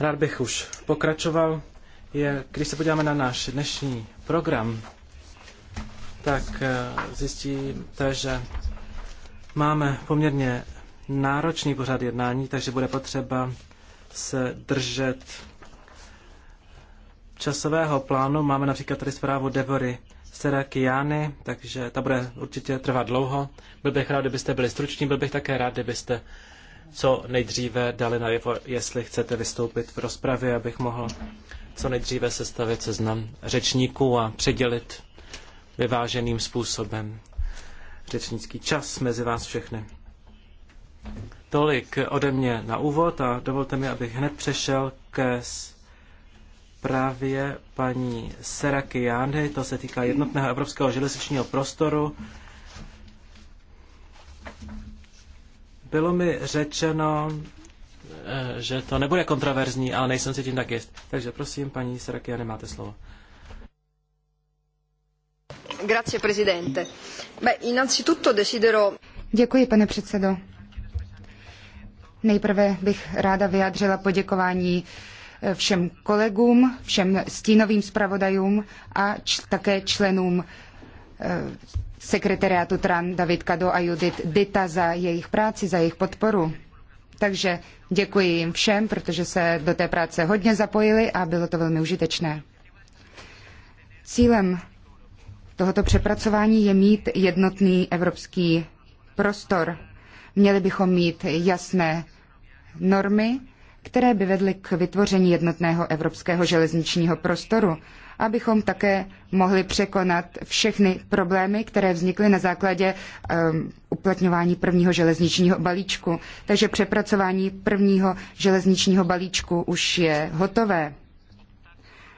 Rád bych už pokračoval. Je, když se podíváme na náš dnešní program, tak eh, zjistíte, že máme poměrně náročný pořad jednání, takže bude potřeba se držet časového plánu. Máme například tady zprávu Devory Serakiany, takže ta bude určitě trvat dlouho. Byl bych rád, kdybyste byli struční, byl bych také rád, kdybyste co nejdříve dali na jevo, jestli chcete vystoupit v rozpravě, abych mohl co nejdříve sestavit seznam řečníků a předělit vyváženým způsobem řečnický čas mezi vás všechny. Tolik ode mě na úvod a dovolte mi, abych hned přešel ke právě paní Seraky Jandy, to se týká jednotného evropského železničního prostoru. Bylo mi řečeno, eh, že to nebude kontroverzní, ale nejsem si tím tak jist. Takže prosím, paní Seraky Jandy, máte slovo. Grazie, prezidente. Beh, innanzitutto desidero... Děkuji, pane předsedo. Nejprve bych ráda vyjádřila poděkování všem kolegům, všem stínovým zpravodajům a č- také členům eh, sekretariátu TRAN David Kado a Judith Dita za jejich práci, za jejich podporu. Takže děkuji jim všem, protože se do té práce hodně zapojili a bylo to velmi užitečné. Cílem tohoto přepracování je mít jednotný evropský prostor. Měli bychom mít jasné normy, které by vedly k vytvoření jednotného evropského železničního prostoru, abychom také mohli překonat všechny problémy, které vznikly na základě um, uplatňování prvního železničního balíčku. Takže přepracování prvního železničního balíčku už je hotové.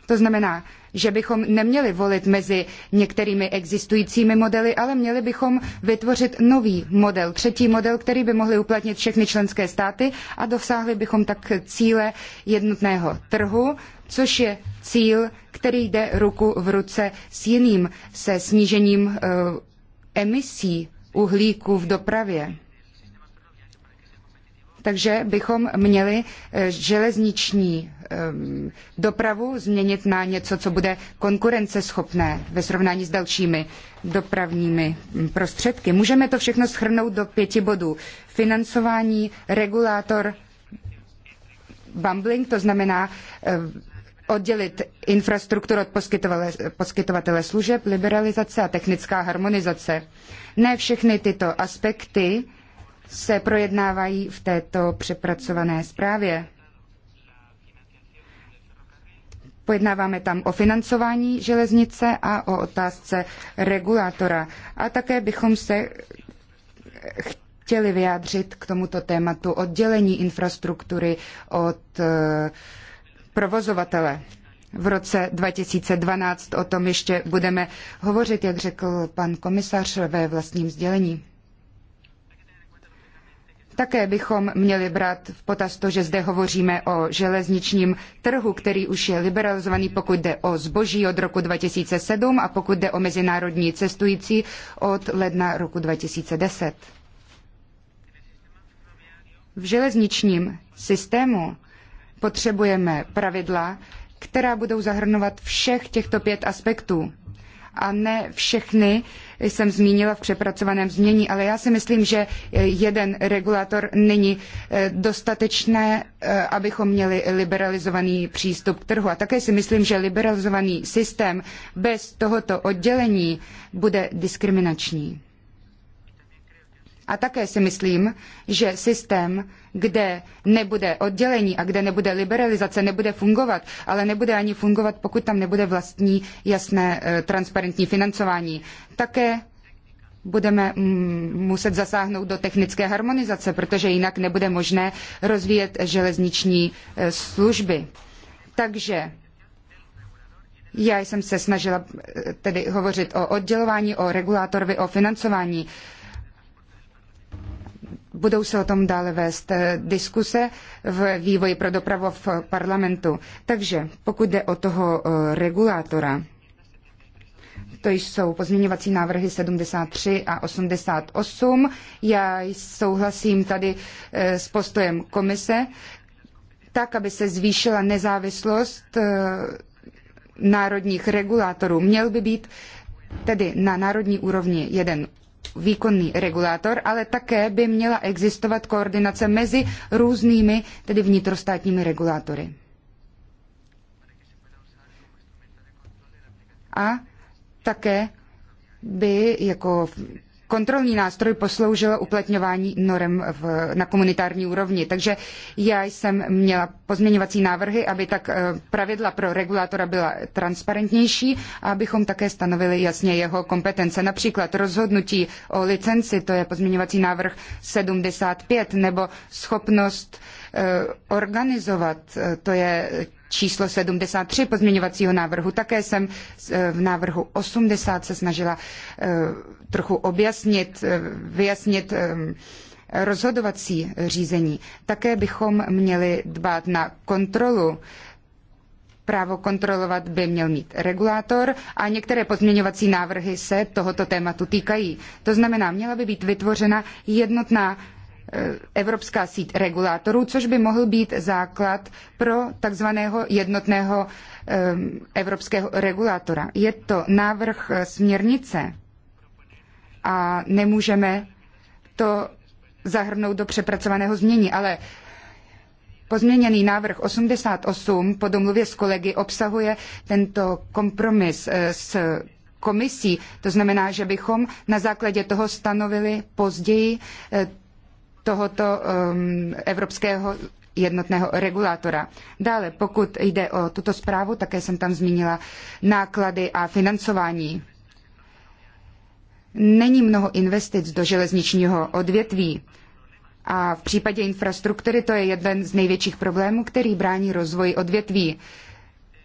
To znamená, že bychom neměli volit mezi některými existujícími modely, ale měli bychom vytvořit nový model, třetí model, který by mohly uplatnit všechny členské státy a dosáhli bychom tak cíle jednotného trhu, což je cíl, který jde ruku v ruce s jiným, se snížením eh, emisí uhlíku v dopravě takže bychom měli eh, železniční eh, dopravu změnit na něco, co bude konkurenceschopné ve srovnání s dalšími dopravními hm, prostředky. Můžeme to všechno schrnout do pěti bodů. Financování, regulátor, bumbling, to znamená eh, oddělit infrastrukturu od poskytovatele služeb, liberalizace a technická harmonizace. Ne všechny tyto aspekty se projednávají v této přepracované zprávě. Pojednáváme tam o financování železnice a o otázce regulátora. A také bychom se chtěli vyjádřit k tomuto tématu oddělení infrastruktury od eh, provozovatele. V roce 2012 o tom ještě budeme hovořit, jak řekl pan komisař ve vlastním sdělení. Také bychom měli brát v potaz to, že zde hovoříme o železničním trhu, který už je liberalizovaný, pokud jde o zboží od roku 2007 a pokud jde o mezinárodní cestující od ledna roku 2010. V železničním systému potřebujeme pravidla, která budou zahrnovat všech těchto pět aspektů a ne všechny jsem zmínila v přepracovaném změní, ale já si myslím, že jeden regulator není eh, dostatečné, eh, abychom měli liberalizovaný přístup k trhu. A také si myslím, že liberalizovaný systém bez tohoto oddělení bude diskriminační. A také si myslím, že systém, kde nebude oddělení a kde nebude liberalizace, nebude fungovat, ale nebude ani fungovat, pokud tam nebude vlastní jasné eh, transparentní financování. Také budeme mm, muset zasáhnout do technické harmonizace, protože jinak nebude možné rozvíjet železniční eh, služby. Takže já jsem se snažila eh, tedy hovořit o oddělování, o regulátorovi, o financování. Budou se o tom dále vést eh, diskuse v vývoji pro dopravu v parlamentu. Takže pokud jde o toho eh, regulátora, to jsou pozměňovací návrhy 73 a 88. Já souhlasím tady eh, s postojem komise, tak, aby se zvýšila nezávislost národních regulátorů. Měl by být tedy na národní úrovni jeden výkonný regulátor, ale také by měla existovat koordinace mezi různými, tedy vnitrostátními regulátory. A také by jako kontrolní nástroj posloužil uplatňování norem v, na komunitární úrovni. Takže já jsem měla pozměňovací návrhy, aby tak eh, pravidla pro regulátora byla transparentnější a abychom také stanovili jasně jeho kompetence. Například rozhodnutí o licenci, to je pozměňovací návrh 75, nebo schopnost eh, organizovat, eh, to je číslo 73 pozměňovacího návrhu. Také jsem v návrhu 80 se snažila trochu objasnit, eh, vyjasnit ehm, rozhodovací řízení. Také bychom měli dbát na kontrolu. Právo kontrolovat by měl mít regulátor a některé pozměňovací návrhy se tohoto tématu týkají. To znamená, měla by být vytvořena jednotná eh, evropská síť regulátorů, což by mohl být základ pro takzvaného jednotného ehm, evropského regulátora. Je to návrh eh, směrnice, a nemůžeme to zahrnout do přepracovaného znění, ale Pozměněný návrh 88 po domluvě s kolegy obsahuje tento kompromis eh, s komisí. To znamená, že bychom na základě toho stanovili později eh, tohoto ehm, evropského jednotného regulátora. Dále, pokud jde o tuto zprávu, také jsem tam zmínila náklady a financování není mnoho investic do železničního odvětví. A v případě infrastruktury to je jeden z největších problémů, který brání rozvoji odvětví.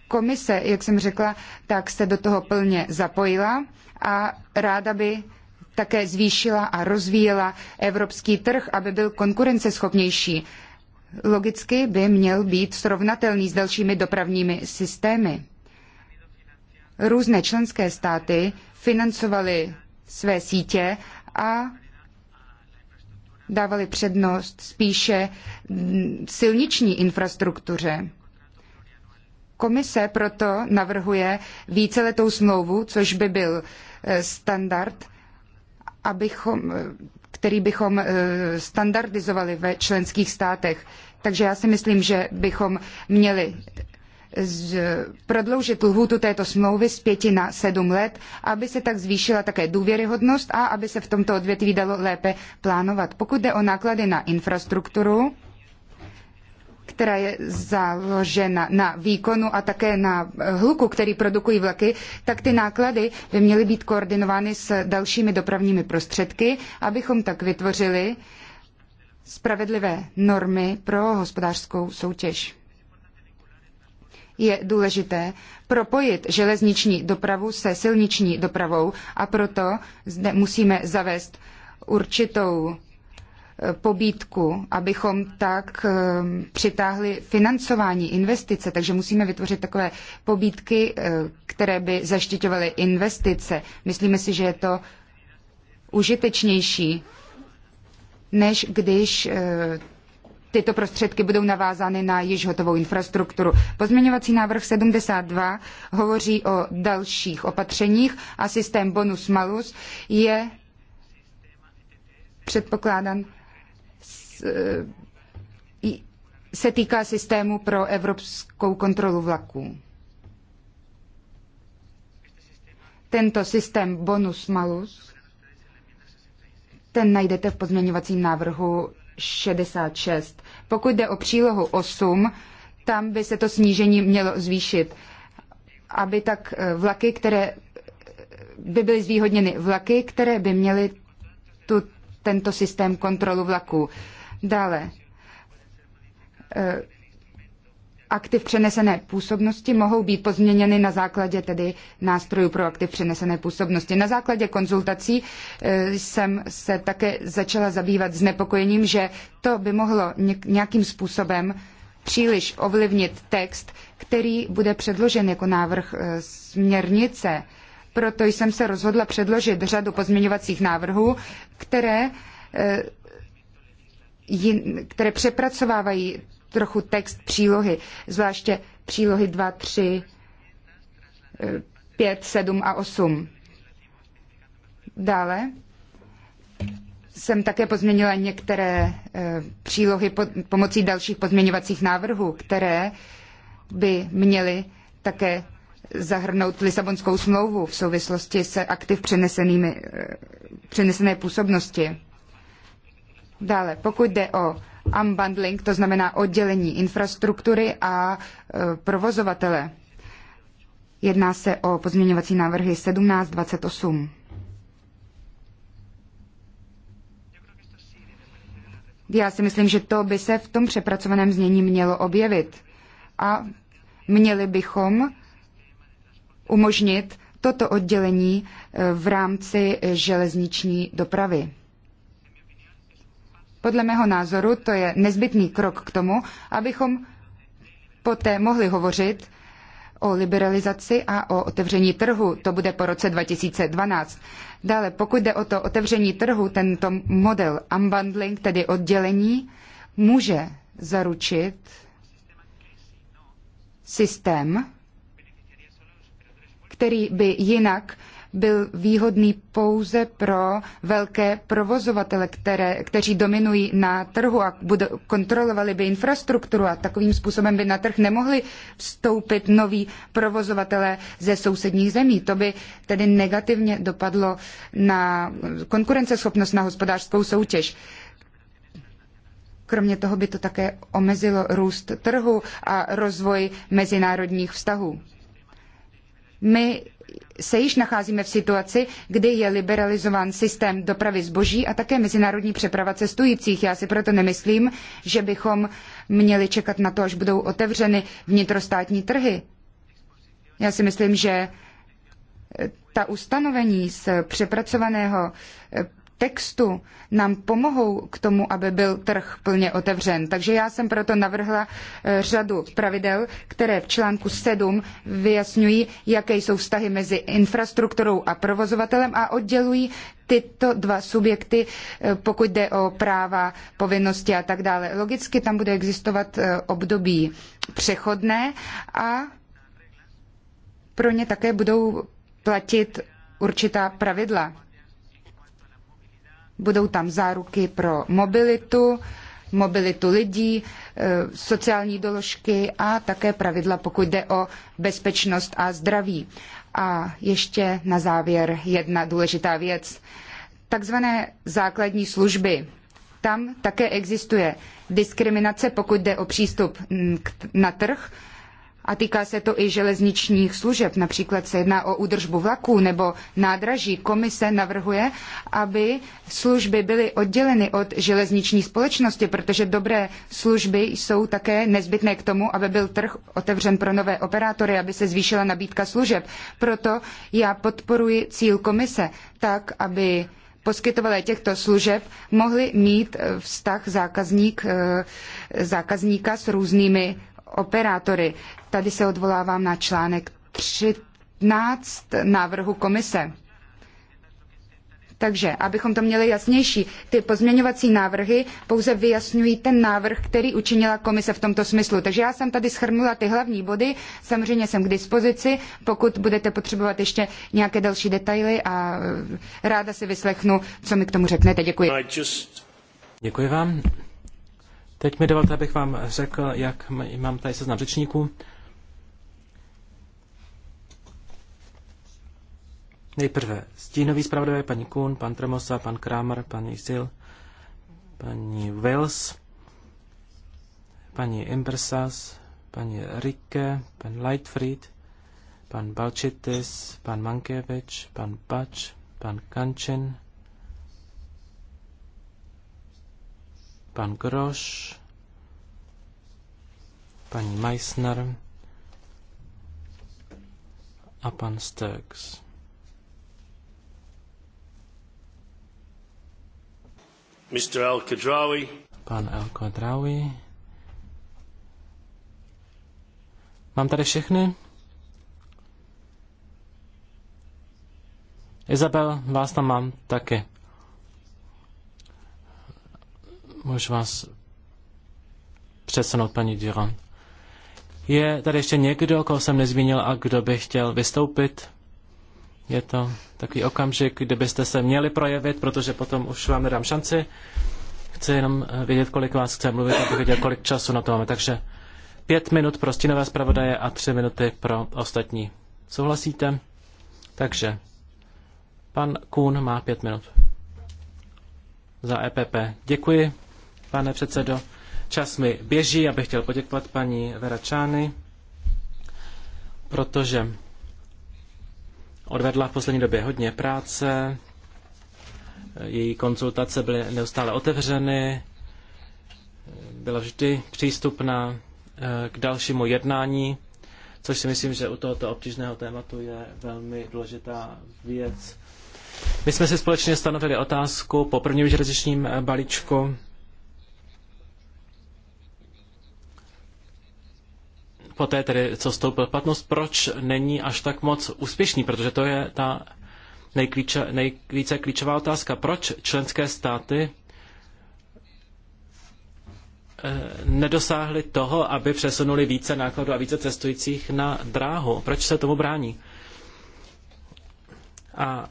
Komise, jak jsem řekla, tak se do toho plně zapojila a ráda by také zvýšila a rozvíjela evropský trh, aby byl konkurenceschopnější. Logicky by měl být srovnatelný s dalšími dopravními systémy. Různé členské státy financovaly své sítě a dávali přednost spíše silniční infrastruktuře. Komise proto navrhuje víceletou smlouvu, což by byl e, standard, abychom, e, který bychom e, standardizovali ve členských státech. Takže já si myslím, že bychom měli z, prodloužit lhůtu této smlouvy z pěti na sedm let, aby se tak zvýšila také důvěryhodnost a aby se v tomto odvětví dalo lépe plánovat. Pokud jde o náklady na infrastrukturu, která je založena na výkonu a také na hluku, který produkují vlaky, tak ty náklady by měly být koordinovány s dalšími dopravními prostředky, abychom tak vytvořili spravedlivé normy pro hospodářskou soutěž je důležité propojit železniční dopravu se silniční dopravou a proto zde musíme zavést určitou eh, pobídku, abychom tak eh, přitáhli financování investice, takže musíme vytvořit takové pobídky, eh, které by zaštiťovaly investice. Myslíme si, že je to užitečnější, než když tyto prostředky budou navázány na již hotovou infrastrukturu. Pozměňovací návrh 72 hovoří o dalších opatřeních a systém bonus malus je předpokládan e, se týká systému pro evropskou kontrolu vlaků. Tento systém bonus malus, ten najdete v pozměňovacím návrhu 66. Pokud jde o přílohu 8, tam by se to snížení mělo zvýšit, aby tak eh, vlaky, které eh, by byly zvýhodněny vlaky, které by měly tu, tento systém kontrolu vlaků. Dále, eh, aktiv přenesené působnosti mohou být pozměněny na základě tedy nástrojů pro aktiv přenesené působnosti. Na základě konzultací e, jsem se také začala zabývat znepokojením, že to by mohlo nějakým způsobem příliš ovlivnit text, který bude předložen jako návrh e, směrnice. Proto jsem se rozhodla předložit řadu pozměňovacích návrhů, které, e, které přepracovávají trochu text přílohy, zvláště přílohy 2, 3, 5, 7 a 8. Dále jsem také pozměnila některé eh, přílohy pomocí dalších pozměňovacích návrhů, které by měly také zahrnout Lisabonskou smlouvu v souvislosti se aktiv přenesenými, eh, přenesené působnosti. Dále, pokud jde o unbundling, to znamená oddělení infrastruktury a e, provozovatele. Jedná se o pozměňovací návrhy 1728. Já si myslím, že to by se v tom přepracovaném znění mělo objevit. A měli bychom umožnit toto oddělení e, v rámci e, železniční dopravy. Podle mého názoru to je nezbytný krok k tomu, abychom poté mohli hovořit o liberalizaci a o otevření trhu. To bude po roce 2012. Dále, pokud jde o to otevření trhu, tento model unbundling, tedy oddělení, může zaručit systém, který by jinak byl výhodný pouze pro velké provozovatele, které, kteří dominují na trhu a budou, kontrolovali by infrastrukturu a takovým způsobem by na trh nemohli vstoupit noví provozovatele ze sousedních zemí. To by tedy negativně dopadlo na konkurenceschopnost, na hospodářskou soutěž. Kromě toho by to také omezilo růst trhu a rozvoj mezinárodních vztahů. My se již nacházíme v situaci, kdy je liberalizován systém dopravy zboží a také mezinárodní přeprava cestujících. Já si proto nemyslím, že bychom měli čekat na to, až budou otevřeny vnitrostátní trhy. Já si myslím, že ta ustanovení z přepracovaného textu nám pomohou k tomu, aby byl trh plně otevřen. Takže já jsem proto navrhla eh, řadu pravidel, které v článku 7 vyjasňují, jaké jsou vztahy mezi infrastrukturou a provozovatelem a oddělují tyto dva subjekty, eh, pokud jde o práva, povinnosti a tak dále. Logicky tam bude existovat eh, období přechodné a pro ně také budou platit určitá pravidla. Budou tam záruky pro mobilitu, mobilitu lidí, e, sociální doložky a také pravidla, pokud jde o bezpečnost a zdraví. A ještě na závěr jedna důležitá věc. Takzvané základní služby. Tam také existuje diskriminace, pokud jde o přístup na trh, a týká se to i železničních služeb. Například se jedná o údržbu vlaků nebo nádraží. Komise navrhuje, aby služby byly odděleny od železniční společnosti, protože dobré služby jsou také nezbytné k tomu, aby byl trh otevřen pro nové operátory, aby se zvýšila nabídka služeb. Proto já podporuji cíl komise tak, aby poskytovatelé těchto služeb mohli mít eh, vztah zákazník, eh, zákazníka s různými operátory. Tady se odvolávám na článek 13 návrhu komise. Takže, abychom to měli jasnější, ty pozměňovací návrhy pouze vyjasňují ten návrh, který učinila komise v tomto smyslu. Takže já jsem tady schrnula ty hlavní body, samozřejmě jsem k dispozici, pokud budete potřebovat ještě nějaké další detaily a e, ráda si vyslechnu, co mi k tomu řeknete. Děkuji. Děkuji vám. Teď mi dovolte, abych vám řekl, jak mám tady seznam řečníků. Nejprve stínový zpravodaj, paní Kuhn, pan Tremosa, pan Kramer, paní Sil, paní Wells, paní Impersas, paní Rike, pan Lightfried, pan Balčitis, pan Mankevič, pan Pač, pan Kančin, pan Groš, paní Meissner a pan Sturks. Mr. Al Qadrawi, Pan El Kadrawi. Mám tady všechny? Izabel, vás tam mám taky. Můžu vás přesunout, paní Duran. Je tady ještě někdo, koho jsem nezmínil a kdo by chtěl vystoupit? Je to takový okamžik, kdybyste se měli projevit, protože potom už vám nedám šanci. Chci jenom vědět, kolik vás chce mluvit, abych věděl, kolik času na to máme. Takže pět minut pro stínové zpravodaje a tři minuty pro ostatní. Souhlasíte? Takže pan Kuhn má pět minut. Za EPP. Děkuji, pane předsedo. Čas mi běží, abych chtěl poděkovat paní Veračány, protože odvedla v poslední době hodně práce, její konzultace byly neustále otevřeny, byla vždy přístupná eh, k dalšímu jednání, což si myslím, že u tohoto obtížného tématu je velmi důležitá věc. My jsme si společně stanovili otázku po prvním železničním balíčku, poté tedy, co vstoupil platnost, proč není až tak moc úspěšný, protože to je ta nejklíče, nejvíce klíčová otázka. Proč členské státy eh, nedosáhly toho, aby přesunuli více nákladů a více cestujících na dráhu. Proč se tomu brání? A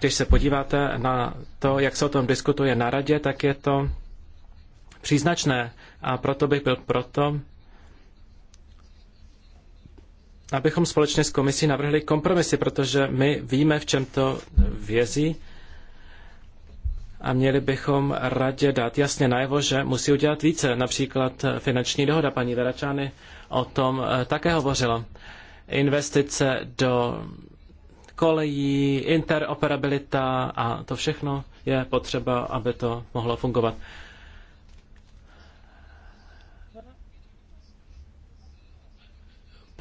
když se podíváte na to, jak se o tom diskutuje na radě, tak je to příznačné. A proto bych byl proto, abychom společně s komisí navrhli kompromisy, protože my víme, v čem to vězí a měli bychom radě dát jasně najevo, že musí udělat více. Například finanční dohoda paní Veračány o tom eh, také hovořila. Investice do kolejí, interoperabilita a to všechno je potřeba, aby to mohlo fungovat.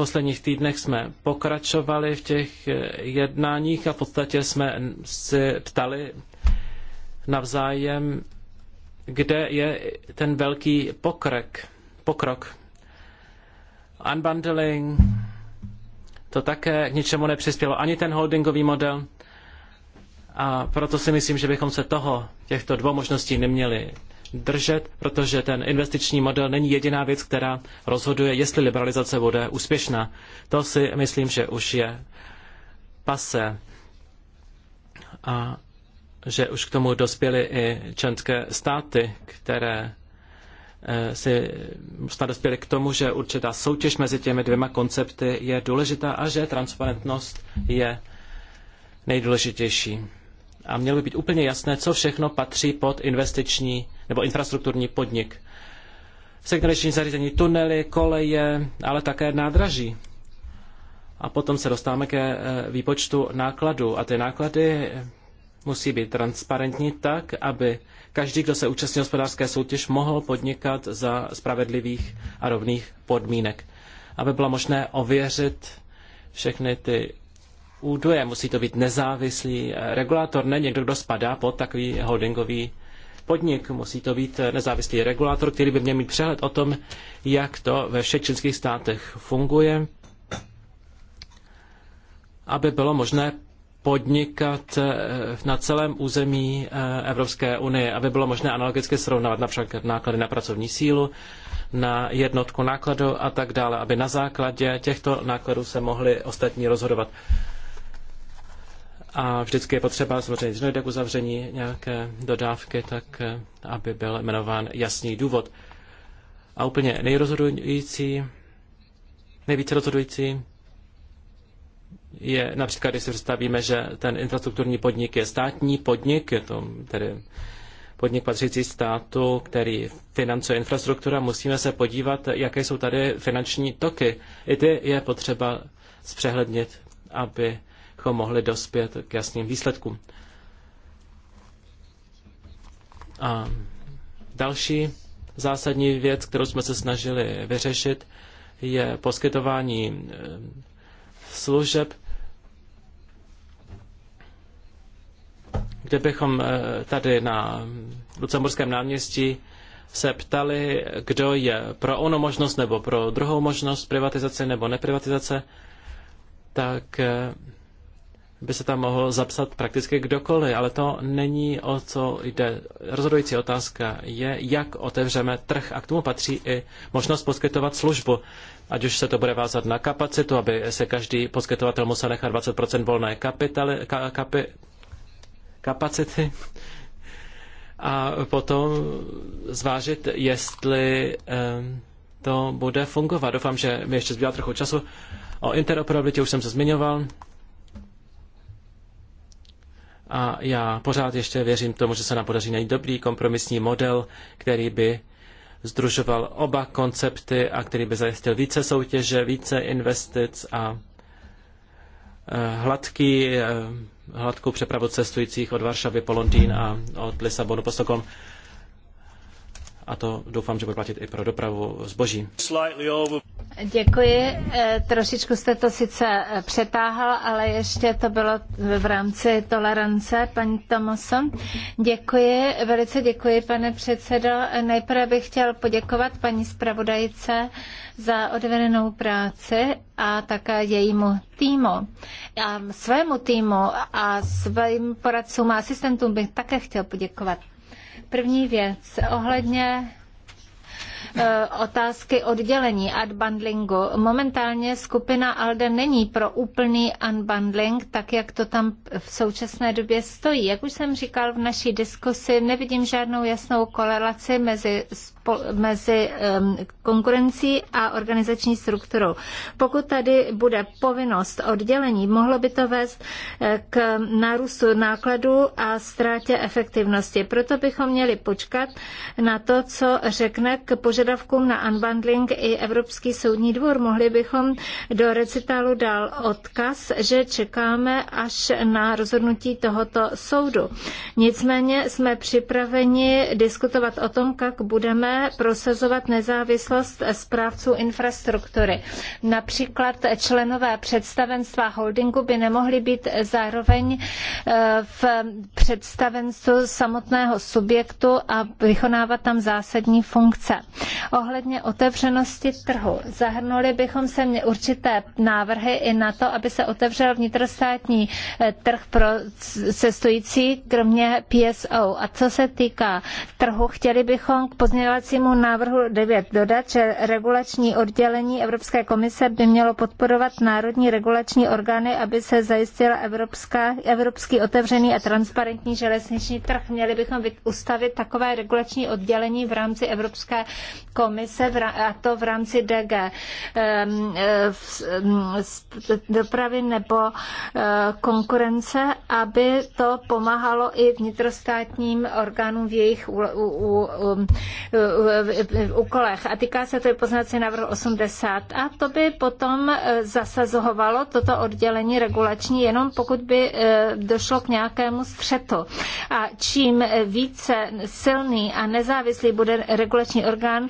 posledních týdnech jsme pokračovali v těch eh, jednáních a v podstatě jsme si ptali navzájem, kde je ten velký pokrek, pokrok. Unbundling, to také k ničemu nepřispělo, ani ten holdingový model. A proto si myslím, že bychom se toho, těchto dvou možností neměli držet, protože ten investiční model není jediná věc, která rozhoduje, jestli liberalizace bude úspěšná. To si myslím, že už je pase a že už k tomu dospěly i členské státy, které eh, si snad dospěly k tomu, že určitá soutěž mezi těmi dvěma koncepty je důležitá a že transparentnost je nejdůležitější a mělo by být úplně jasné, co všechno patří pod investiční nebo infrastrukturní podnik. Signaliční zařízení, tunely, koleje, ale také nádraží. A potom se dostáváme ke eh, výpočtu nákladů. A ty náklady musí být transparentní tak, aby každý, kdo se účastní hospodářské soutěž, mohl podnikat za spravedlivých a rovných podmínek. Aby bylo možné ověřit všechny ty údaje. Musí to být nezávislý eh, regulátor, ne někdo, kdo spadá pod takový holdingový podnik. Musí to být eh, nezávislý regulátor, který by měl mít přehled o tom, jak to ve všech členských státech funguje, aby bylo možné podnikat eh, na celém území Evropské unie, aby bylo možné analogicky srovnávat například náklady na pracovní sílu, na jednotku nákladu a tak dále, aby na základě těchto nákladů se mohli ostatní rozhodovat. A vždycky je potřeba, samozřejmě, když dojde k uzavření nějaké dodávky, tak eh, aby byl jmenován jasný důvod. A úplně nejrozhodující, nejvíce rozhodující je například, když si představíme, že ten infrastrukturní podnik je státní podnik, je to tedy podnik patřící státu, který financuje infrastruktura, musíme se podívat, jaké jsou tady finanční toky. I ty je potřeba zpřehlednit, aby abychom mohli dospět k jasným výsledkům. A další zásadní věc, kterou jsme se snažili vyřešit, je poskytování eh, služeb, kde bychom eh, tady na Lucemburském náměstí se ptali, kdo je pro ono možnost nebo pro druhou možnost privatizace nebo neprivatizace, tak eh, by se tam mohl zapsat prakticky kdokoliv, ale to není o co jde. Rozhodující otázka je, jak otevřeme trh a k tomu patří i možnost poskytovat službu. Ať už se to bude vázat na kapacitu, aby se každý poskytovatel musel nechat 20% volné kapitali, ka, kapi, kapacity a potom zvážit, jestli to bude fungovat. Doufám, že mi ještě zbývá trochu času. O interoperabilitě už jsem se zmiňoval a já pořád ještě věřím tomu, že se nám podaří najít dobrý kompromisní model, který by združoval oba koncepty a který by zajistil více soutěže, více investic a eh, hladký, eh, hladkou přepravu cestujících od Varšavy po Londýn a od Lisabonu po Stockholm a to doufám, že bude platit i pro dopravu zboží. Děkuji. Eh, trošičku jste to sice eh, přetáhl, ale ještě to bylo v rámci tolerance, paní Tomason. Děkuji, velice děkuji, pane předsedo. Nejprve bych chtěl poděkovat paní zpravodajce za odvedenou práci a také jejímu týmu. A svému týmu a svým poradcům a asistentům bych také chtěl poděkovat. První věc ohledně Eh, otázky oddělení unbundlingu. Momentálně skupina ALDE není pro úplný unbundling, tak jak to tam v současné době stojí. Jak už jsem říkal v naší diskusi, nevidím žádnou jasnou korelaci mezi, mezi konkurencí a organizační strukturou. Pokud tady bude povinnost oddělení, mohlo by to vést eh, k nárůstu nákladů a ztrátě efektivnosti. Proto bychom měli počkat na to, co řekne k požadavku požadavkům na unbundling i Evropský soudní dvůr. Mohli bychom do recitálu dál odkaz, že čekáme až na rozhodnutí tohoto soudu. Nicméně jsme připraveni diskutovat o tom, jak budeme prosazovat nezávislost zprávců infrastruktury. Například členové představenstva holdingu by nemohli být zároveň eh, v představenstvu samotného subjektu a vykonávat tam zásadní funkce. Ohledně otevřenosti trhu. Zahrnuli bychom se určité návrhy i na to, aby se otevřel vnitrostátní eh, trh pro cestující, kromě PSO. A co se týká trhu, chtěli bychom k pozměňovacímu návrhu 9 dodat, že regulační oddělení Evropské komise by mělo podporovat národní regulační orgány, aby se zajistila evropská, evropský otevřený a transparentní železniční trh. Měli bychom ustavit takové regulační oddělení v rámci Evropské komise a to v rámci DG dopravy nebo e, konkurence, aby to pomáhalo i vnitrostátním orgánům v jejich úkolech. A týká se to i poznací návrh 80. A to by potom e, zasazovalo toto oddělení regulační, jenom pokud by e, došlo k nějakému střetu. A čím více silný a nezávislý bude regulační orgán,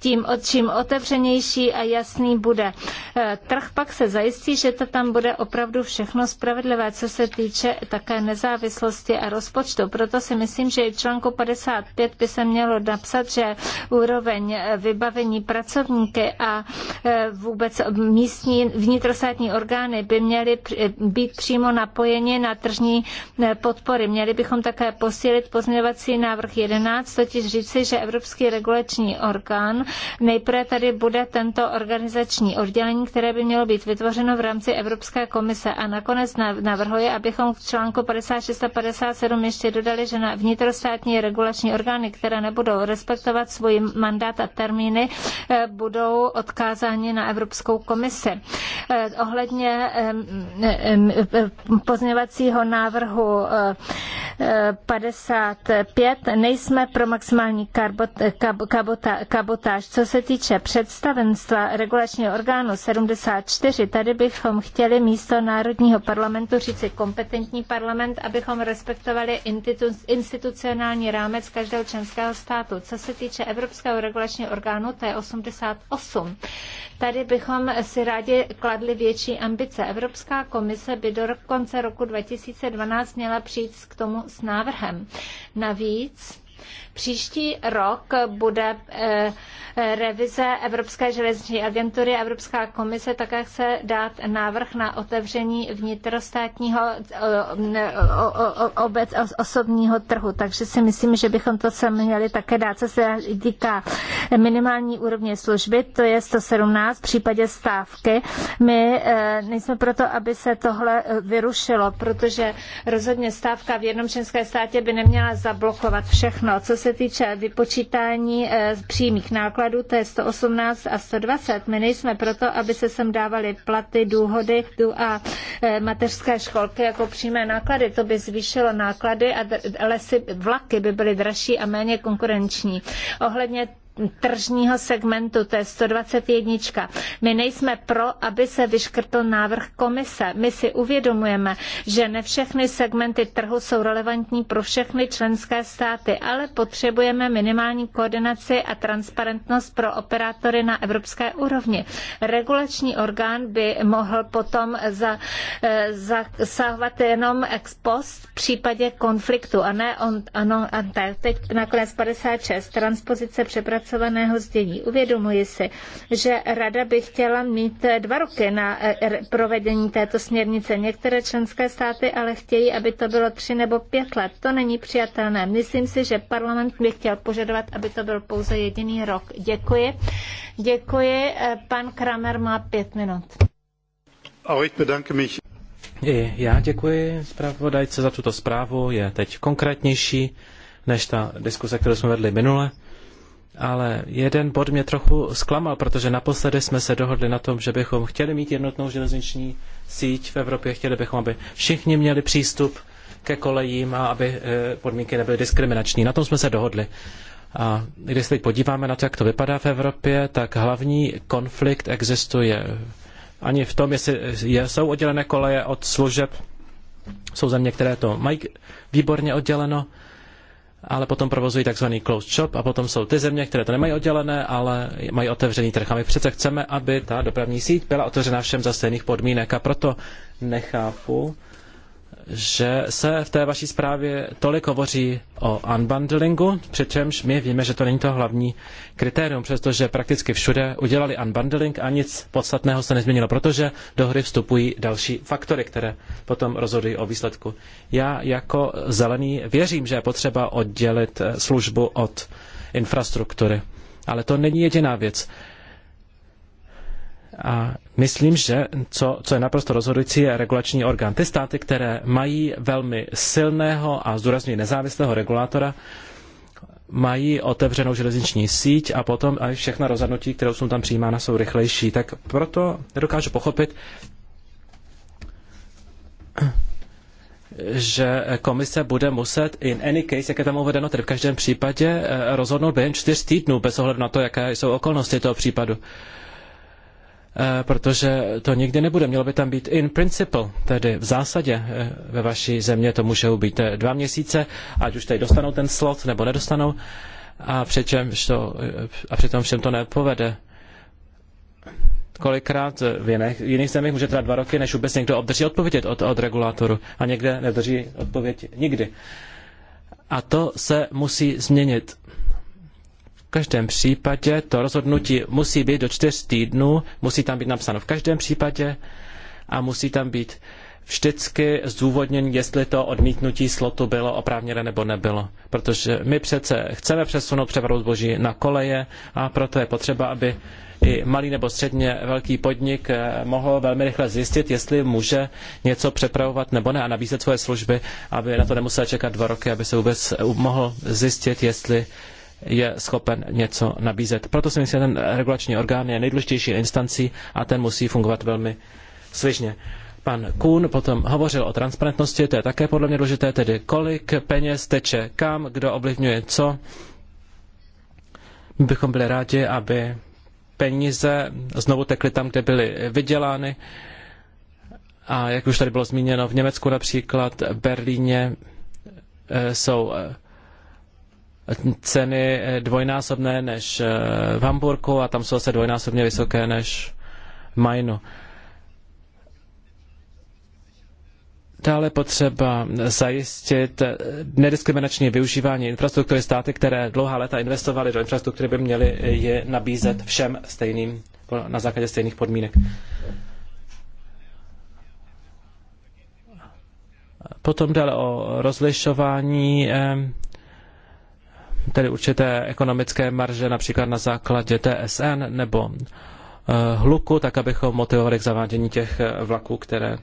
tím čím otevřenější a jasný bude eh, trh, pak se zajistí, že to tam bude opravdu všechno spravedlivé, co se týče také nezávislosti a rozpočtu. Proto si myslím, že i článku 55 by se mělo napsat, že úroveň eh, vybavení pracovníky a eh, vůbec místní vnitrostátní orgány by měly být přímo napojeni na tržní podpory. Měli bychom také posílit pozměňovací návrh 11, totiž říci, že Evropský regulační orgán Nejprve tady bude tento organizační oddělení, které by mělo být vytvořeno v rámci Evropské komise. A nakonec navrhuje, abychom v článku 56 a 57 ještě dodali, že na vnitrostátní regulační orgány, které nebudou respektovat svůj mandát a termíny, eh, budou odkázáni na Evropskou komisi. Eh, ohledně eh, pozměvacího návrhu 55 nejsme pro maximální kabota, kabota, kabota zvlášť co se týče představenstva regulačního orgánu 74, tady bychom chtěli místo Národního parlamentu říci kompetentní parlament, abychom respektovali institucionální rámec každého členského státu. Co se týče Evropského regulačního orgánu, to je 88. Tady bychom si rádi kladli větší ambice. Evropská komise by do konce roku 2012 měla přijít k tomu s návrhem. Navíc Příští rok bude eh, revize Evropské železniční agentury. Evropská komise také chce dát návrh na otevření vnitrostátního eh, obec osobního trhu. Takže si myslím, že bychom to sem měli také dát, co se týká minimální úrovně služby, to je 117 v případě stávky. My eh, nejsme proto, aby se tohle vyrušilo, protože rozhodně stávka v jednom členském státě by neměla zablokovat všechno, co se se týče vypočítání eh, přímých nákladů, to je 118 a 120. My nejsme proto, aby se sem dávaly platy, důhody a eh, mateřské školky jako přímé náklady. To by zvýšilo náklady a lesy, vlaky by byly dražší a méně konkurenční. Ohledně tržního segmentu, to je 121. My nejsme pro, aby se vyškrtl návrh komise. My si uvědomujeme, že ne všechny segmenty trhu jsou relevantní pro všechny členské státy, ale potřebujeme minimální koordinaci a transparentnost pro operátory na evropské úrovni. Regulační orgán by mohl potom eh, zasahovat jenom ex post v případě konfliktu a ne on, ano, a teď nakonec 56, transpozice přepracování zpracovaného zdění. Uvědomuji si, že rada by chtěla mít dva roky na eh, provedení této směrnice. Některé členské státy ale chtějí, aby to bylo tři nebo pět let. To není přijatelné. Myslím si, že parlament by chtěl požadovat, aby to byl pouze jediný rok. Děkuji. Děkuji. Eh, pan Kramer má pět minut. Ahoj, bedanke mich. I já děkuji zpravodajce za tuto zprávu, je teď konkrétnější než ta diskuse, kterou jsme vedli minule. Ale jeden bod mě trochu zklamal, protože naposledy jsme se dohodli na tom, že bychom chtěli mít jednotnou železniční síť v Evropě, chtěli bychom, aby všichni měli přístup ke kolejím a aby eh, podmínky nebyly diskriminační. Na tom jsme se dohodli. A když se teď podíváme na to, jak to vypadá v Evropě, tak hlavní konflikt existuje ani v tom, jestli jsou oddělené koleje od služeb. Jsou země, které to mají výborně odděleno, ale potom provozují takzvaný closed shop a potom jsou ty země, které to nemají oddělené, ale mají otevřený trh. A my přece chceme, aby ta dopravní síť byla otevřená všem za stejných podmínek a proto nechápu, že se v té vaší zprávě tolik hovoří o unbundlingu, přičemž my víme, že to není to hlavní kritérium, přestože prakticky všude udělali unbundling a nic podstatného se nezměnilo, protože do hry vstupují další faktory, které potom rozhodují o výsledku. Já jako zelený věřím, že je potřeba oddělit eh, službu od infrastruktury, ale to není jediná věc. A myslím, že co, co je naprosto rozhodující, je regulační orgán. Ty státy, které mají velmi silného a zdůrazně nezávislého regulátora, mají otevřenou železniční síť a potom a všechna rozhodnutí, která jsou tam přijímána, jsou rychlejší. Tak proto nedokážu pochopit, že komise bude muset in any case, jak je tam uvedeno, tedy v každém případě eh, rozhodnout během čtyř týdnů, bez ohledu na to, jaké jsou okolnosti toho případu. Eh, protože to nikdy nebude. Mělo by tam být in principle, tedy v zásadě eh, ve vaší země to můžou být eh, dva měsíce, ať už tady dostanou ten slot nebo nedostanou a, přičem, to, a přitom všem to nepovede. Kolikrát v jiných, jiných zemích může trvat dva roky, než vůbec někdo obdrží odpověď od, od regulátoru a někde nedrží odpověď nikdy. A to se musí změnit v každém případě to rozhodnutí musí být do čtyř týdnů, musí tam být napsáno v každém případě a musí tam být vždycky zdůvodněn, jestli to odmítnutí slotu bylo oprávněné nebo nebylo. Protože my přece chceme přesunout přepravu zboží na koleje a proto je potřeba, aby i malý nebo středně velký podnik eh, mohl velmi rychle zjistit, jestli může něco přepravovat nebo ne a nabízet svoje služby, aby na to nemusel čekat dva roky, aby se vůbec eh, mohl zjistit, jestli je schopen něco nabízet. Proto si myslím, že ten regulační orgán je nejdůležitější instancí a ten musí fungovat velmi svižně. Pan Kuhn potom hovořil o transparentnosti, to je také podle mě důležité, tedy kolik peněz teče kam, kdo ovlivňuje co. My bychom byli rádi, aby peníze znovu tekly tam, kde byly vydělány. A jak už tady bylo zmíněno, v Německu například, v Berlíně eh, jsou eh, ceny eh, dvojnásobné než eh, v Hamburku a tam jsou zase dvojnásobně vysoké než v Mainu. Dále potřeba zajistit eh, nediskriminační využívání infrastruktury. Státy, které dlouhá léta investovaly do infrastruktury, by měly je nabízet všem stejným, na základě stejných podmínek. Potom dále o rozlišování tedy určité ekonomické marže, například na základě TSN nebo eh, hluku, tak abychom motivovali k zavádění těch eh, vlaků, které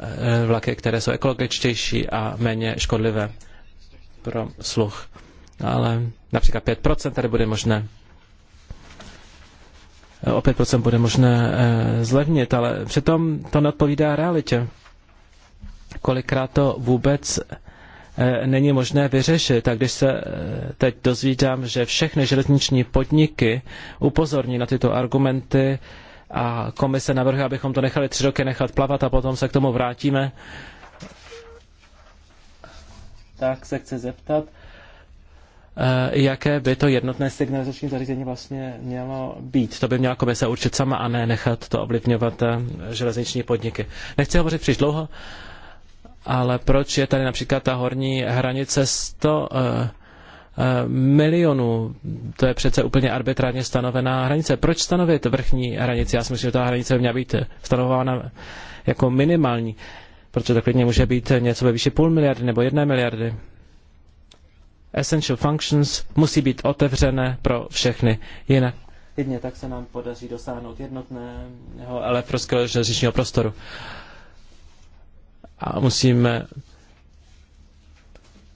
eh, vlaky, které jsou ekologičtější a méně škodlivé pro sluch. Ale například 5% tady bude možné o 5% bude možné zlevnit, ale přitom to neodpovídá realitě. Kolikrát to vůbec Eh, není možné vyřešit. A když se eh, teď dozvídám, že všechny železniční podniky upozorní na tyto argumenty a komise navrhuje, abychom to nechali tři roky nechat plavat a potom se k tomu vrátíme, tak se chci zeptat, eh, jaké by to jednotné signalizační zařízení vlastně mělo být. To by měla komise určit sama a ne nechat to ovlivňovat železniční podniky. Nechci hovořit příliš dlouho, ale proč je tady například ta horní hranice 100 eh, eh, milionů. To je přece úplně arbitrárně stanovená hranice. Proč stanovit vrchní hranici? Já si myslím, že ta hranice by měla být stanovována jako minimální, protože to klidně může být něco ve výši půl miliardy nebo jedné miliardy. Essential functions musí být otevřené pro všechny, jinak jedně tak se nám podaří dosáhnout jednotného elektrosklerožního prostoru. Uh, a musíme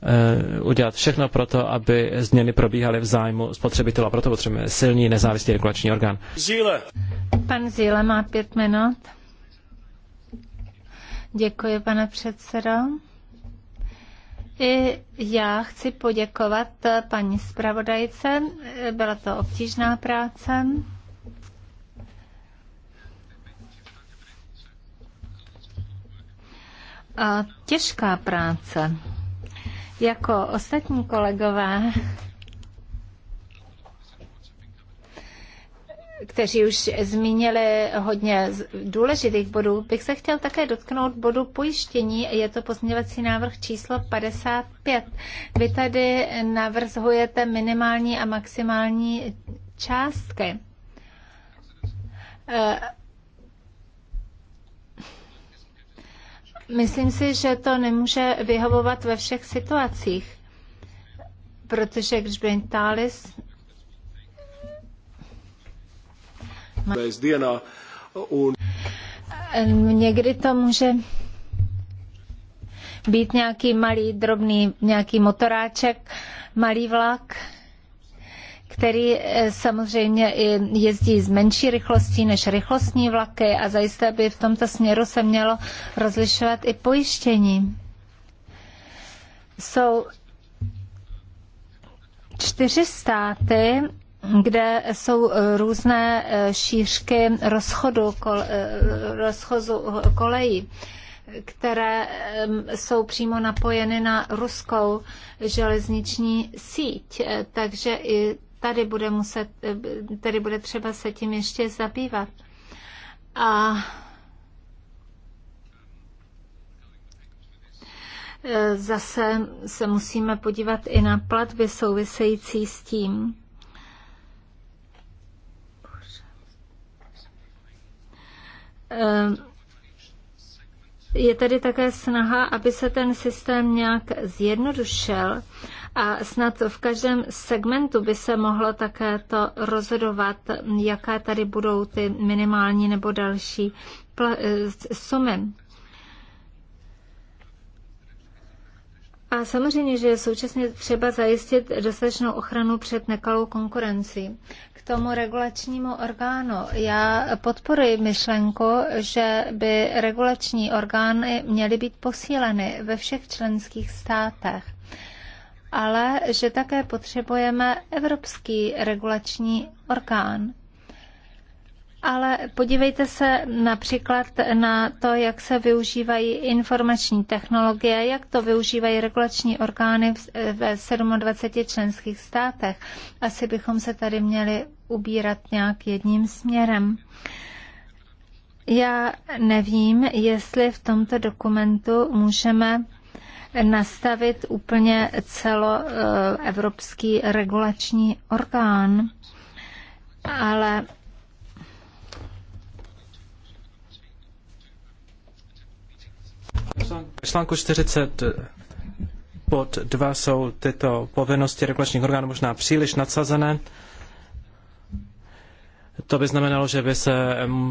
eh, udělat všechno pro to, aby změny probíhaly v zájmu spotřebitelů a proto potřebujeme silný nezávislý regulační orgán. Zíle. Pan Zíle má pět minut. Děkuji, pane předsedo. I já chci poděkovat paní zpravodajce. Byla to obtížná práce. a těžká práce. Jako ostatní kolegové, kteří už zmínili hodně důležitých bodů, bych se chtěl také dotknout bodu pojištění. Je to pozměňovací návrh číslo 55. Vy tady navrzujete minimální a maximální částky. E myslím si, že to nemůže vyhovovat ve všech situacích, protože když by Talis Někdy to může být nějaký malý, drobný, nějaký motoráček, malý vlak, který eh, samozřejmě i jezdí s menší rychlostí než rychlostní vlaky a zajisté by v tomto směru se mělo rozlišovat i pojištění. Jsou čtyři státy, kde jsou eh, různé eh, šířky rozchodu, kole, rozchozu kolejí které jsou přímo napojeny na ruskou železniční síť. Takže i tady bude, muset, eh, tady bude třeba se tím ještě zabývat. A eh, zase se musíme podívat i na platby související s tím. Eh, je tady také snaha, aby se ten systém nějak zjednodušil a snad v každém segmentu by se mohlo také to rozhodovat, jaké tady budou ty minimální nebo další eh, sumy. A samozřejmě, že je současně třeba zajistit dostatečnou ochranu před nekalou konkurencí. K tomu regulačnímu orgánu. Já podporuji myšlenku, že by regulační orgány měly být posíleny ve všech členských státech ale že také potřebujeme evropský regulační orgán. Ale podívejte se například na to, jak se využívají informační technologie, jak to využívají regulační orgány ve 27 členských státech. Asi bychom se tady měli ubírat nějak jedním směrem. Já nevím, jestli v tomto dokumentu můžeme nastavit úplně celoevropský regulační orgán, ale V článku 40 pod 2 jsou tyto povinnosti regulačních orgánů možná příliš nadsazené to by znamenalo, že by se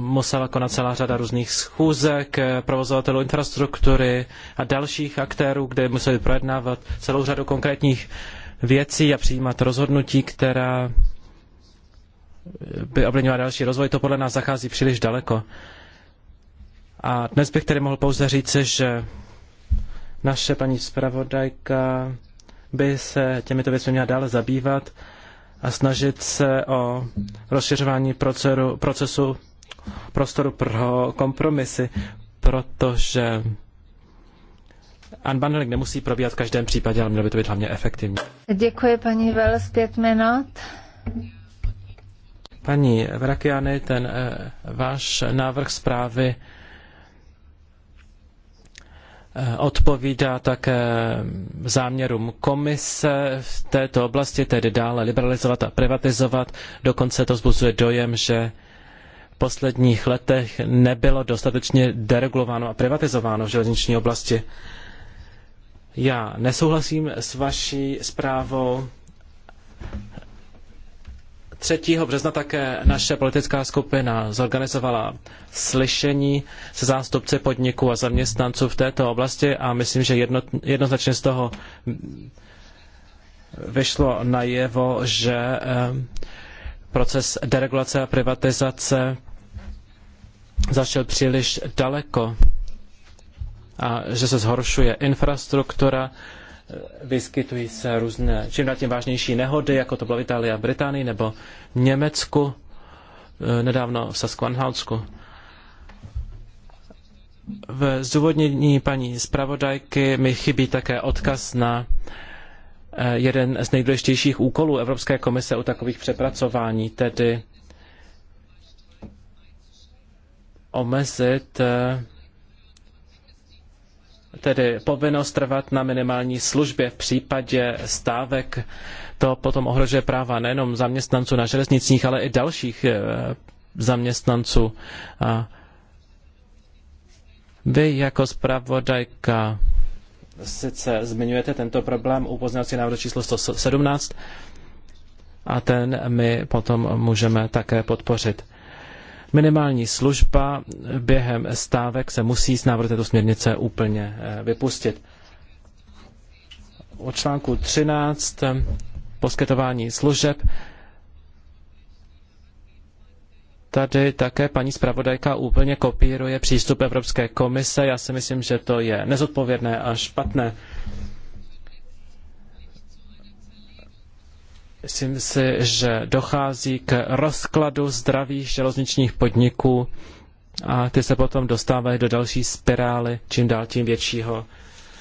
musela konat celá řada různých schůzek, eh, provozovatelů infrastruktury a dalších aktérů, kde museli projednávat celou řadu konkrétních věcí a přijímat rozhodnutí, která eh, by ovlivňovala další rozvoj. To podle nás zachází příliš daleko. A dnes bych tedy mohl pouze říci, že naše paní zpravodajka by se těmito věcmi měla dále zabývat a snažit se o rozšiřování procesu, procesu prostoru pro kompromisy, protože unbundling nemusí probíhat v každém případě, ale mělo by to být hlavně efektivní. Děkuji paní Vels, pět minut. Paní Vrakiany, ten eh, váš návrh zprávy Eh, odpovídá také záměrům komise v této oblasti, tedy dále liberalizovat a privatizovat. Dokonce to zbuzuje dojem, že v posledních letech nebylo dostatečně deregulováno a privatizováno v železniční oblasti. Já nesouhlasím s vaší zprávou 3. března také naše politická skupina zorganizovala slyšení se zástupci podniků a zaměstnanců v této oblasti a myslím, že jedno, jednoznačně z toho vyšlo najevo, že eh, proces deregulace a privatizace zašel příliš daleko a že se zhoršuje infrastruktura, vyskytují se různé čím dál tím vážnější nehody, jako to bylo v Itálii a Británii, nebo v Německu, eh, nedávno v Saskvanhalsku. V zdůvodnění paní zpravodajky mi chybí také odkaz na eh, jeden z nejdůležitějších úkolů Evropské komise u takových přepracování, tedy omezit eh, tedy povinnost trvat na minimální službě v případě stávek. To potom ohrožuje práva nejenom zaměstnanců na železnicích, ale i dalších eh, zaměstnanců. A vy jako zpravodajka sice zmiňujete tento problém u pozměňovacího návrhu číslo 117 a ten my potom můžeme také podpořit. Minimální služba během stávek se musí z návrhu této směrnice úplně eh, vypustit. O článku 13 eh, poskytování služeb tady také paní zpravodajka úplně kopíruje přístup Evropské komise. Já si myslím, že to je nezodpovědné a špatné. Myslím si, že dochází k rozkladu zdravých železničních podniků a ty se potom dostávají do další spirály, čím dál tím většího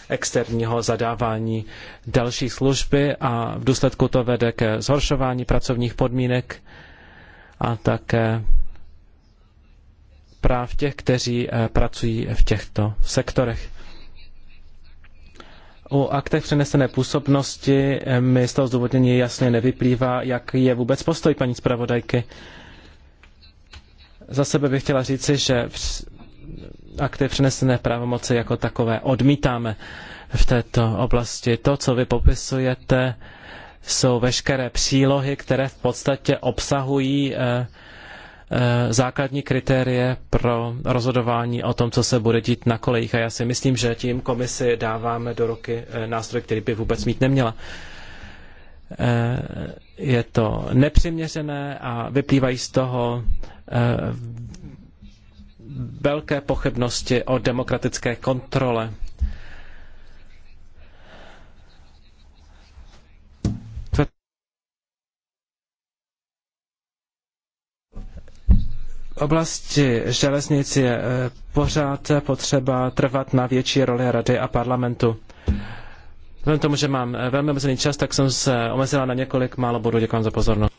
externího zadávání další služby a v důsledku to vede ke zhoršování pracovních podmínek a také práv těch, kteří eh, pracují v těchto sektorech. U aktech přenesené působnosti eh, mi z toho zdůvodnění jasně nevyplývá, jak je vůbec postoj paní zpravodajky. Za sebe bych chtěla říci, že akty přenesené pravomoci jako takové odmítáme v této oblasti. To, co vy popisujete, jsou veškeré přílohy, které v podstatě obsahují eh, Eh, základní kritérie pro rozhodování o tom, co se bude dít na kolejích. A já si myslím, že tím komisi dáváme do ruky eh, nástroj, který by vůbec mít neměla. Eh, je to nepřiměřené a vyplývají z toho velké pochybnosti o demokratické kontrole oblasti železnic je eh, pořád potřeba trvat na větší roli rady a parlamentu. Vzhledem tomu, že mám eh, velmi omezený čas, tak jsem se omezila na několik málo bodů. Děkuji vám za pozornost.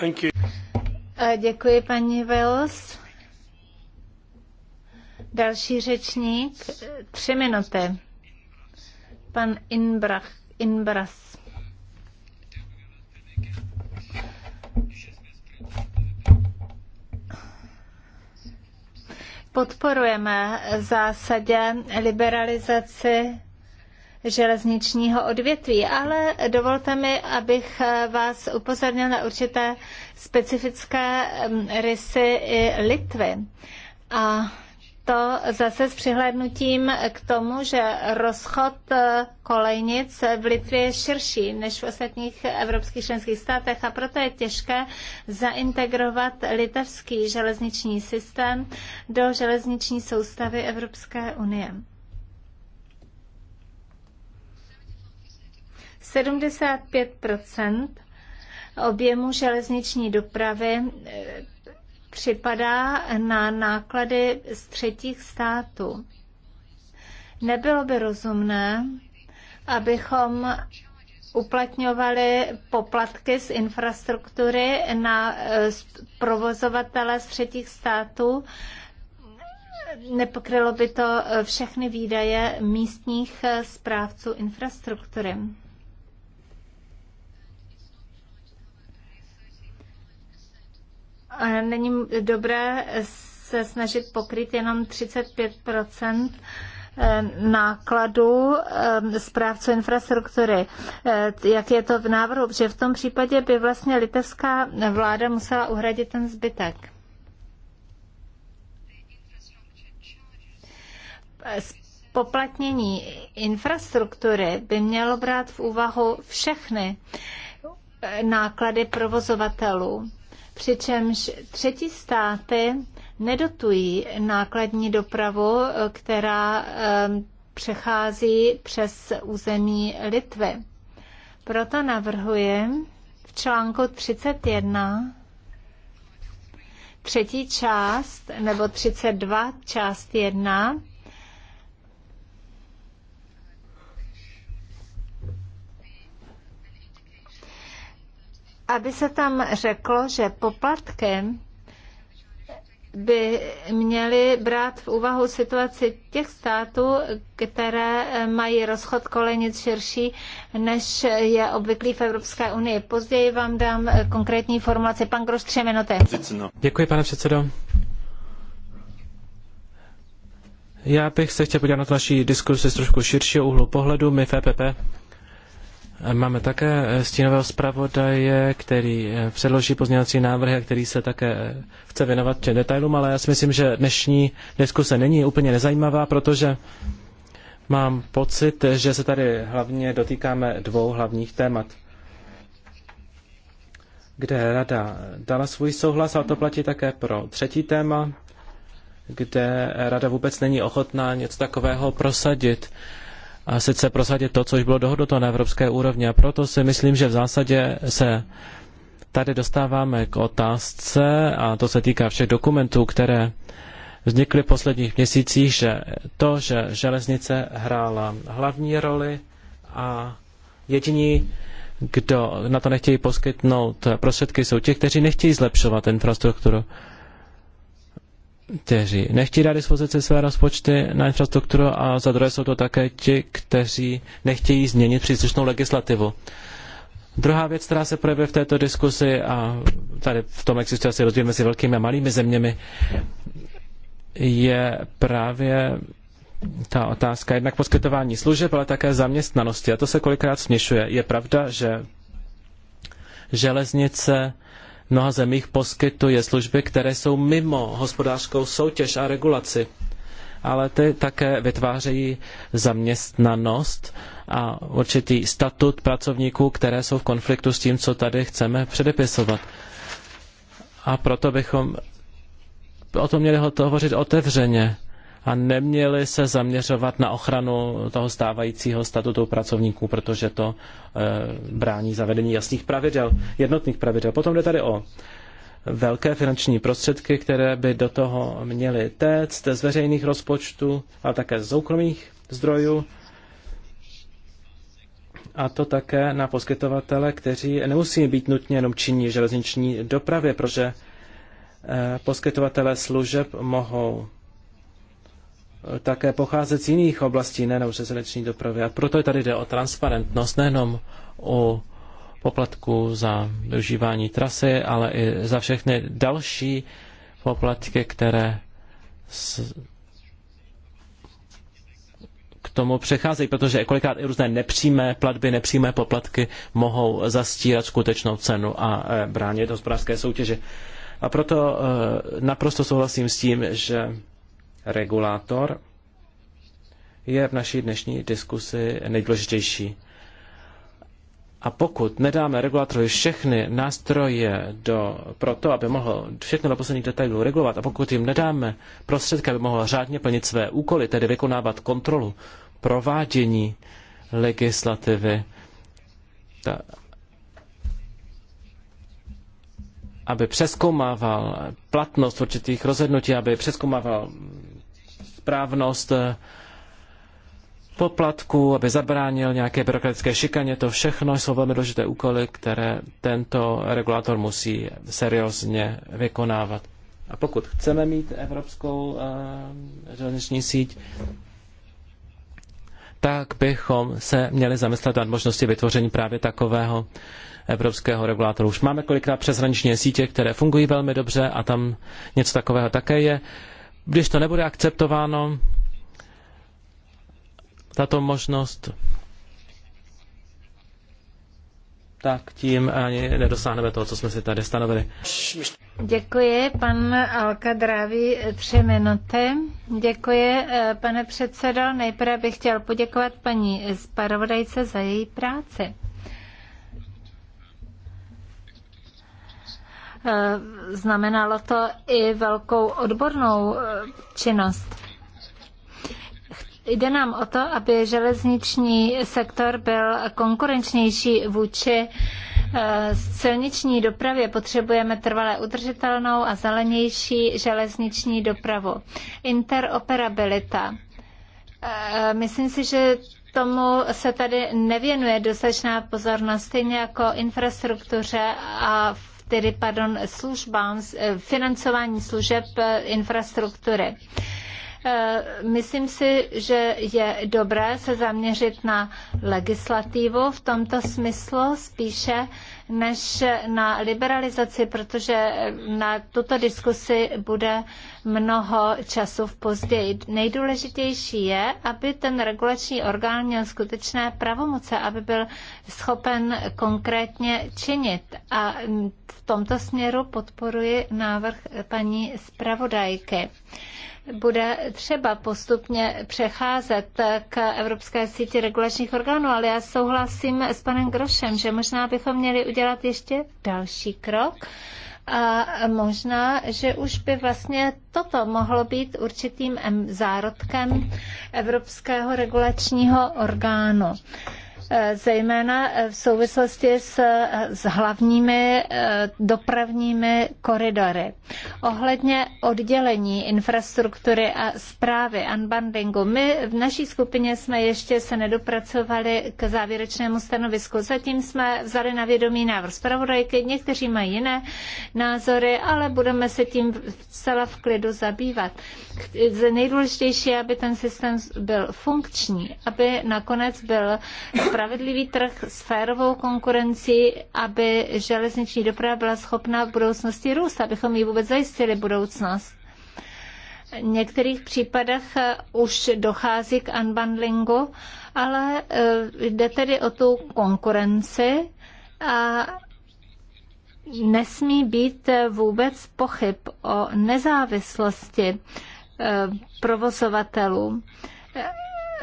Thank you. Eh, děkuji, paní Wells. Další řečník, tři minuty. Pan Inbrach, Inbras. podporujeme v zásadě liberalizaci železničního odvětví, ale dovolte mi, abych vás upozornil na určité specifické mm, rysy i Litvy. A to zase s přihlédnutím k tomu, že rozchod eh, kolejnic v Litvě je širší než v ostatních evropských členských státech a proto je těžké zaintegrovat litevský železniční systém do železniční soustavy Evropské unie. 75 objemu železniční dopravy eh, připadá na náklady z třetích států. Nebylo by rozumné, abychom uplatňovali poplatky z infrastruktury na eh, provozovatele z třetích států. Nepokrylo by to všechny výdaje místních eh, správců infrastruktury. není dobré se snažit pokryt jenom 35 nákladů zprávců infrastruktury, eh, jak je to v návrhu, protože v tom případě by vlastně litevská vláda musela uhradit ten zbytek. Poplatnění infrastruktury by mělo brát v úvahu všechny eh, náklady provozovatelů přičemž třetí státy nedotují nákladní dopravu, která přechází přes území Litvy. Proto navrhuji v článku 31 třetí část nebo 32 část 1 aby se tam řeklo, že poplatkem by měly brát v úvahu situaci těch států, které mají rozchod kolenic širší, než je obvyklý v Evropské unii. Později vám dám konkrétní formulaci. Pan Groš, tři minuty. Děkuji, pane předsedo. Já bych se chtěl podívat na naší diskusi z trošku širšího úhlu pohledu. My v EPP Máme také stínového zpravodaje, který eh, předloží pozměňovací návrhy a který se také eh, chce věnovat těm detailům, ale já si myslím, že dnešní diskuse není úplně nezajímavá, protože mám pocit, že se tady hlavně dotýkáme dvou hlavních témat kde rada dala svůj souhlas, ale to platí také pro třetí téma, kde rada vůbec není ochotná něco takového prosadit a sice prosadit to, co už bylo dohodnuto na evropské úrovni. A proto si myslím, že v zásadě se tady dostáváme k otázce, a to se týká všech dokumentů, které vznikly v posledních měsících, že to, že železnice hrála hlavní roli a jediní, kdo na to nechtějí poskytnout prostředky, jsou ti, kteří nechtějí zlepšovat infrastrukturu kteří nechtějí dát dispozici své rozpočty na infrastrukturu a za druhé jsou to také ti, kteří nechtějí změnit příslušnou legislativu. Druhá věc, která se projevuje v této diskusi a tady v tom existuje asi rozdíl mezi velkými a malými zeměmi, je právě ta otázka jednak poskytování služeb, ale také zaměstnanosti. A to se kolikrát směšuje. Je pravda, že železnice mnoha zemích poskytuje služby, které jsou mimo hospodářskou soutěž a regulaci, ale ty také vytvářejí zaměstnanost a určitý statut pracovníků, které jsou v konfliktu s tím, co tady chceme předepisovat. A proto bychom o tom měli hovořit otevřeně a neměli se zaměřovat na ochranu toho stávajícího statutu pracovníků, protože to eh, brání zavedení jasných pravidel, jednotných pravidel. Potom jde tady o velké finanční prostředky, které by do toho měly téct z veřejných rozpočtů, ale také z soukromých zdrojů. A to také na poskytovatele, kteří nemusí být nutně jenom činní železniční dopravě, protože eh, poskytovatele služeb mohou také pocházet z jiných oblastí, nejenom ze silniční dopravy. A proto tady jde o transparentnost, nejenom o poplatku za využívání trasy, ale i za všechny další poplatky, které s... k tomu přecházejí, protože kolikrát i různé nepřímé platby, nepřímé poplatky mohou zastírat skutečnou cenu a e, bránit hospodářské soutěži. A proto e, naprosto souhlasím s tím, že regulátor je v naší dnešní diskusi nejdůležitější. A pokud nedáme regulátorovi všechny nástroje do, pro to, aby mohl všechno do posledních detailů regulovat, a pokud jim nedáme prostředky, aby mohl řádně plnit své úkoly, tedy vykonávat kontrolu, provádění legislativy, ta, aby přeskoumával platnost určitých rozhodnutí, aby přeskoumával správnost eh, poplatků, aby zabránil nějaké byrokratické šikaně. To všechno jsou velmi důležité úkoly, které tento regulátor musí seriózně vykonávat. A pokud chceme mít evropskou uh, železniční síť, tak bychom se měli zamyslet nad možnosti vytvoření právě takového evropského regulátoru. Už máme kolikrát přeshraniční sítě, které fungují velmi dobře a tam něco takového také je. Uh, když to nebude akceptováno, tato možnost, tak tím ani nedosáhneme toho, co jsme si tady stanovili. Děkuji, pan Alkadrávi, tři minuty. Děkuji, eh, pane předsedo. Nejprve bych chtěl poděkovat paní zpravodajce za její práci. Eh, znamenalo to i velkou odbornou eh, činnost. Jde nám o to, aby železniční sektor byl konkurenčnější vůči eh, silniční dopravě potřebujeme trvale udržitelnou a zelenější železniční dopravu. Interoperabilita. Myslím si, že tomu se tady nevěnuje dostatečná pozornost, stejně jako infrastruktuře a tedy pardon, službám, eh, financování služeb eh, infrastruktury. Eh, myslím si, že je dobré se zaměřit na legislativu v tomto smyslu spíše než na liberalizaci, protože na tuto diskusi bude mnoho času v později. Nejdůležitější je, aby ten regulační orgán měl skutečné pravomoce, aby byl schopen konkrétně činit. A v tomto směru podporuji návrh paní zpravodajky bude třeba postupně přecházet k Evropské síti regulačních orgánů, ale já souhlasím s panem Grošem, že možná bychom měli udělat ještě další krok. A možná, že už by vlastně toto mohlo být určitým zárodkem Evropského regulačního orgánu. Eh, zejména eh, v souvislosti s, eh, s hlavními dopravními koridory. Ohledně oddělení infrastruktury a zprávy unbundingu, my v naší skupině jsme ještě se nedopracovali k závěrečnému stanovisku. Zatím jsme vzali na vědomí návrh zpravodajky, někteří mají jiné názory, ale budeme se tím zcela v klidu zabývat. Nejdůležitější je, aby ten systém byl funkční, aby nakonec byl spravedlivý trh s férovou konkurencí, aby železniční doprava byla schopna v budoucnosti růst, abychom ji vůbec zajistili budoucnost. V některých případech eh, už dochází k unbundlingu, ale eh, jde tedy o tu konkurenci a nesmí být eh, vůbec pochyb o nezávislosti provozovatelů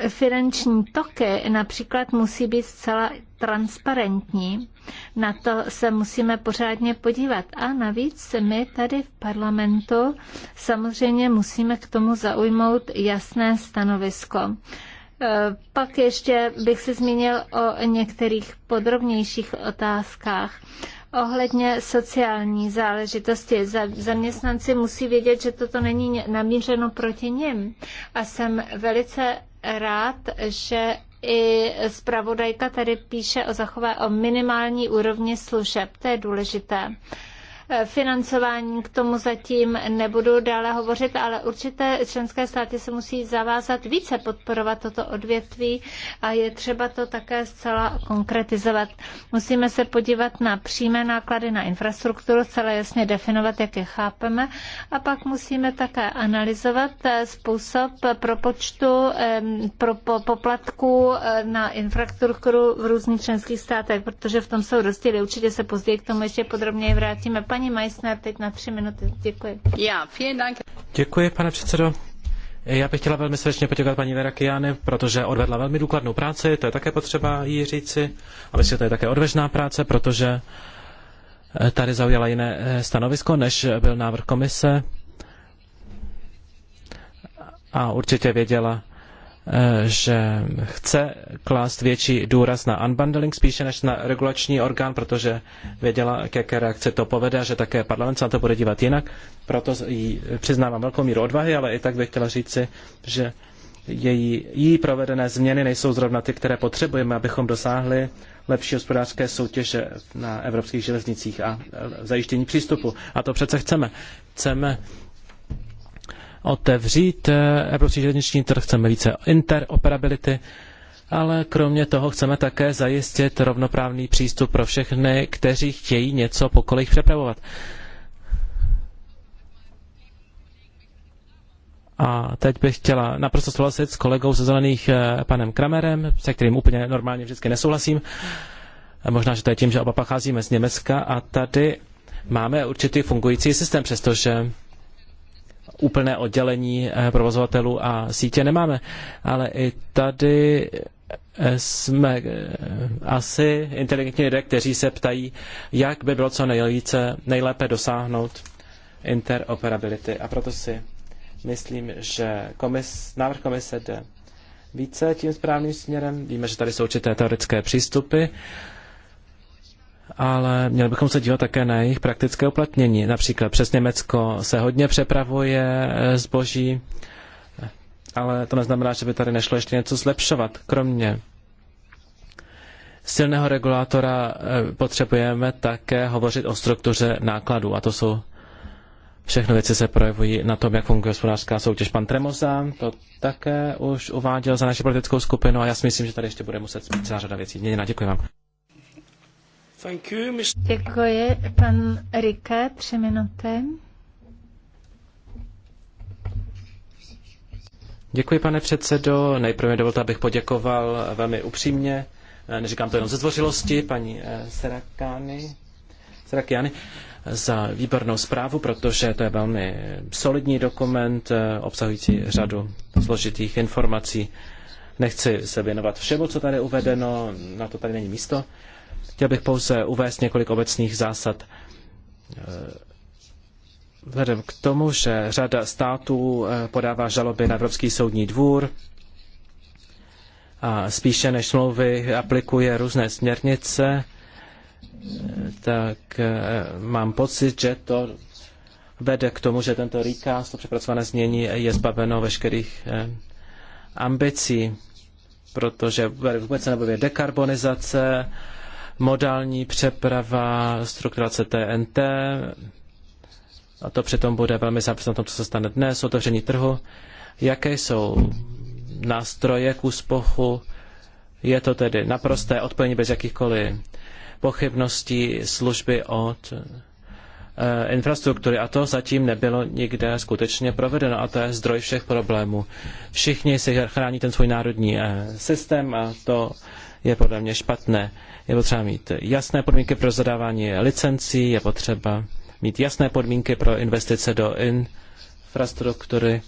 finanční toky například musí být zcela transparentní. Na to se musíme pořádně podívat. A navíc my tady v parlamentu samozřejmě musíme k tomu zaujmout jasné stanovisko. E, pak ještě bych se zmínil o některých podrobnějších otázkách. Ohledně sociální záležitosti. Zaměstnanci musí vědět, že toto není namířeno proti nim. A jsem velice rád, že i zpravodajka tady píše o zachové o minimální úrovni služeb. To je důležité financování, k tomu zatím nebudu dále hovořit, ale určité členské státy se musí zavázat více podporovat toto odvětví a je třeba to také zcela konkretizovat. Musíme se podívat na přímé náklady na infrastrukturu, celé jasně definovat, jak je chápeme a pak musíme také analyzovat eh, způsob propočtu pro poplatků eh, na infrastrukturu v různých členských státech, protože v tom jsou rozdíly. Určitě se později k tomu ještě podrobněji vrátíme. Paní Paní Meissner, teď na tři minuty. Děkuji. Já, vielen Děkuji, pane předsedo. Já bych chtěla velmi srdečně poděkovat paní Verakiány, protože odvedla velmi důkladnou práci, to je také potřeba jí říci. A myslím, že to je také odvežná práce, protože eh, tady zaujala jiné eh, stanovisko, než byl návrh komise. A určitě věděla, Eh, že chce klást větší důraz na unbundling spíše než na regulační orgán, protože věděla, k jaké reakci to povede a že také parlament se na to bude dívat jinak. Proto jí přiznávám velkou míru odvahy, ale i tak bych chtěla říci, že její, jí provedené změny nejsou zrovna ty, které potřebujeme, abychom dosáhli lepší hospodářské soutěže na evropských železnicích a eh, zajištění přístupu. A to přece chceme. Chceme otevřít eh, evropský železniční trh, chceme více interoperability, ale kromě toho chceme také zajistit rovnoprávný přístup pro všechny, kteří chtějí něco po kolejích přepravovat. A teď bych chtěla naprosto souhlasit s kolegou ze Zelených eh, panem Kramerem, se kterým úplně normálně vždycky nesouhlasím. Možná, že to je tím, že oba pocházíme z Německa a tady máme určitý fungující systém, přestože úplné oddělení eh, provozovatelů a sítě nemáme. Ale i tady eh, jsme eh, asi inteligentní lidé, kteří se ptají, jak by bylo co nejlíce, nejlépe dosáhnout interoperability. A proto si myslím, že komis, návrh komise jde více tím správným směrem. Víme, že tady jsou určité teoretické přístupy, ale měli bychom se dívat také na jejich praktické uplatnění. Například přes Německo se hodně přepravuje eh, zboží, ale to neznamená, že by tady nešlo ještě něco zlepšovat. Kromě silného regulátora eh, potřebujeme také hovořit o struktuře nákladů a to jsou všechny věci se projevují na tom, jak funguje hospodářská soutěž. Pan Tremoza to také už uváděl za naši politickou skupinu a já si myslím, že tady ještě bude muset být celá řada věcí změněna. Děkuji vám. Děkuji. Pan Rike, tři minuty. Děkuji, pane předsedo. Nejprve mi dovolte, abych poděkoval velmi upřímně, eh, neříkám to jenom ze zdvořilosti, paní eh, Serakány, Serakiany, za výbornou zprávu, protože to je velmi solidní dokument, eh, obsahující řadu složitých informací. Nechci se věnovat všemu, co tady uvedeno, na to tady není místo, Chtěl bych pouze uvést několik obecných zásad. Eh, vzhledem k tomu, že řada států eh, podává žaloby na Evropský soudní dvůr, a spíše než smlouvy aplikuje různé směrnice, eh, tak mám pocit, že to vede k tomu, že tento recast, to přepracované znění, je zbaveno veškerých ambicí, protože vůbec se nebojuje dekarbonizace, modální přeprava, strukturace TNT, a to přitom bude velmi závislé na tom, co se stane dnes, otevření trhu, jaké jsou nástroje k úspochu, je to tedy naprosté odpojení bez jakýchkoliv pochybností služby od Eh, infrastruktury a to zatím nebylo nikde skutečně provedeno a to je zdroj všech problémů. Všichni si chrání ten svůj národní eh, systém a to je podle mě špatné. Je potřeba mít jasné podmínky pro zadávání licencí, je potřeba mít jasné podmínky pro investice do infrastruktury,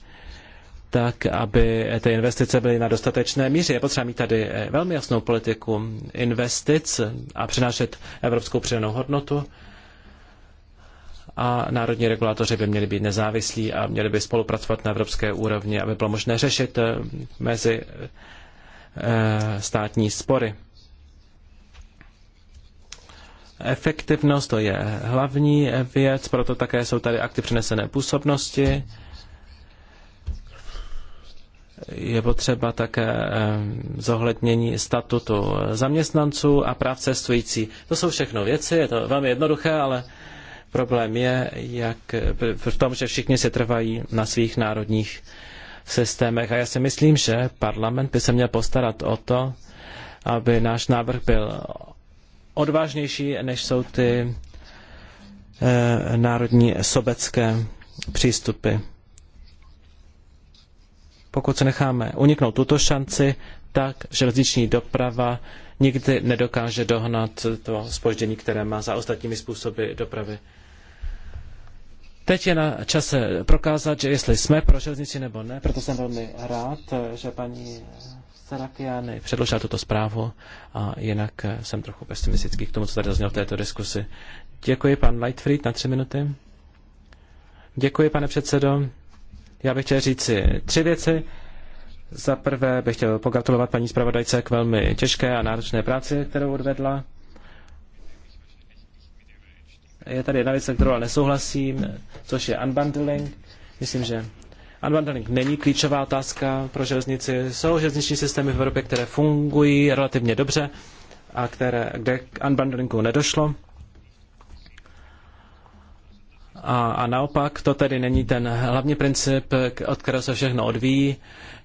tak, aby ty investice byly na dostatečné míře. Je potřeba mít tady eh, velmi jasnou politiku investic a přinášet evropskou přidanou hodnotu a národní regulátoři by měli být nezávislí a měli by spolupracovat na evropské úrovni, aby bylo možné řešit eh, mezi eh, státní spory. Efektivnost to je hlavní věc, proto také jsou tady akty přenesené působnosti. Je potřeba také eh, zohlednění statutu zaměstnanců a práv cestující. To jsou všechno věci, je to velmi jednoduché, ale Problém je, jak, v tom, že všichni se trvají na svých národních systémech. A já si myslím, že parlament by se měl postarat o to, aby náš návrh byl odvážnější, než jsou ty eh, národní sobecké přístupy. Pokud se necháme uniknout tuto šanci, tak železniční doprava nikdy nedokáže dohnat to spoždění, které má za ostatními způsoby dopravy. Teď je na čase prokázat, že jestli jsme pro železnici nebo ne, proto jsem velmi rád, že paní Sarakiany předložila tuto zprávu a jinak jsem trochu pesimistický k tomu, co tady zaznělo v této diskusi. Děkuji, pan Lightfried, na tři minuty. Děkuji, pane předsedo. Já bych chtěl říci tři věci. Za prvé bych chtěl pogratulovat paní zpravodajce k velmi těžké a náročné práci, kterou odvedla je tady jedna věc, se kterou nesouhlasím, což je unbundling. Myslím, že unbundling není klíčová otázka pro železnici. Jsou železniční systémy v Evropě, které fungují relativně dobře a které, kde k unbundlingu nedošlo. A, a naopak to tedy není ten hlavní princip, od kterého se všechno odvíjí.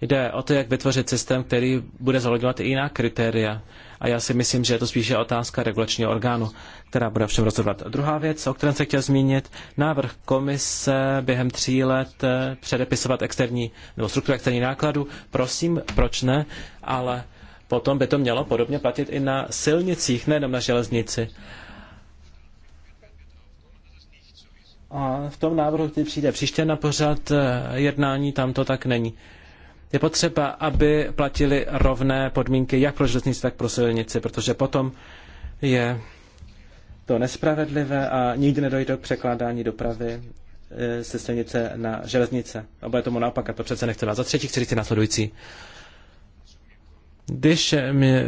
Jde o to, jak vytvořit systém, který bude zohledňovat i jiná kritéria. A já si myslím, že je to spíše otázka regulačního orgánu která bude všem rozhodovat. Druhá věc, o které jsem chtěl zmínit, návrh komise během tří let eh, předepisovat externí nebo strukturu externí nákladu. Prosím, proč ne, ale potom by to mělo podobně platit i na silnicích, nejenom na železnici. A v tom návrhu, který přijde příště na pořad eh, jednání, tam to tak není. Je potřeba, aby platili rovné podmínky jak pro železnici, tak pro silnici, protože potom je to nespravedlivé a nikdy nedojde k překládání dopravy se silnice na železnice. A bude tomu naopak, a to přece nechceme. A za třetí chci říct následující. Když mě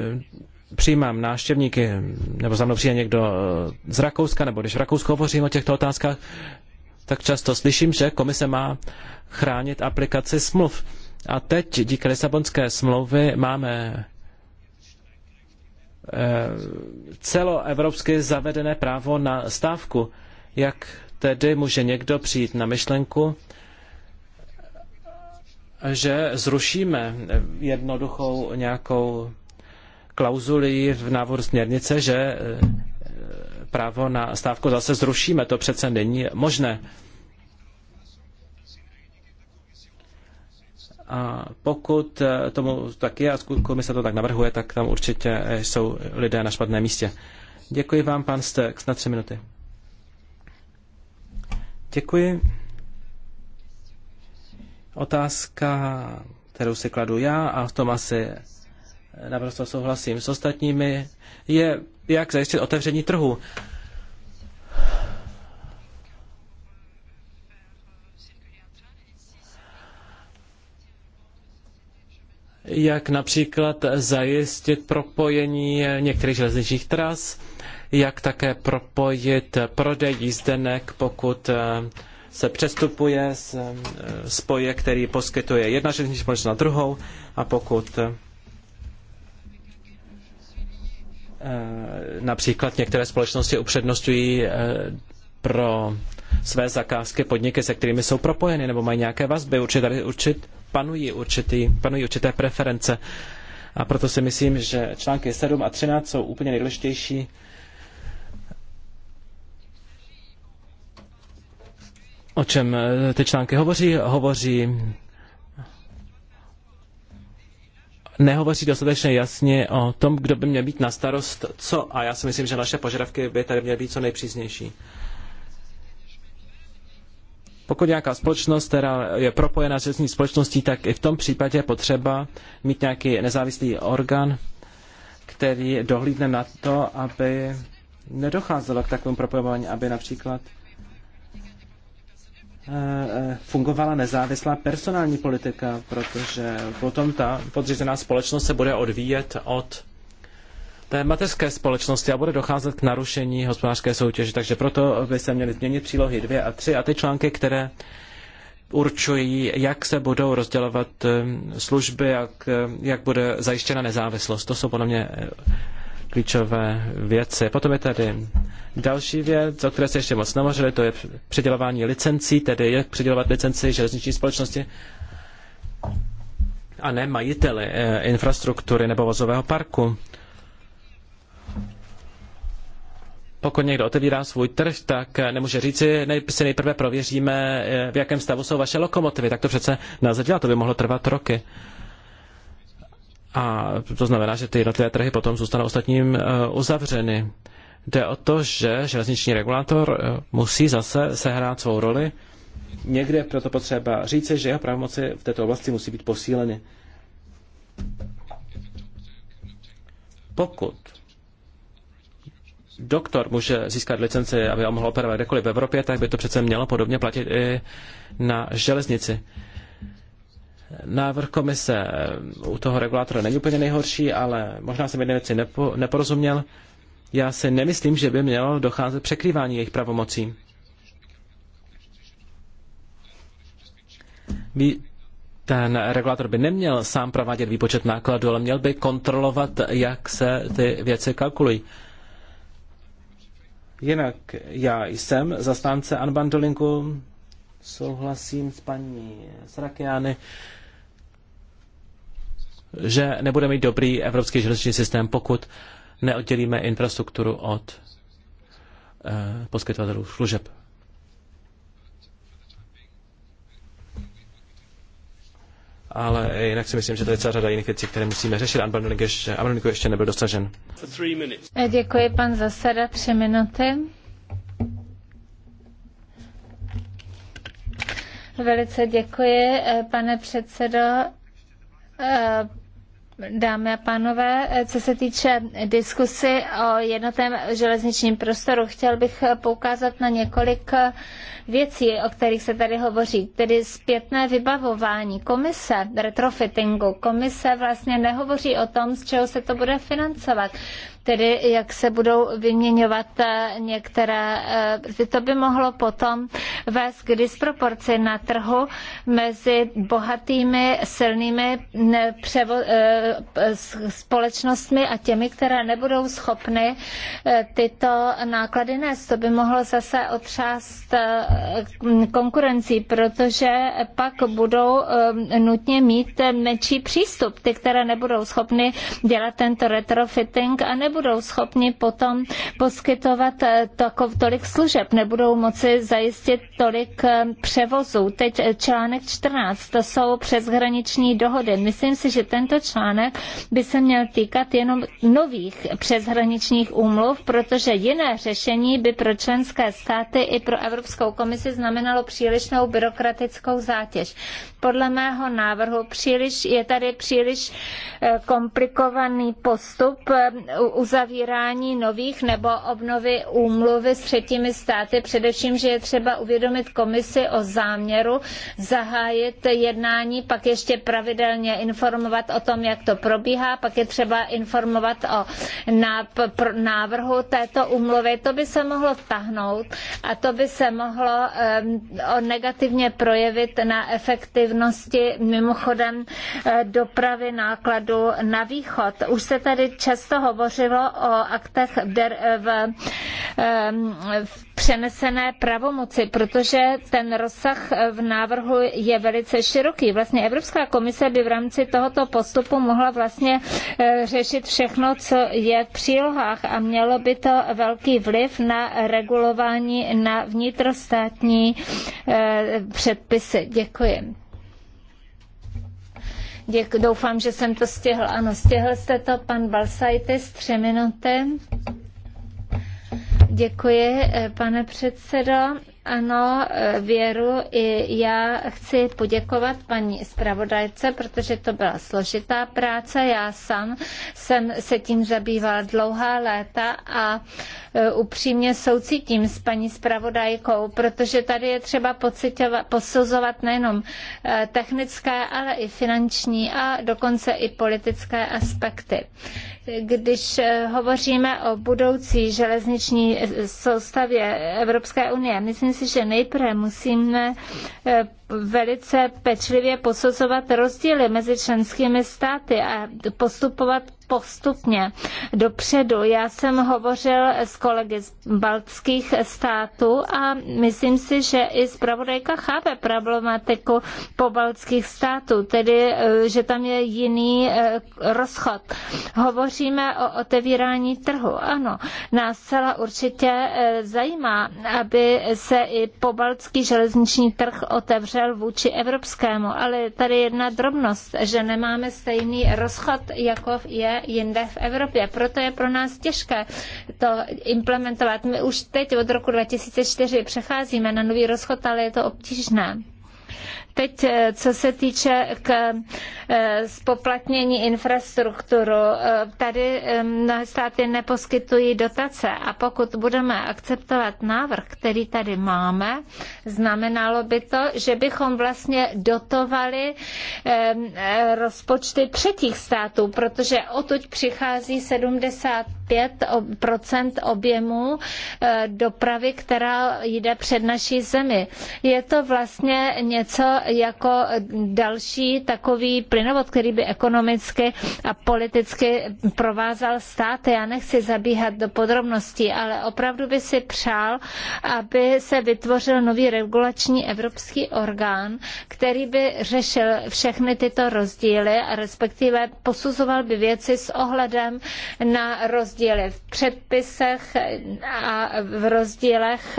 přijímám návštěvníky, nebo za mnou přijde někdo e, z Rakouska, nebo když v Rakousku hovořím o těchto otázkách, tak často slyším, že komise má chránit aplikaci smluv. A teď díky Lisabonské smlouvy máme Eh, celoevropsky zavedené právo na stávku. Jak tedy může někdo přijít na myšlenku, že zrušíme jednoduchou nějakou klauzuli v návodu směrnice, že eh, právo na stávku zase zrušíme. To přece není možné. A pokud tomu tak je a komise to tak navrhuje, tak tam určitě jsou lidé na špatném místě. Děkuji vám, pan Stex, na tři minuty. Děkuji. Otázka, kterou si kladu já a v tom asi naprosto souhlasím s ostatními, je, jak zajistit otevření trhu. jak například zajistit propojení některých železničních tras, jak také propojit prodej jízdenek, pokud eh, se přestupuje z eh, spoje, který poskytuje jedna železniční společnost na druhou a pokud eh, například některé společnosti upřednostňují pro své zakázky podniky, se kterými jsou propojeny nebo mají nějaké vazby určit, panují, určitý, panují určité preference. A proto si myslím, že články 7 a 13 jsou úplně nejdůležitější. O čem eh, ty články hovoří? Hovoří nehovoří dostatečně jasně o tom, kdo by měl být na starost co. A já si myslím, že naše požadavky by tady měly být co nejpříznější. Pokud nějaká společnost, která je propojena s věcní společností, tak i v tom případě je potřeba mít nějaký nezávislý orgán, který dohlídne na to, aby nedocházelo k takovému propojování, aby například eh, eh, fungovala nezávislá personální politika, protože potom ta podřízená společnost se bude odvíjet od té mateřské společnosti a bude docházet k narušení hospodářské soutěže. Takže proto by se měly změnit přílohy 2 a 3 a ty články, které určují, jak se budou rozdělovat eh, služby, jak, jak bude zajištěna nezávislost. To jsou podle mě eh, klíčové věci. Potom je tady další věc, o které se ještě moc nemořili, to je předělování licencí, tedy jak předělovat licenci železniční společnosti a ne majiteli eh, infrastruktury nebo vozového parku pokud někdo otevírá svůj trh, tak eh, nemůže říci, si nejprve prověříme, eh, v jakém stavu jsou vaše lokomotivy. Tak to přece nelze dělat, to by mohlo trvat roky. A to znamená, že ty jednotlivé trhy potom zůstanou ostatním eh, uzavřeny. Jde o to, že železniční regulátor musí zase sehrát svou roli. Někde proto potřeba říci, že jeho pravomoci v této oblasti musí být posíleny. Pokud doktor může získat licenci, aby ho mohl operovat kdekoliv v Evropě, tak by to přece mělo podobně platit i na železnici. Návrh komise u toho regulátora není úplně nejhorší, ale možná jsem jedné věci nepo, neporozuměl. Já si nemyslím, že by mělo docházet překrývání jejich pravomocí. Ten regulátor by neměl sám provádět výpočet nákladů, ale měl by kontrolovat, jak se ty věci kalkulují. Jinak já jsem zastánce unbundlingu, souhlasím s paní Srakiány, že nebudeme mít dobrý evropský železniční systém, pokud neoddělíme infrastrukturu od eh, poskytovatelů služeb. ale jinak si myslím, že to je celá řada jiných věcí, které musíme řešit. Unbundling ještě, unbundling ještě nebyl dosažen. Eh, děkuji, pan zasada, tři minuty. Velice děkuji, eh, pane předsedo. Eh, Dámy a pánové, co se týče diskusy o jednotném železničním prostoru, chtěl bych poukázat na několik věcí, o kterých se tady hovoří. Tedy zpětné vybavování komise, retrofittingu. Komise vlastně nehovoří o tom, z čeho se to bude financovat tedy jak se budou vyměňovat eh, některé, eh, to by mohlo potom vést k disproporci na trhu mezi bohatými, silnými převo, eh, společnostmi a těmi, které nebudou schopny tyto náklady nést. To by mohlo zase otřást konkurencí, protože pak budou nutně mít menší přístup, ty, které nebudou schopny dělat tento retrofitting a nebudou nebudou schopni potom poskytovat eh, takov, tolik služeb, nebudou moci zajistit tolik eh, převozů. Teď eh, článek 14, to jsou přeshraniční dohody. Myslím si, že tento článek by se měl týkat jenom nových přeshraničních úmluv, protože jiné řešení by pro členské státy i pro Evropskou komisi znamenalo přílišnou byrokratickou zátěž podle mého návrhu příliš, je tady příliš eh, komplikovaný postup eh, uzavírání nových nebo obnovy úmluvy s třetími státy, především, že je třeba uvědomit komisi o záměru zahájit jednání, pak ještě pravidelně informovat o tom, jak to probíhá, pak je třeba informovat o návrhu této úmluvy. To by se mohlo vtahnout a to by se mohlo eh, negativně projevit na efektivní efektivnosti mimochodem eh, dopravy nákladu na východ. Už se tady často hovořilo o aktech v, eh, eh, v přenesené pravomoci, protože ten rozsah v návrhu je velice široký. Vlastně Evropská komise by v rámci tohoto postupu mohla vlastně řešit všechno, co je v přílohách a mělo by to velký vliv na regulování na vnitrostátní předpisy. Děkuji. Děk, doufám, že jsem to stihl. Ano, stihl jste to, pan Balsajtis, tři minuty. Děkuji, eh, pane předsedo. Ano, Věru, i já chci poděkovat paní zpravodajce, protože to byla složitá práce. Já sám jsem se tím zabývala dlouhá léta a e, upřímně soucítím s paní zpravodajkou, protože tady je třeba posuzovat nejenom e, technické, ale i finanční a dokonce i politické aspekty. Když eh, hovoříme o budoucí železniční eh, soustavě Evropské unie, myslím si, že nejprve musíme eh, velice pečlivě posuzovat rozdíly mezi členskými státy a postupovat postupně dopředu. Já jsem hovořil s kolegy z baltských států a myslím si, že i zpravodajka chápe problematiku po baltských států, tedy eh, že tam je jiný eh, rozchod. Hovoříme o otevírání trhu. Ano, nás celá určitě eh, zajímá, aby se i po baltský železniční trh otevřel držel vůči evropskému, ale tady jedna drobnost, že nemáme stejný rozchod, jako je jinde v Evropě. Proto je pro nás těžké to implementovat. My už teď od roku 2004 přecházíme na nový rozchod, ale je to obtížné. Teď, eh, co se týče k eh, spoplatnění infrastrukturu, eh, tady mnohé státy neposkytují dotace a pokud budeme akceptovat návrh, který tady máme, znamenalo by to, že bychom vlastně dotovali rozpočty třetích států, protože odtud přichází 75 objemu dopravy, která jde před naší zemi. Je to vlastně něco, jako další takový plynovod, který by ekonomicky a politicky provázal státy. Já nechci zabíhat do podrobností, ale opravdu by si přál, aby se vytvořil nový regulační evropský orgán, který by řešil všechny tyto rozdíly a respektive posuzoval by věci s ohledem na rozdíly v předpisech a v rozdílech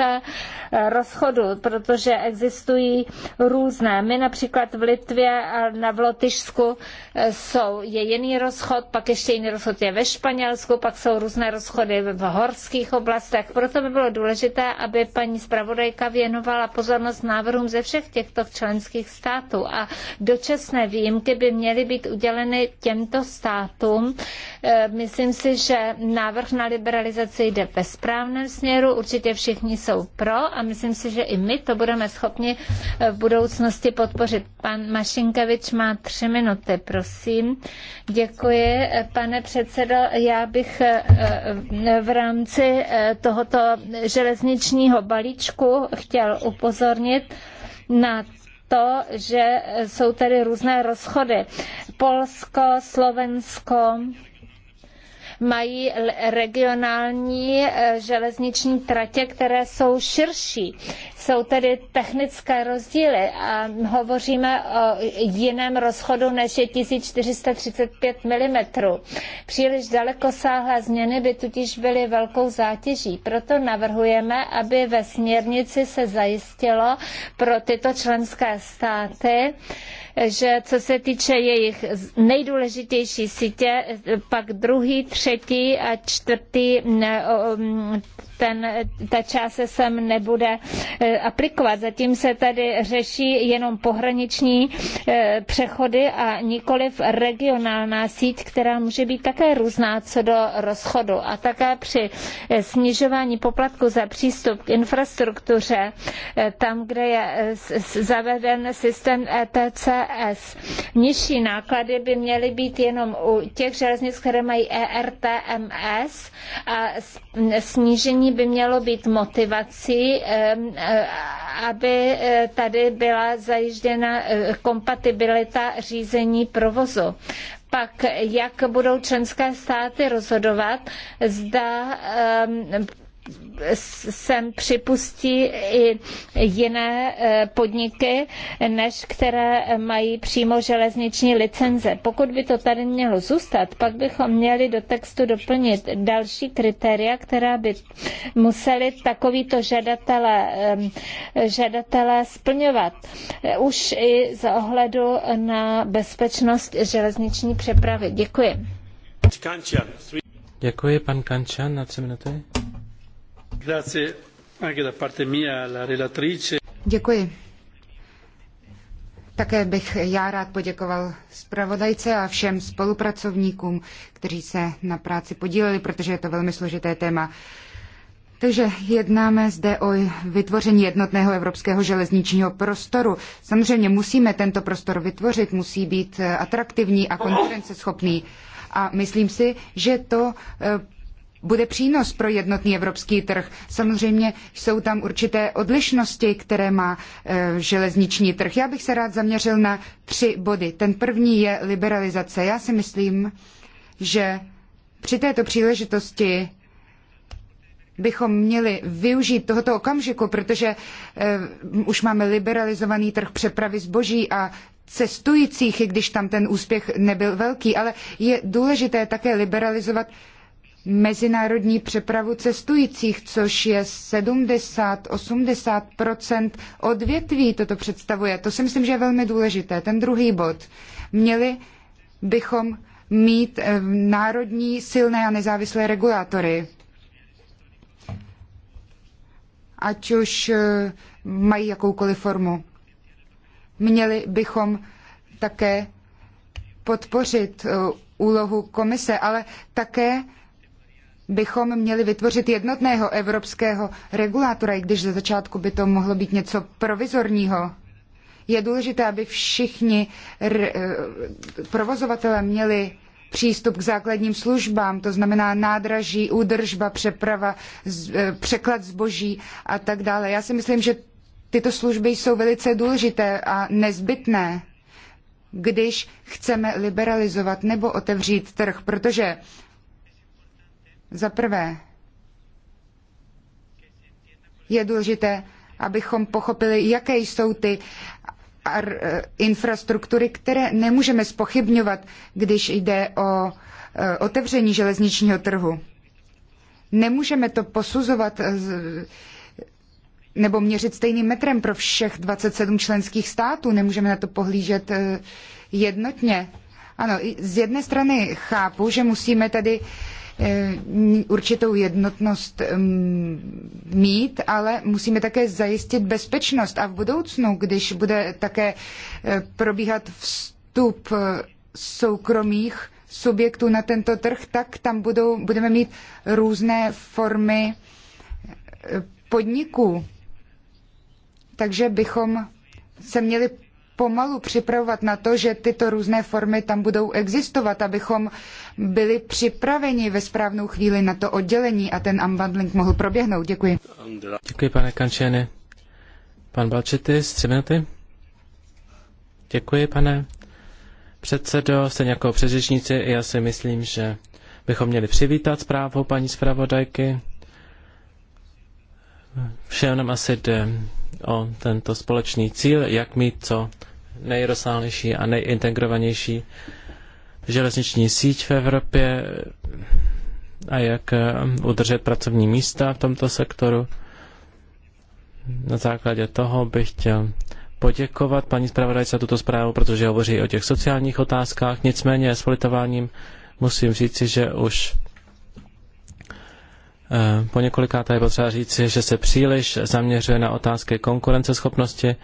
rozchodu, protože existují různé my například v Litvě a na v Lotyšsku eh, jsou, je jiný rozchod, pak ještě jiný rozchod je ve Španělsku, pak jsou různé rozchody v horských oblastech. Proto by bylo důležité, aby paní zpravodajka věnovala pozornost návrhům ze všech těchto členských států a dočasné výjimky by měly být uděleny těmto státům. Eh, myslím si, že návrh na liberalizaci jde ve správném směru, určitě všichni jsou pro a myslím si, že i my to budeme schopni v budoucnosti chci podpořit. Pan Mašinkevič má tři minuty, prosím. Děkuji, pane předsedo. Já bych eh, eh, v rámci eh, tohoto železničního balíčku chtěl upozornit na to, že jsou tady různé rozchody. Polsko, Slovensko, mají regionální železniční tratě, které jsou širší. Jsou tedy technické rozdíly a hovoříme o jiném rozchodu než je 1435 mm. Příliš dalekosáhlé změny by tutiž byly velkou zátěží. Proto navrhujeme, aby ve směrnici se zajistilo pro tyto členské státy, že co se týče jejich nejdůležitější sítě, pak druhý, třetí a čtvrtý ten, ta část se sem nebude eh, aplikovat. Zatím se tady řeší jenom pohraniční eh, přechody a nikoliv regionální síť, která může být také různá co do rozchodu. A také při eh, snižování poplatku za přístup k infrastruktuře, tam, kde je zaveden systém ETCS. Nižší náklady by měly být jenom u těch železnic, které mají ERTMS a snížení vzdělávání by mělo být motivací, eh, aby eh, tady byla zajištěna eh, kompatibilita řízení provozu pak jak budou členské státy rozhodovat, zda sem připustí i jiné e, podniky, než které mají přímo železniční licenze. Pokud by to tady mělo zůstat, pak bychom měli do textu doplnit další kritéria, která by museli takovýto žadatele, žadatele splňovat. E, už i z ohledu na bezpečnost železniční přepravy. Děkuji. Děkuji, pan Kančan, na tři minuty. Děkuji. Také bych já rád poděkoval zpravodajce a všem spolupracovníkům, kteří se na práci podíleli, protože je to velmi složité téma. Takže jednáme zde o vytvoření jednotného evropského železničního prostoru. Samozřejmě musíme tento prostor vytvořit, musí být atraktivní a konkurenceschopný. A myslím si, že to eh, bude přínos pro jednotný evropský trh. Samozřejmě jsou tam určité odlišnosti, které má e, železniční trh. Já bych se rád zaměřil na tři body. Ten první je liberalizace. Já si myslím, že při této příležitosti bychom měli využít tohoto okamžiku, protože e, už máme liberalizovaný trh přepravy zboží a cestujících, i když tam ten úspěch nebyl velký, ale je důležité také liberalizovat mezinárodní přepravu cestujících, což je 70-80 odvětví, toto představuje. To si myslím, že je velmi důležité. Ten druhý bod. Měli bychom mít eh, národní silné a nezávislé regulátory. Ať už eh, mají jakoukoliv formu. Měli bychom také podpořit eh, úlohu komise, ale také bychom měli vytvořit jednotného evropského regulátora, i když ze začátku by to mohlo být něco provizorního. Je důležité, aby všichni e, provozovatelé měli přístup k základním službám, to znamená nádraží, údržba, přeprava, e, překlad zboží a tak dále. Já si myslím, že tyto služby jsou velice důležité a nezbytné, když chceme liberalizovat nebo otevřít trh, protože za prvé, je důležité, abychom pochopili, jaké jsou ty eh, infrastruktury, které nemůžeme spochybňovat, když jde o eh, otevření železničního trhu. Nemůžeme to posuzovat nebo měřit stejným metrem pro všech 27 členských států. Nemůžeme na to pohlížet eh, jednotně. Ano, z jedné strany chápu, že musíme tady Eh, určitou jednotnost mít, ale musíme také zajistit bezpečnost. A v budoucnu, když bude také eh, probíhat vstup eh, soukromých subjektů na tento trh, tak tam budou, budeme mít různé formy podniků. Takže bychom se měli pomalu připravovat na to, že tyto různé formy tam budou existovat, abychom byli připraveni ve správnou chvíli na to oddělení a ten unbundling mohl proběhnout. Děkuji. Děkuji, pane Kančene. Pan Balčitis, tři minuty. Děkuji, pane předsedo. Stejně jako předřečníci, já si myslím, že bychom měli přivítat zprávu paní zpravodajky. Všem nám asi jde o tento společný cíl, jak mít co nejrozsáhlejší a nejintegrovanější železniční síť v Evropě a jak eh, udržet pracovní místa v tomto sektoru. Na základě toho bych chtěl poděkovat paní zpravodajce za tuto zprávu, protože hovoří o těch sociálních otázkách. Nicméně s politováním musím říci, že už eh, po několikáté je potřeba říci, že se příliš zaměřuje na otázky konkurenceschopnosti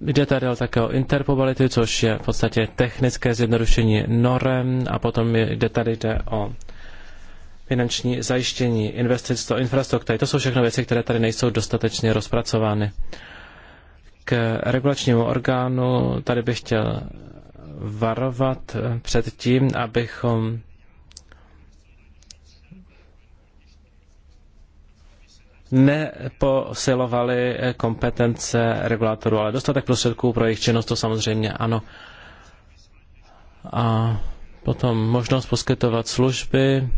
Jde tady také o interpovality, což je v podstatě technické zjednodušení norem a potom jde tady jde o finanční zajištění investic do infrastruktury. To jsou všechno věci, které tady nejsou dostatečně rozpracovány. K regulačnímu orgánu tady bych chtěl varovat před tím, abychom neposilovaly kompetence regulátorů, ale dostatek prostředků pro jejich činnost to samozřejmě ano. A potom možnost poskytovat služby.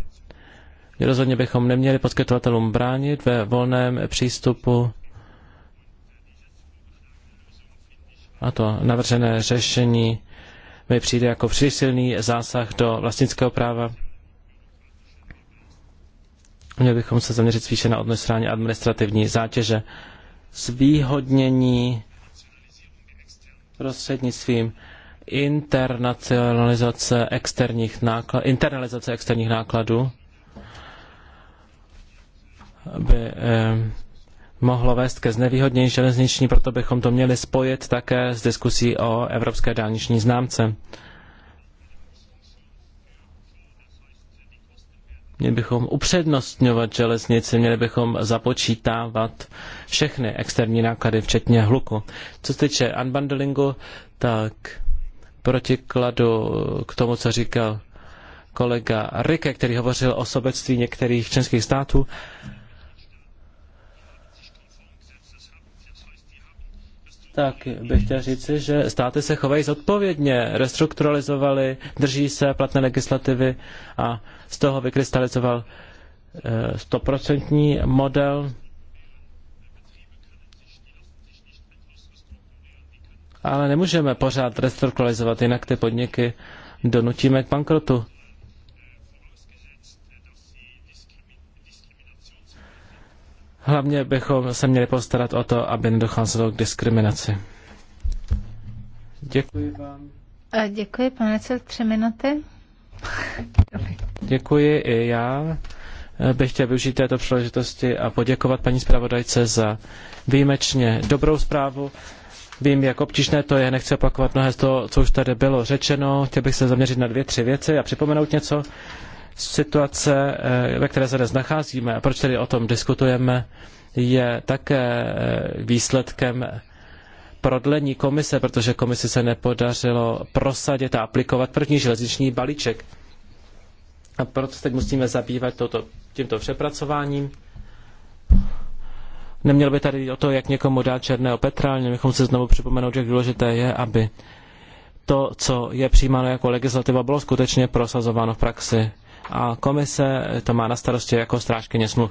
Rozhodně bychom neměli poskytovatelům bránit ve volném přístupu. A to navržené řešení mi přijde jako silný zásah do vlastnického práva. Měli bychom se zaměřit spíše na odnesrání administrativní zátěže, zvýhodnění prostřednictvím internacionalizace externích nákladů, internalizace externích nákladů by eh, mohlo vést ke znevýhodnění železniční, proto bychom to měli spojit také s diskusí o evropské dálniční známce. Měli bychom upřednostňovat železnici, měli bychom započítávat všechny externí náklady, včetně hluku. Co se týče unbundlingu, tak protikladu k tomu, co říkal kolega Rike, který hovořil o sobectví některých členských států, tak bych chtěl říci, že státy se chovají zodpovědně, restrukturalizovaly, drží se platné legislativy a z toho vykrystalizoval eh, stoprocentní model. Ale nemůžeme pořád restrukturalizovat, jinak ty podniky donutíme k bankrotu. Hlavně bychom se měli postarat o to, aby nedocházelo k diskriminaci. Děkuji vám. A děkuji, pane, co tři minuty. děkuji i já. Bych chtěl využít této příležitosti a poděkovat paní zpravodajce za výjimečně dobrou zprávu. Vím, jak obtížné to je, nechci opakovat mnohé z toho, co už tady bylo řečeno. Chtěl bych se zaměřit na dvě, tři věci a připomenout něco. Situace, eh, ve které se dnes nacházíme, a proč tedy o tom diskutujeme, je také eh, výsledkem prodlení komise, protože komisi se nepodařilo prosadit a aplikovat první železniční balíček. A proto se teď musíme zabývat toto, tímto přepracováním. Neměl by tady o to, jak někomu dát černého Petra, ale bychom se znovu připomenout, jak důležité je, aby to, co je přijímáno jako legislativa, bylo skutečně prosazováno v praxi a komise to má na starosti jako strážkyně smluv.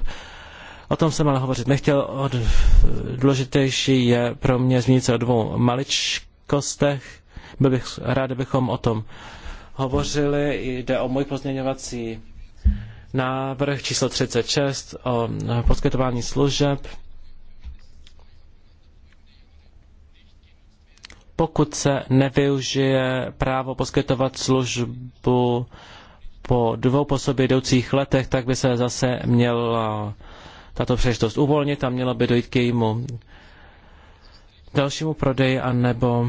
O tom jsem ale hovořit nechtěl. Od, důležitější je pro mě zmínit se o dvou maličkostech. Byl bych rád, kdybychom o tom hovořili. Jde o můj pozměňovací návrh číslo 36 o poskytování služeb. Pokud se nevyužije právo poskytovat službu po dvou po sobě jdoucích letech, tak by se zase měla tato příležitost uvolnit a měla by dojít k jejímu dalšímu prodeji anebo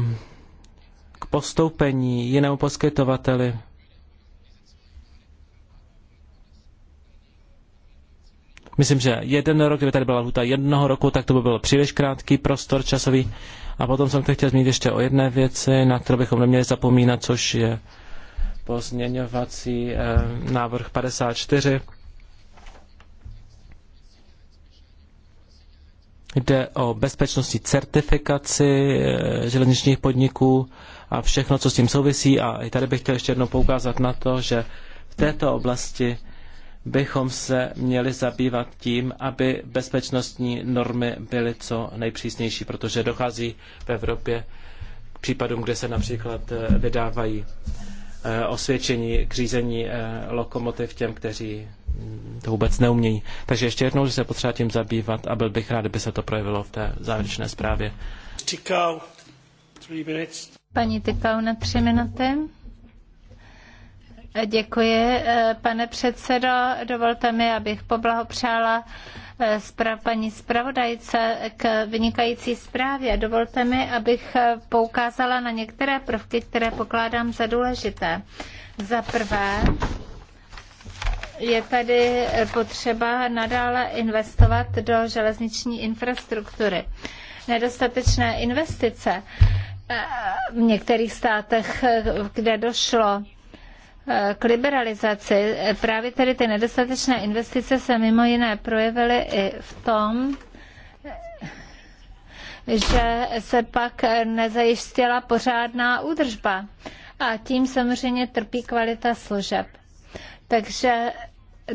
k postoupení jinému poskytovateli. Myslím, že jeden rok, kdyby tady byla lhuta jednoho roku, tak to by byl příliš krátký prostor časový. A potom jsem chtěl zmínit ještě o jedné věci, na kterou bychom neměli zapomínat, což je pozměňovací eh, návrh 54. Jde o bezpečnostní certifikaci eh, železničních podniků a všechno, co s tím souvisí. A i tady bych chtěl ještě jednou poukázat na to, že v této oblasti bychom se měli zabývat tím, aby bezpečnostní normy byly co nejpřísnější, protože dochází v Evropě k případům, kde se například eh, vydávají Eh, osvědčení k řízení eh, lokomotiv těm, kteří to vůbec neumějí. Takže ještě jednou, že se potřeba tím zabývat a byl bych rád, kdyby se to projevilo v té závěrečné zprávě. Paní Tykal na tři minuty. Děkuji, eh, pane předsedo. Dovolte mi, abych poblahopřála paní zpravodajce k vynikající zprávě. Dovolte mi, abych poukázala na některé prvky, které pokládám za důležité. Za prvé, je tady potřeba nadále investovat do železniční infrastruktury. Nedostatečné investice eh, v některých státech, eh, kde došlo k liberalizaci. Právě tedy ty nedostatečné investice se mimo jiné projevily i v tom, že se pak nezajistila pořádná údržba a tím samozřejmě trpí kvalita služeb. Takže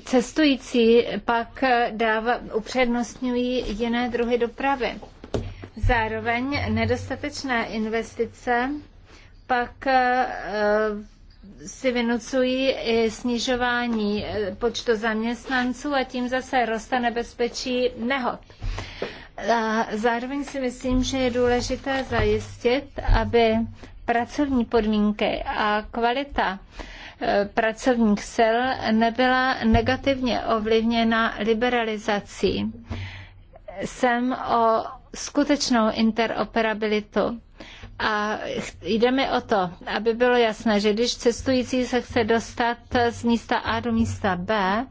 cestující pak dává, upřednostňují jiné druhy dopravy. Zároveň nedostatečné investice pak eh, si vynucují i snižování e, počtu zaměstnanců a tím zase roste nebezpečí nehod. A zároveň si myslím, že je důležité zajistit, aby pracovní podmínky a kvalita e, pracovních sil nebyla negativně ovlivněna liberalizací. Jsem o skutečnou interoperabilitu a jde mi o to, aby bylo jasné, že když cestující se chce dostat z místa A do místa B,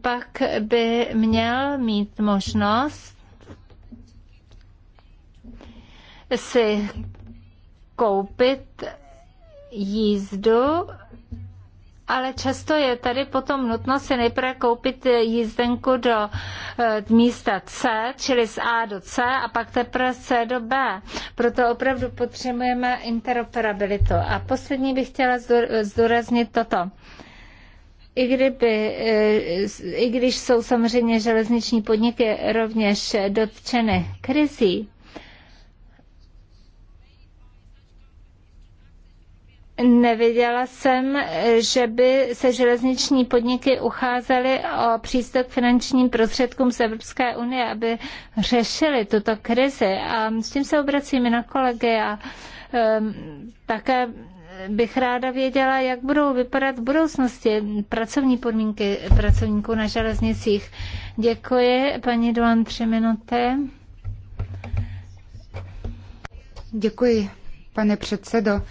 pak by měl mít možnost si koupit jízdu ale často je tady potom nutno si nejprve koupit jízdenku do e, místa C, čili z A do C a pak teprve C do B. Proto opravdu potřebujeme interoperabilitu. A poslední bych chtěla zdůraznit toto. I, kdyby, e, I když jsou samozřejmě železniční podniky rovněž dotčeny krizí, Neviděla jsem, že by se železniční podniky ucházely o přístup k finančním prostředkům z Evropské unie, aby řešili tuto krizi. A s tím se obracím i na kolegy a um, také bych ráda věděla, jak budou vypadat v budoucnosti pracovní podmínky pracovníků na železnicích. Děkuji, paní Duan, tři minuty. Děkuji, pane předsedo.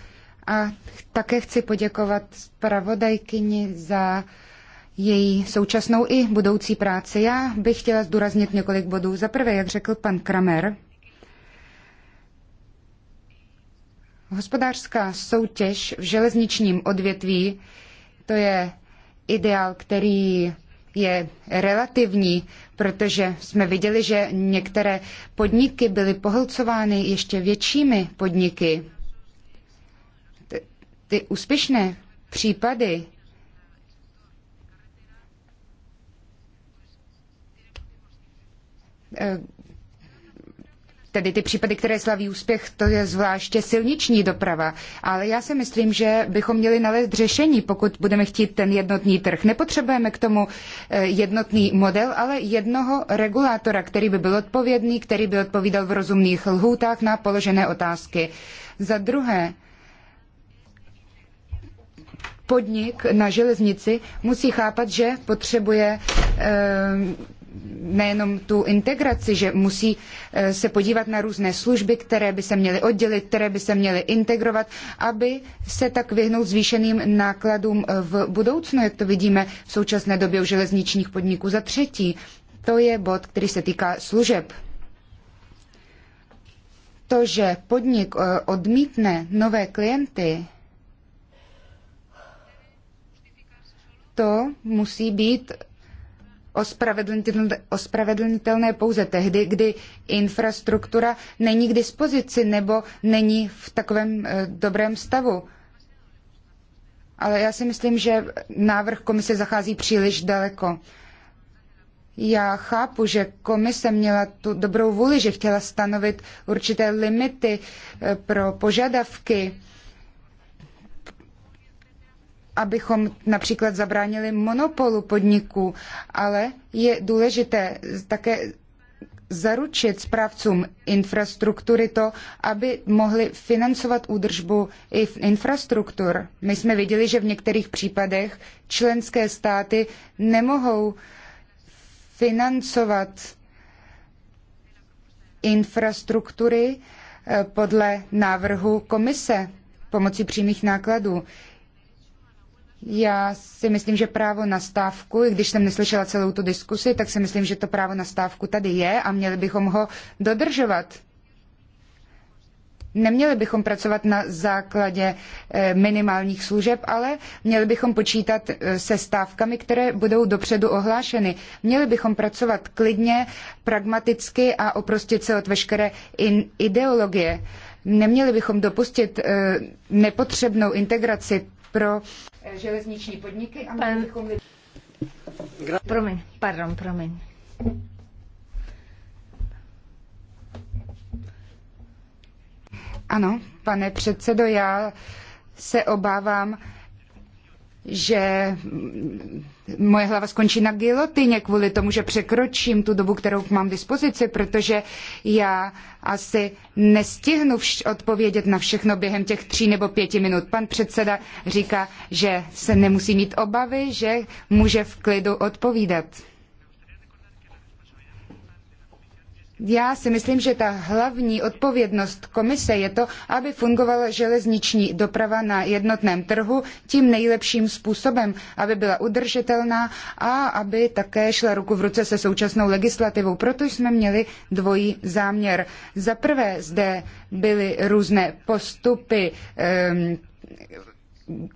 A také chci poděkovat zpravodajkyni za její současnou i budoucí práci. Já bych chtěla zdůraznit několik bodů. Za prvé, jak řekl pan Kramer, hospodářská soutěž v železničním odvětví, to je ideál, který je relativní, protože jsme viděli, že některé podniky byly pohlcovány ještě většími podniky ty úspěšné případy eh, tedy ty případy, které slaví úspěch, to je zvláště silniční doprava. Ale já si myslím, že bychom měli nalézt řešení, pokud budeme chtít ten jednotný trh. Nepotřebujeme k tomu eh, jednotný model, ale jednoho regulátora, který by byl odpovědný, který by odpovídal v rozumných lhůtách na položené otázky. Za druhé, podnik na železnici musí chápat, že potřebuje eh, nejenom tu integraci, že musí eh, se podívat na různé služby, které by se měly oddělit, které by se měly integrovat, aby se tak vyhnout zvýšeným nákladům eh, v budoucnu, jak to vidíme v současné době u železničních podniků za třetí. To je bod, který se týká služeb. To, že podnik odmítne nové klienty, to musí být ospravedlnitelné pouze tehdy, kdy infrastruktura není k dispozici nebo není v takovém eh, dobrém stavu. Ale já si myslím, že návrh komise zachází příliš daleko. Já chápu, že komise měla tu dobrou vůli, že chtěla stanovit určité limity eh, pro požadavky abychom například zabránili monopolu podniků, ale je důležité také zaručit správcům infrastruktury to, aby mohli financovat údržbu i infrastruktur. My jsme viděli, že v některých případech členské státy nemohou financovat infrastruktury eh, podle návrhu komise pomocí přímých nákladů. Já si myslím, že právo na stávku, i když jsem neslyšela celou tu diskusi, tak si myslím, že to právo na stávku tady je a měli bychom ho dodržovat. Neměli bychom pracovat na základě eh, minimálních služeb, ale měli bychom počítat eh, se stávkami, které budou dopředu ohlášeny. Měli bychom pracovat klidně, pragmaticky a oprostit se od veškeré ideologie. Neměli bychom dopustit eh, nepotřebnou integraci pro eh, železniční podniky a Pan... bychom... Promiň, pardon, promiň. Ano, pane předsedo, já se obávám, že moje hlava skončí na gilotině kvůli tomu, že překročím tu dobu, kterou mám k dispozici, protože já asi nestihnu odpovědět na všechno během těch tří nebo pěti minut. Pan předseda říká, že se nemusí mít obavy, že může v klidu odpovídat. Já si myslím, že ta hlavní odpovědnost komise je to, aby fungovala železniční doprava na jednotném trhu tím nejlepším způsobem, aby byla udržitelná a aby také šla ruku v ruce se současnou legislativou. Proto jsme měli dvojí záměr. Za prvé zde byly různé postupy. Um,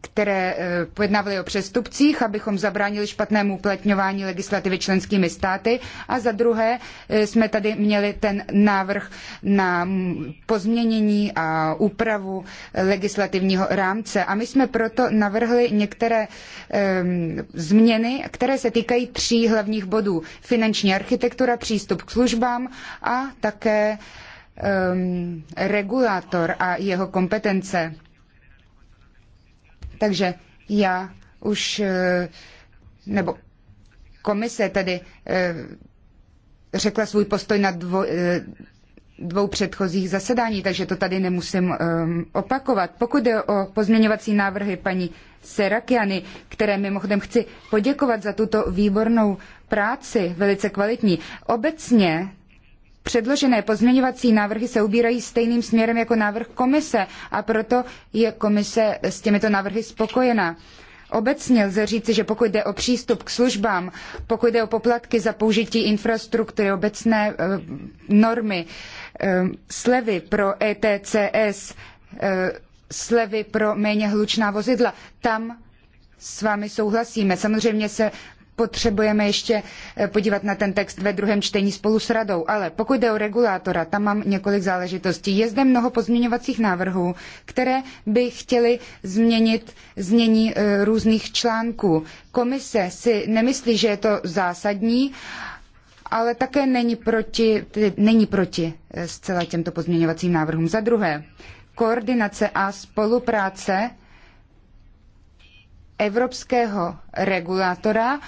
které eh, pojednávaly o přestupcích, abychom zabránili špatnému uplatňování legislativy členskými státy. A za druhé eh, jsme tady měli ten návrh na pozměnění a úpravu legislativního rámce. A my jsme proto navrhli některé um, změny, které se týkají tří hlavních bodů. Finanční architektura, přístup k službám a také um, regulátor a jeho kompetence. Takže já už, eh, nebo komise tedy eh, řekla svůj postoj na dvo, eh, dvou předchozích zasedání, takže to tady nemusím um, opakovat. Pokud jde o pozměňovací návrhy paní Serakiany, které mimochodem chci poděkovat za tuto výbornou práci, velice kvalitní. Obecně Předložené pozměňovací návrhy se ubírají stejným směrem jako návrh komise a proto je komise s těmito návrhy spokojena. Obecně lze říci, že pokud jde o přístup k službám, pokud jde o poplatky za použití infrastruktury, obecné e, normy, e, slevy pro ETCS, e, eh, slevy pro méně hlučná vozidla, tam s vámi souhlasíme. Samozřejmě se potřebujeme ještě eh, podívat na ten text ve druhém čtení spolu s radou. Ale pokud jde o regulátora, tam mám několik záležitostí. Je zde mnoho pozměňovacích návrhů, které by chtěly změnit znění eh, různých článků. Komise si nemyslí, že je to zásadní, ale také není proti, není proti eh, zcela těmto pozměňovacím návrhům. Za druhé, koordinace a spolupráce evropského regulátora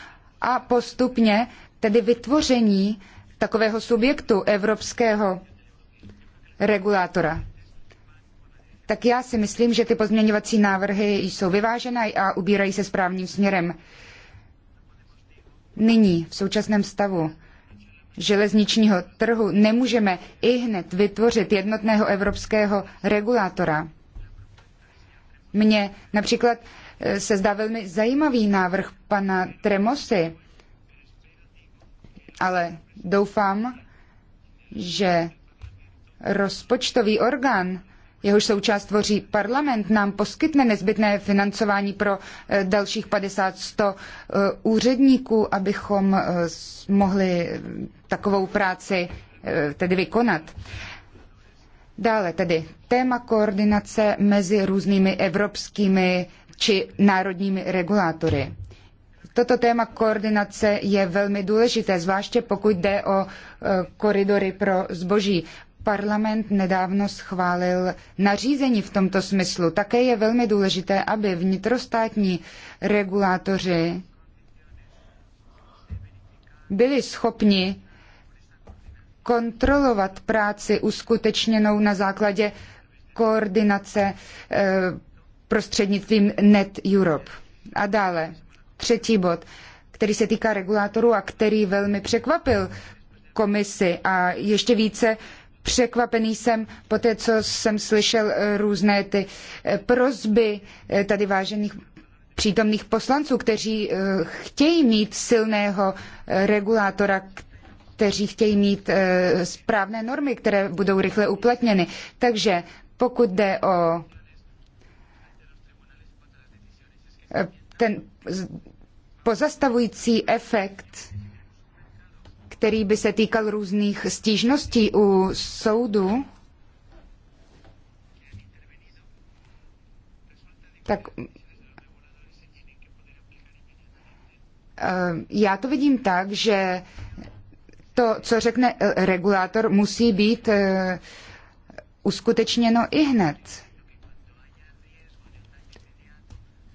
a postupně tedy vytvoření takového subjektu evropského regulátora. Tak já si myslím, že ty pozměňovací návrhy jsou vyvážené a ubírají se správným směrem. Nyní, v současném stavu železničního trhu, nemůžeme ihned vytvořit jednotného evropského regulátora. Mně například se zdá velmi zajímavý návrh pana Tremosy, ale doufám, že rozpočtový orgán, jehož součást tvoří parlament, nám poskytne nezbytné financování pro eh, dalších 50-100 eh, úředníků, abychom eh, mohli takovou práci tedy vykonat. Dále tedy téma koordinace mezi různými evropskými či národními regulátory. Toto téma koordinace je velmi důležité, zvláště pokud jde o e, koridory pro zboží. Parlament nedávno schválil nařízení v tomto smyslu. Také je velmi důležité, aby vnitrostátní regulátoři byli schopni kontrolovat práci uskutečněnou na základě koordinace e, prostřednictvím Net Europe. A dále, třetí bod, který se týká regulátorů a který velmi překvapil komisi a ještě více překvapený jsem po té, co jsem slyšel eh, různé ty eh, prozby eh, tady vážených přítomných poslanců, kteří chtějí mít silného regulátora, kteří chtějí mít správné normy, které budou rychle uplatněny. Takže pokud jde o ten pozastavující efekt, který by se týkal různých stížností u soudu, tak eh, já to vidím tak, že to, co řekne eh, regulátor, musí být eh, uskutečněno i hned.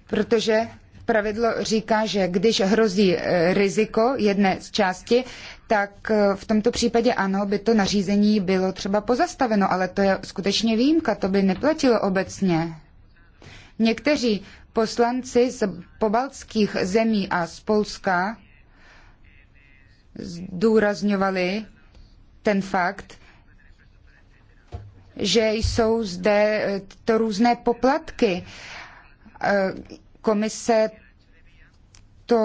protože pravidlo říká, že když hrozí e, riziko jedné z části, tak e, v tomto případě ano, by to nařízení bylo třeba pozastaveno, ale to je skutečně výjimka, to by neplatilo obecně. Někteří poslanci z pobaltských zemí a z Polska zdůrazňovali ten fakt, že jsou zde e, to různé poplatky Eh, komise to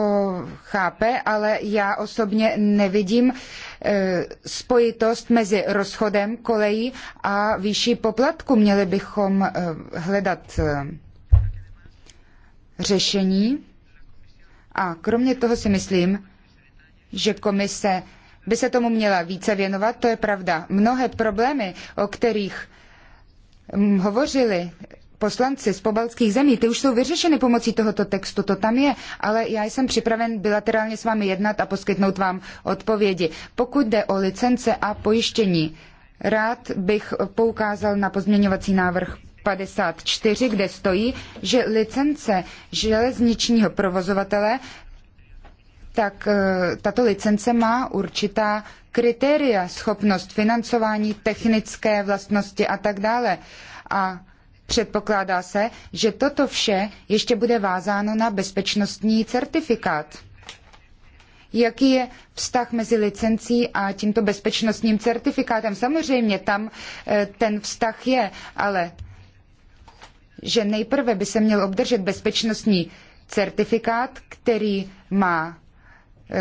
chápe, ale já osobně nevidím eh, spojitost mezi rozchodem kolejí a výší poplatku. Měli bychom eh, hledat řešení. A kromě toho si myslím, že komise by se tomu měla více věnovat, to je pravda. Mnohé problémy, o kterých hm, hovořili poslanci z pobaltských zemí, ty už jsou vyřešeny pomocí tohoto textu, to tam je, ale já jsem připraven bilaterálně s vámi jednat a poskytnout vám odpovědi. Pokud jde o licence a pojištění, rád bych poukázal na pozměňovací návrh 54, kde stojí, že licence železničního provozovatele tak e, tato licence má určitá kritéria, schopnost financování, technické vlastnosti a tak dále. A Předpokládá se, že toto vše ještě bude vázáno na bezpečnostní certifikát. Jaký je vztah mezi licencí a tímto bezpečnostním certifikátem? Samozřejmě tam eh, ten vztah je, ale že nejprve by se měl obdržet bezpečnostní certifikát, který má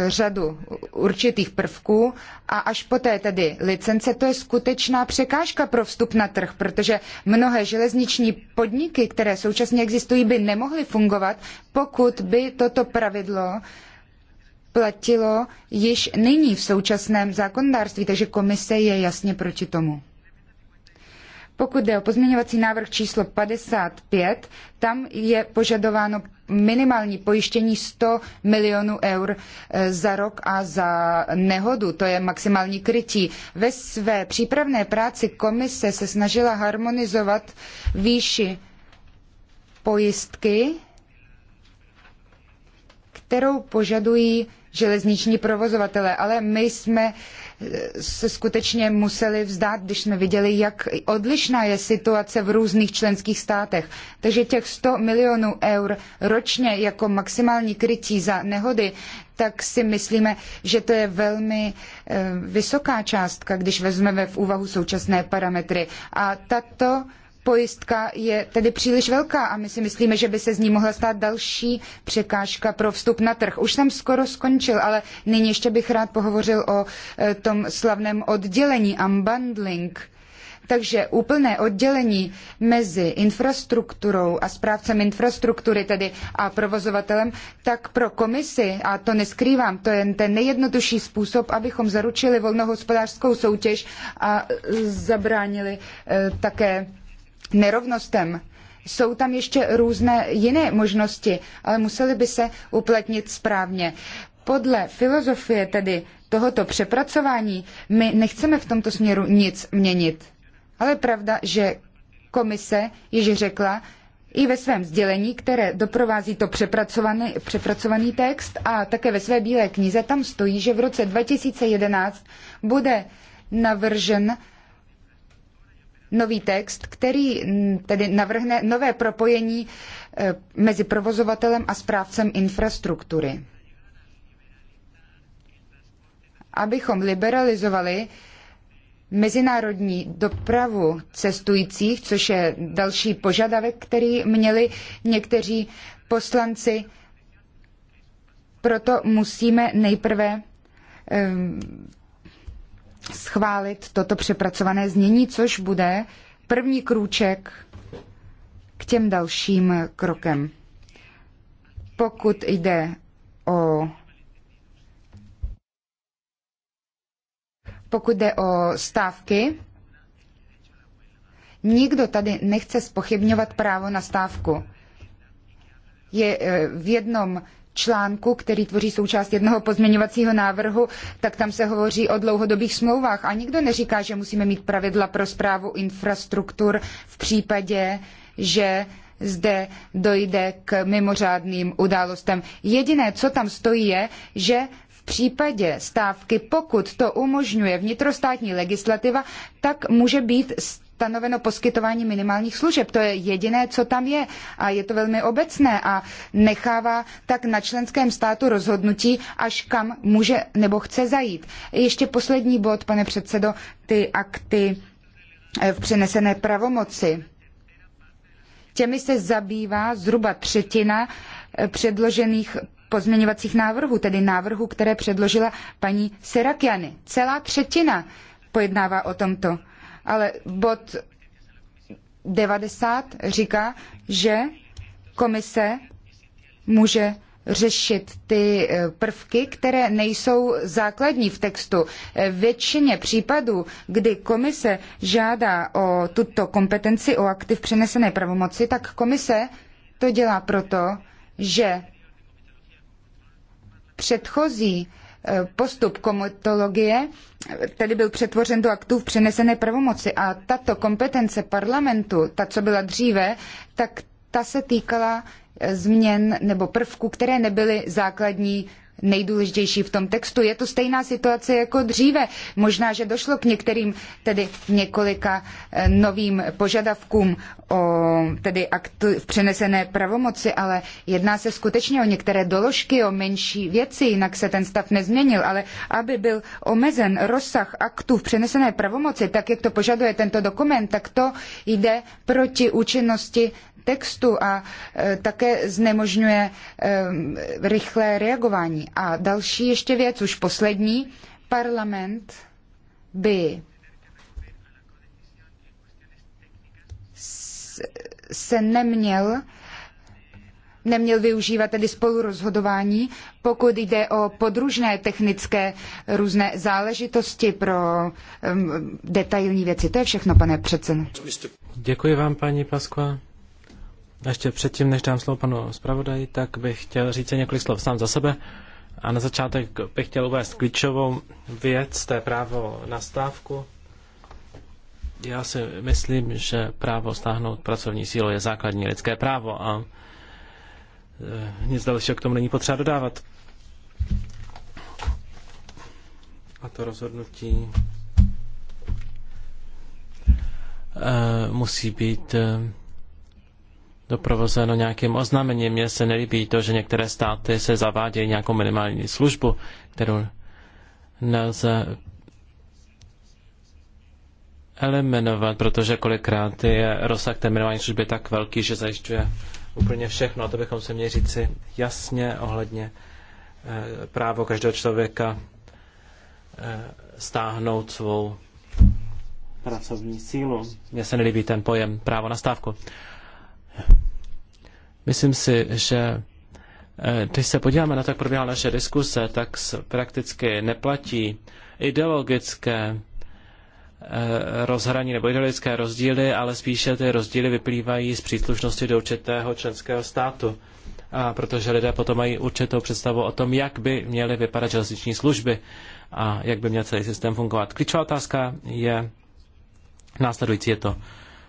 řadu určitých prvků a až poté tedy licence, to je skutečná překážka pro vstup na trh, protože mnohé železniční podniky, které současně existují, by nemohly fungovat, pokud by toto pravidlo platilo již nyní v současném zákonodárství, takže komise je jasně proti tomu. Pokud jde o pozměňovací návrh číslo 55, tam je požadováno minimální pojištění 100 milionů eur e, za rok a za nehodu, to je maximální krytí. Ve své přípravné práci komise se snažila harmonizovat výši pojistky, kterou požadují železniční provozovatelé, ale my jsme se skutečně museli vzdát, když jsme viděli, jak odlišná je situace v různých členských státech. Takže těch 100 milionů eur ročně jako maximální krytí za nehody, tak si myslíme, že to je velmi eh, vysoká částka, když vezmeme v úvahu současné parametry. A tato pojistka je tedy příliš velká a my si myslíme, že by se z ní mohla stát další překážka pro vstup na trh. Už jsem skoro skončil, ale nyní ještě bych rád pohovořil o e, tom slavném oddělení, unbundling. Takže úplné oddělení mezi infrastrukturou a správcem infrastruktury, tedy a provozovatelem, tak pro komisi, a to neskrývám, to je ten nejjednodušší způsob, abychom zaručili volnou hospodářskou soutěž a e, zabránili e, také nerovnostem. Jsou tam ještě různé jiné možnosti, ale musely by se uplatnit správně. Podle filozofie tedy tohoto přepracování my nechceme v tomto směru nic měnit. Ale je pravda, že komise již řekla i ve svém sdělení, které doprovází to přepracovaný, přepracovaný text a také ve své bílé knize, tam stojí, že v roce 2011 bude navržen nový text, který mm, tedy navrhne nové propojení e, mezi provozovatelem a správcem infrastruktury. Abychom liberalizovali mezinárodní dopravu cestujících, což je další požadavek, který měli někteří poslanci. Proto musíme nejprve schválit toto přepracované znění, což bude první krůček k těm dalším krokem. Pokud jde o pokud jde o stávky, nikdo tady nechce spochybňovat právo na stávku. Je eh, v jednom článku, který tvoří součást jednoho pozměňovacího návrhu, tak tam se hovoří o dlouhodobých smlouvách a nikdo neříká, že musíme mít pravidla pro správu infrastruktur v případě, že zde dojde k mimořádným událostem. Jediné, co tam stojí, je, že v případě stávky, pokud to umožňuje vnitrostátní legislativa, tak může být stanoveno poskytování minimálních služeb. To je jediné, co tam je. A je to velmi obecné a nechává tak na členském státu rozhodnutí, až kam může nebo chce zajít. Ještě poslední bod, pane předsedo, ty akty eh, v přenesené pravomoci. Těmi se zabývá zhruba třetina eh, předložených pozměňovacích návrhů, tedy návrhů, které předložila paní Serakiany. Celá třetina pojednává o tomto. Ale bod 90 říká, že komise může řešit ty eh, prvky, které nejsou základní v textu. Eh, většině případů, kdy komise žádá o tuto kompetenci, o aktiv přenesené pravomoci, tak komise to dělá proto, že předchozí eh, postup komitologie tedy byl přetvořen do aktů v přenesené pravomoci a tato kompetence parlamentu, ta, co byla dříve, tak ta se týkala změn nebo prvků, které nebyly základní nejdůležitější v tom textu. Je to stejná situace jako dříve. Možná, že došlo k některým, tedy několika eh, novým požadavkům o tedy aktu v přenesené pravomoci, ale jedná se skutečně o některé doložky, o menší věci, jinak se ten stav nezměnil, ale aby byl omezen rozsah aktů v přenesené pravomoci, tak jak to požaduje tento dokument, tak to jde proti účinnosti textu a e, také znemožňuje e, rychlé reagování. A další ještě věc, už poslední, parlament by se neměl neměl využívat tedy spolurozhodování, pokud jde o podružné technické různé záležitosti pro um, detailní věci. To je všechno, pane předsedo. Děkuji vám, paní Paskva. Ještě předtím, než dám slovo panu zpravodaji, tak bych chtěl říct několik slov sám za sebe. A na začátek bych chtěl uvést klíčovou věc, to je právo na stávku. Já si myslím, že právo stáhnout pracovní sílu je základní lidské právo a e, nic dalšího k tomu není potřeba dodávat. A to rozhodnutí e, musí být e, doprovozeno nějakým oznámením. Mně se nelíbí to, že některé státy se zavádějí nějakou minimální službu, kterou nelze eliminovat, protože kolikrát je rozsah té minimální služby tak velký, že zajišťuje úplně všechno. A to bychom se měli říci jasně ohledně eh, právo každého člověka eh, stáhnout svou pracovní sílu. Mně se nelíbí ten pojem právo na stávku. Myslím si, že eh, když se podíváme na to, jak probíhala naše diskuse, tak prakticky neplatí ideologické eh, rozhraní nebo ideologické rozdíly, ale spíše ty rozdíly vyplývají z příslušnosti do určitého členského státu. A protože lidé potom mají určitou představu o tom, jak by měly vypadat železniční služby a jak by měl celý systém fungovat. Klíčová otázka je následující je to,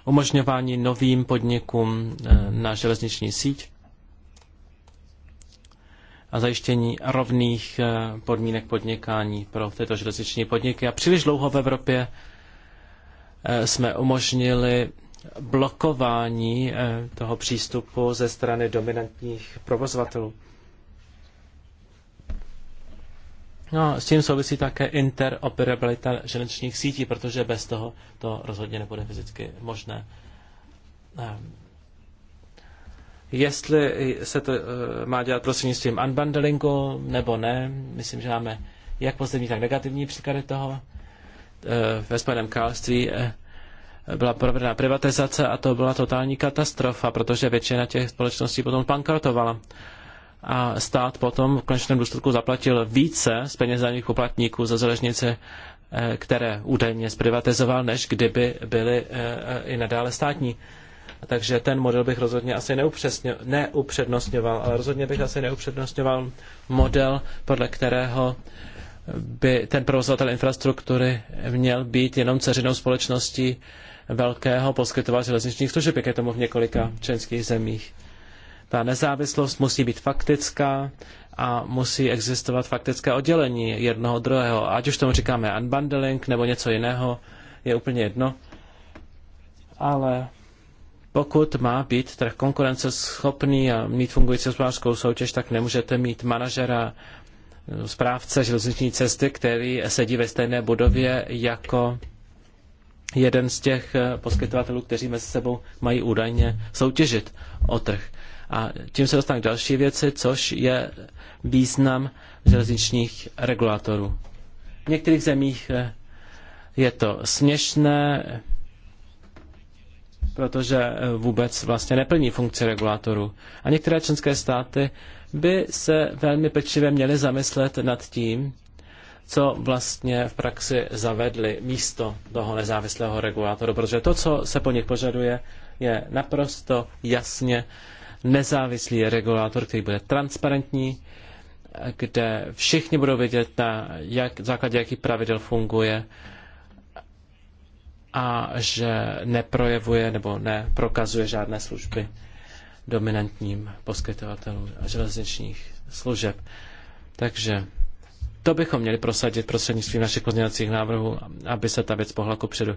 umožňování novým podnikům eh, na železniční síť a zajištění rovných eh, podmínek podnikání pro tyto železniční podniky. A příliš dlouho v Evropě eh, jsme umožnili blokování toho přístupu ze strany dominantních provozovatelů. No, s tím souvisí také interoperabilita železničních sítí, protože bez toho to rozhodně nebude fyzicky možné. Ehm, jestli se to eh, má dělat prostřednictvím unbundlingu nebo ne, myslím, že máme jak pozitivní, tak negativní příklady toho. Eh, ve Spojeném království eh, byla provedena privatizace a to byla totální katastrofa, protože většina těch společností potom bankrotovala a stát potom v konečném důsledku zaplatil více z peněz daných poplatníků za železnice, eh, které údajně zprivatizoval, než kdyby byly eh, eh, i nadále státní. Takže ten model bych rozhodně asi neupřednostňoval, ale rozhodně bych asi neupřednostňoval model, podle kterého by ten provozovatel infrastruktury měl být jenom ceřinou společností velkého poskytovatele železničních služeb, jak je tomu v několika členských zemích. Ta nezávislost musí být faktická a musí existovat faktické oddělení jednoho od druhého. Ať už tomu říkáme unbundling nebo něco jiného, je úplně jedno. Ale pokud má být trh konkurenceschopný a mít fungující hospodářskou soutěž, tak nemůžete mít manažera, správce železniční cesty, který sedí ve stejné budově jako jeden z těch eh, poskytovatelů, kteří mezi sebou mají údajně soutěžit o trh. A tím se dostanu k další věci, což je význam železničních regulátorů. V některých zemích eh, je to směšné, protože eh, vůbec vlastně neplní funkci regulátorů. A některé členské státy by se velmi pečlivě měly zamyslet nad tím, co vlastně v praxi zavedli místo toho nezávislého regulátoru, protože to, co se po nich požaduje, je naprosto jasně nezávislý regulátor, který bude transparentní, kde všichni budou vědět, na jak, základě jakých pravidel funguje a že neprojevuje nebo neprokazuje žádné služby dominantním poskytovatelům železničních služeb. Takže to bychom měli prosadit prostřednictvím našich pozměňovacích návrhů, aby se ta věc pohla ku předu.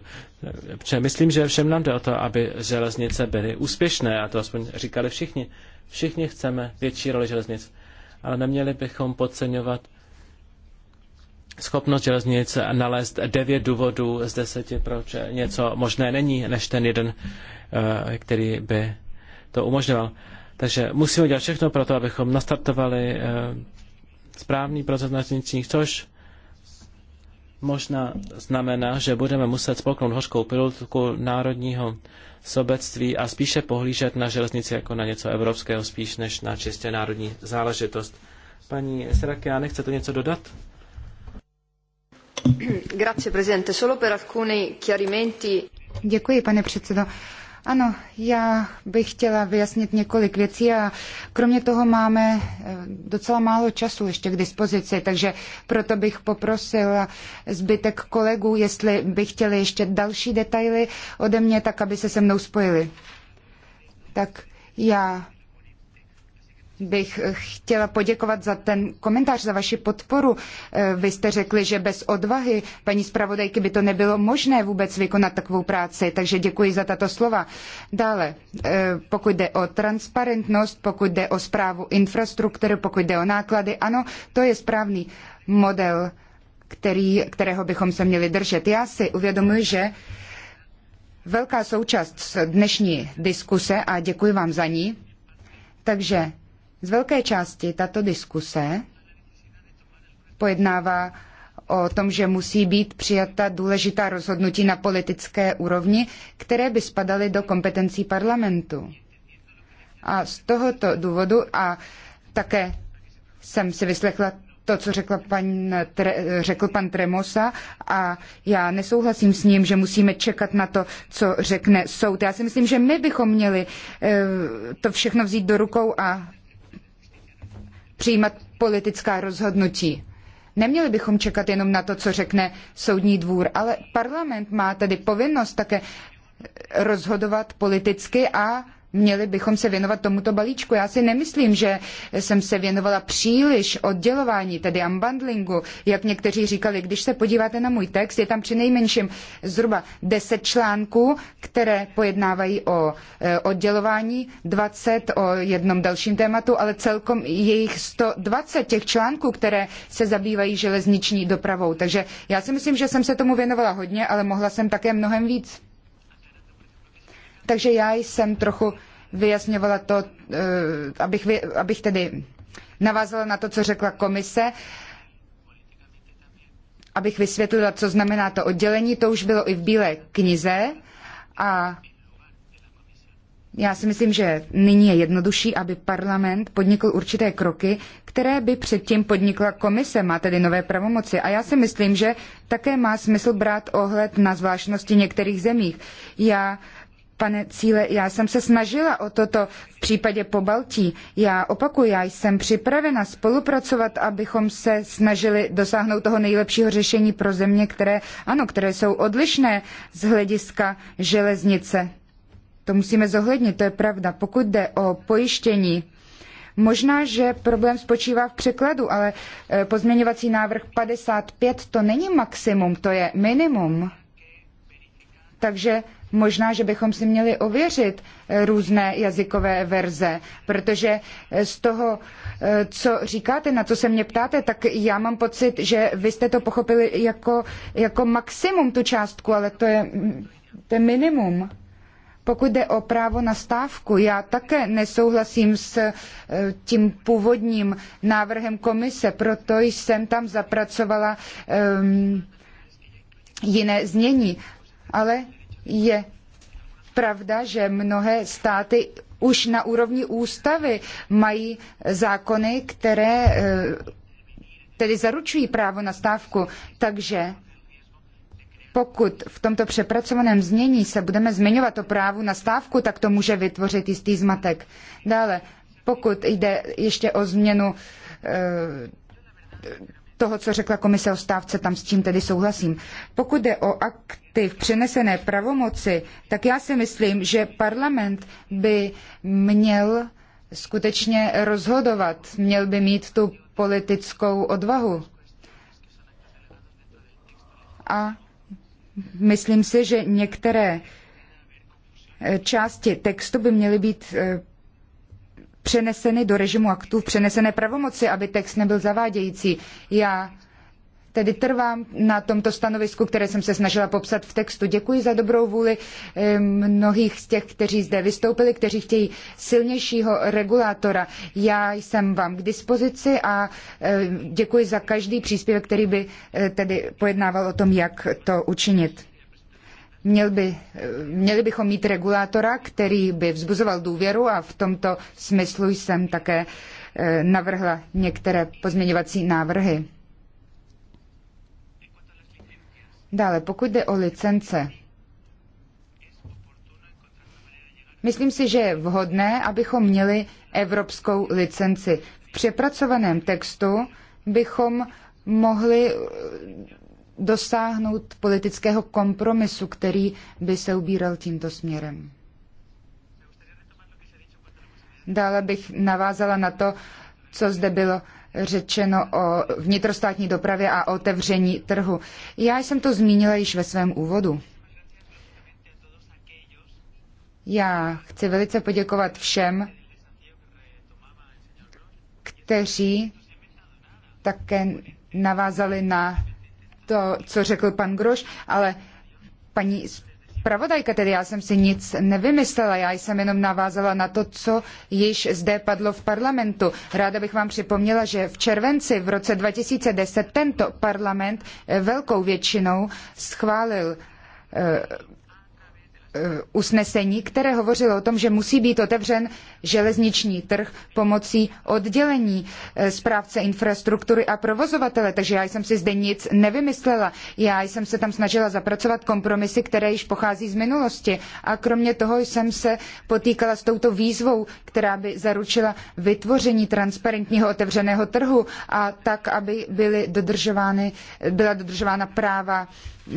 Myslím, že všem nám jde o to, aby železnice byly úspěšné, a to aspoň říkali všichni. Všichni chceme větší roli železnic, ale neměli bychom podceňovat schopnost železnic nalézt devět důvodů z deseti, proč něco možné není, než ten jeden, eh, který by to umožňoval. Takže musíme dělat všechno pro to, abychom nastartovali eh, správný proces na což možná znamená, že budeme muset spolknout hořkou pilotku národního sobectví a spíše pohlížet na železnici jako na něco evropského, spíš než na čistě národní záležitost. Paní nechce to něco dodat? Grazie, prezidente. Solo per alcuni chiarimenti. Děkuji, pane předsedo. Ano, já bych chtěla vyjasnit několik věcí a kromě toho máme eh, docela málo času ještě k dispozici, takže proto bych poprosila zbytek kolegů, jestli by chtěli ještě další detaily ode mě, tak aby se se mnou spojili. Tak já bych chtěla poděkovat za ten komentář, za vaši podporu. Eh, vy jste řekli, že bez odvahy paní zpravodajky by to nebylo možné vůbec vykonat takovou práci, takže děkuji za tato slova. Dále, eh, pokud jde o transparentnost, pokud jde o správu infrastruktury, pokud jde o náklady, ano, to je správný model, který, kterého bychom se měli držet. Já si uvědomuji, že velká součást dnešní diskuse, a děkuji vám za ní, takže z velké části tato diskuse pojednává o tom, že musí být přijata důležitá rozhodnutí na politické úrovni, které by spadaly do kompetencí parlamentu. A z tohoto důvodu a také jsem si vyslechla to, co řekla pan, tre, řekl pan Tremosa a já nesouhlasím s ním, že musíme čekat na to, co řekne soud. Já si myslím, že my bychom měli eh, to všechno vzít do rukou a přijímat politická rozhodnutí. Neměli bychom čekat jenom na to, co řekne soudní dvůr, ale parlament má tedy povinnost také rozhodovat politicky a měli bychom se věnovat tomuto balíčku. Já si nemyslím, že jsem se věnovala příliš oddělování, tedy unbundlingu, jak někteří říkali. Když se podíváte na můj text, je tam při nejmenším zhruba 10 článků, které pojednávají o e, oddělování, 20 o jednom dalším tématu, ale celkom jejich 120 těch článků, které se zabývají železniční dopravou. Takže já si myslím, že jsem se tomu věnovala hodně, ale mohla jsem také mnohem víc. Takže já jsem trochu vyjasňovala to, eh, abych, abych tedy navázala na to, co řekla komise, abych vysvětlila, co znamená to oddělení. To už bylo i v Bílé knize a já si myslím, že nyní je jednodušší, aby parlament podnikl určité kroky, které by předtím podnikla komise, má tedy nové pravomoci. A já si myslím, že také má smysl brát ohled na zvláštnosti některých zemích. Já Pane Cíle, já jsem se snažila o toto v případě Pobaltí. Já opakuju, já jsem připravena spolupracovat, abychom se snažili dosáhnout toho nejlepšího řešení pro země, které, ano, které jsou odlišné z hlediska železnice. To musíme zohlednit, to je pravda. Pokud jde o pojištění, možná, že problém spočívá v překladu, ale eh, pozměňovací návrh 55 to není maximum, to je minimum. Takže Možná, že bychom si měli ověřit eh, různé jazykové verze, protože eh, z toho, eh, co říkáte, na co se mě ptáte, tak já mám pocit, že vy jste to pochopili jako, jako maximum tu částku, ale to je, mm, to je minimum. Pokud jde o právo na stávku, já také nesouhlasím s tím původním návrhem komise, proto jsem tam zapracovala um, jiné znění. Ale je pravda, že mnohé státy už na úrovni ústavy mají zákony, které eh, tedy zaručují právo na stávku. Takže pokud v tomto přepracovaném znění se budeme zmiňovat o právu na stávku, tak to může vytvořit jistý zmatek. Dále, pokud jde ještě o změnu eh, toho, co řekla komise o stávce, tam s tím tedy souhlasím. Pokud jde o akty v přenesené pravomoci, tak já si myslím, že parlament by měl skutečně rozhodovat, měl by mít tu politickou odvahu. A myslím si, že některé části textu by měly být eh, přeneseny do režimu aktů v přenesené pravomoci, aby text nebyl zavádějící. Já tedy trvám na tomto stanovisku, které jsem se snažila popsat v textu. Děkuji za dobrou vůli eh, mnohých z těch, kteří zde vystoupili, kteří chtějí silnějšího regulátora. Já jsem vám k dispozici a eh, děkuji za každý příspěvek, který by eh, tedy pojednával o tom, jak to učinit. Měl by, měli bychom mít regulátora, který by vzbuzoval důvěru a v tomto smyslu jsem také eh, navrhla některé pozměňovací návrhy. Dále, pokud jde o licence, myslím si, že je vhodné, abychom měli evropskou licenci. V přepracovaném textu bychom mohli dosáhnout politického kompromisu, který by se ubíral tímto směrem. Dále bych navázala na to, co zde bylo řečeno o vnitrostátní dopravě a otevření trhu. Já jsem to zmínila již ve svém úvodu. Já chci velice poděkovat všem, kteří také navázali na to, co řekl pan Groš, ale paní zpravodajka, tedy já jsem si nic nevymyslela, já jsem jenom navázala na to, co již zde padlo v parlamentu. Ráda bych vám připomněla, že v červenci v roce 2010 tento parlament velkou většinou schválil eh, Eh, usnesení, které hovořilo o tom, že musí být otevřen železniční trh pomocí oddělení eh, správce infrastruktury a provozovatele. Takže já jsem si zde nic nevymyslela. Já jsem se tam snažila zapracovat kompromisy, které již pochází z minulosti. A kromě toho jsem se potýkala s touto výzvou, která by zaručila vytvoření transparentního otevřeného trhu a tak, aby byly dodržovány, byla dodržována práva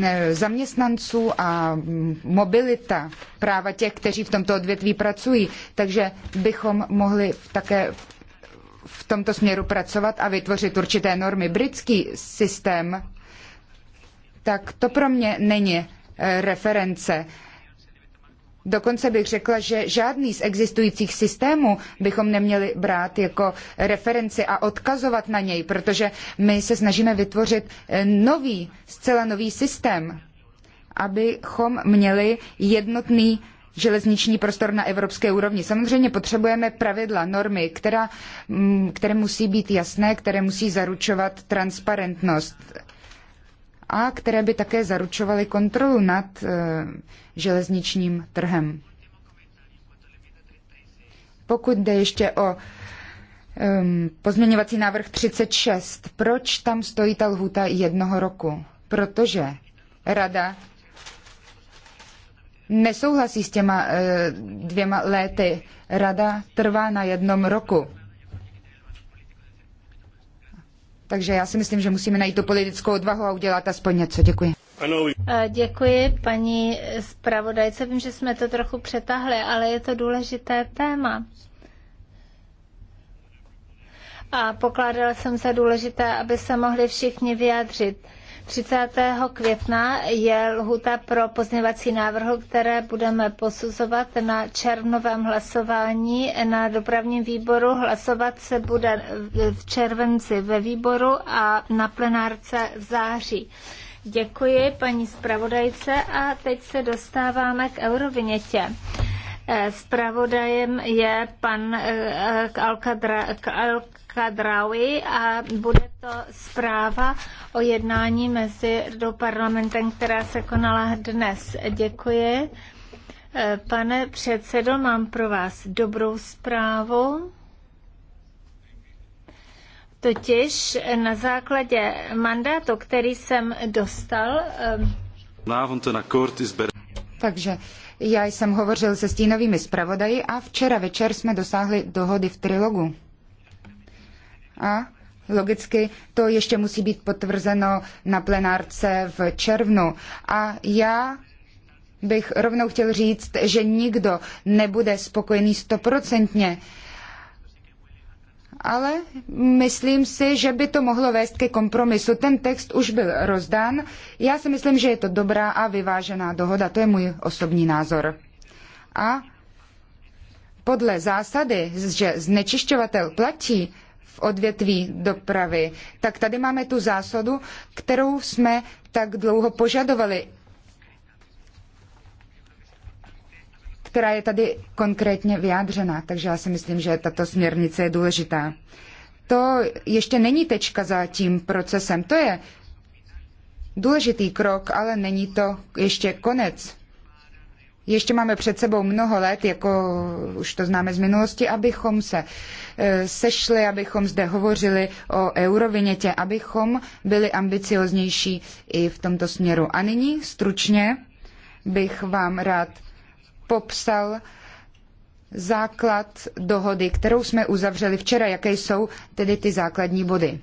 eh, zaměstnanců a mobility aktivita, práva těch, kteří v tomto odvětví pracují. Takže bychom mohli také v tomto směru pracovat a vytvořit určité normy. Britský systém, tak to pro mě není eh, reference. Dokonce bych řekla, že žádný z existujících systémů bychom neměli brát jako eh, referenci a odkazovat na něj, protože my se snažíme vytvořit eh, nový, zcela nový systém abychom měli jednotný železniční prostor na evropské úrovni. Samozřejmě potřebujeme pravidla, normy, která, mm, které musí být jasné, které musí zaručovat transparentnost a které by také zaručovaly kontrolu nad uh, železničním trhem. Pokud jde ještě o um, pozměňovací návrh 36, proč tam stojí ta lhůta jednoho roku? Protože Rada nesouhlasí s těma eh, dvěma léty. Rada trvá na jednom roku. Takže já si myslím, že musíme najít tu politickou odvahu a udělat aspoň něco. Děkuji. Eh, děkuji paní zpravodajce. Vím, že jsme to trochu přetahli, ale je to důležité téma. A pokládala jsem za důležité, aby se mohli všichni vyjádřit. 30. května je lhuta pro pozměňovací návrhu, které budeme posuzovat na červnovém hlasování na dopravním výboru. Hlasovat se bude v červenci ve výboru a na plenárce v září. Děkuji paní zpravodajce a teď se dostáváme k eurovinětě. Spravodajem eh, je pan eh, eh, Alcadra, Drawi a bude to zpráva o jednání mezi do parlamentem, která se konala dnes. Děkuji. Eh, pane předsedo, mám pro vás dobrou zprávu. Totiž na základě mandátu, který jsem dostal, eh, takže já jsem hovořil se stínovými zpravodaji a včera večer jsme dosáhli dohody v trilogu a logicky to ještě musí být potvrzeno na plenárce v červnu. A já bych rovnou chtěl říct, že nikdo nebude spokojený stoprocentně. Ale myslím si, že by to mohlo vést ke kompromisu. Ten text už byl rozdán. Já si myslím, že je to dobrá a vyvážená dohoda. To je můj osobní názor. A podle zásady, že znečišťovatel platí, odvětví dopravy, tak tady máme tu zásadu, kterou jsme tak dlouho požadovali, která je tady konkrétně vyjádřena. Takže já si myslím, že tato směrnice je důležitá. To ještě není tečka za tím procesem. To je důležitý krok, ale není to ještě konec. Ještě máme před sebou mnoho let, jako už to známe z minulosti, abychom se e, sešli, abychom zde hovořili o eurovinětě, abychom byli ambicioznější i v tomto směru. A nyní stručně bych vám rád popsal základ dohody, kterou jsme uzavřeli včera, jaké jsou tedy ty základní body.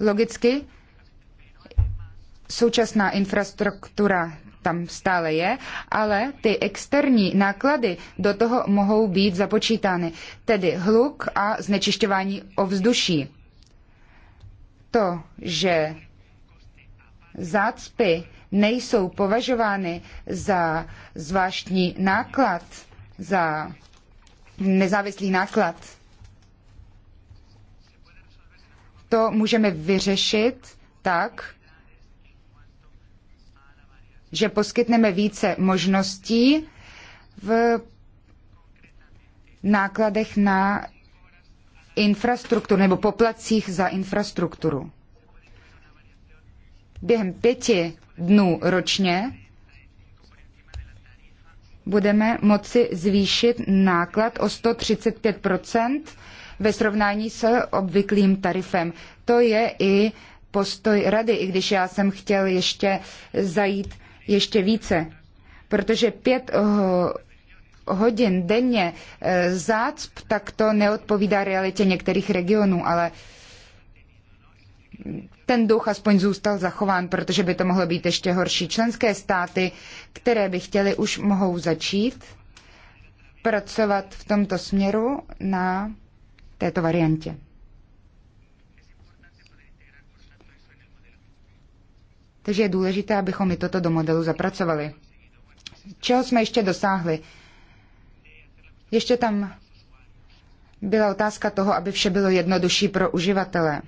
Logicky, současná infrastruktura tam stále je, ale ty externí náklady do toho mohou být započítány, tedy hluk a znečišťování ovzduší. To, že zácpy nejsou považovány za zvláštní náklad, za nezávislý náklad, to můžeme vyřešit tak, že poskytneme více možností v nákladech na infrastrukturu nebo poplacích za infrastrukturu. Během pěti dnů ročně budeme moci zvýšit náklad o 135 ve srovnání s obvyklým tarifem. To je i postoj rady, i když já jsem chtěl ještě zajít ještě více, protože pět eh, hodin denně eh, zácp, tak to neodpovídá realitě některých regionů, ale ten duch aspoň zůstal zachován, protože by to mohlo být ještě horší. Členské státy, které by chtěly, už mohou začít pracovat v tomto směru na této variantě. Takže je důležité, abychom i toto do modelu zapracovali. Čeho jsme ještě dosáhli? Ještě tam byla otázka toho, aby vše bylo jednodušší pro uživatele.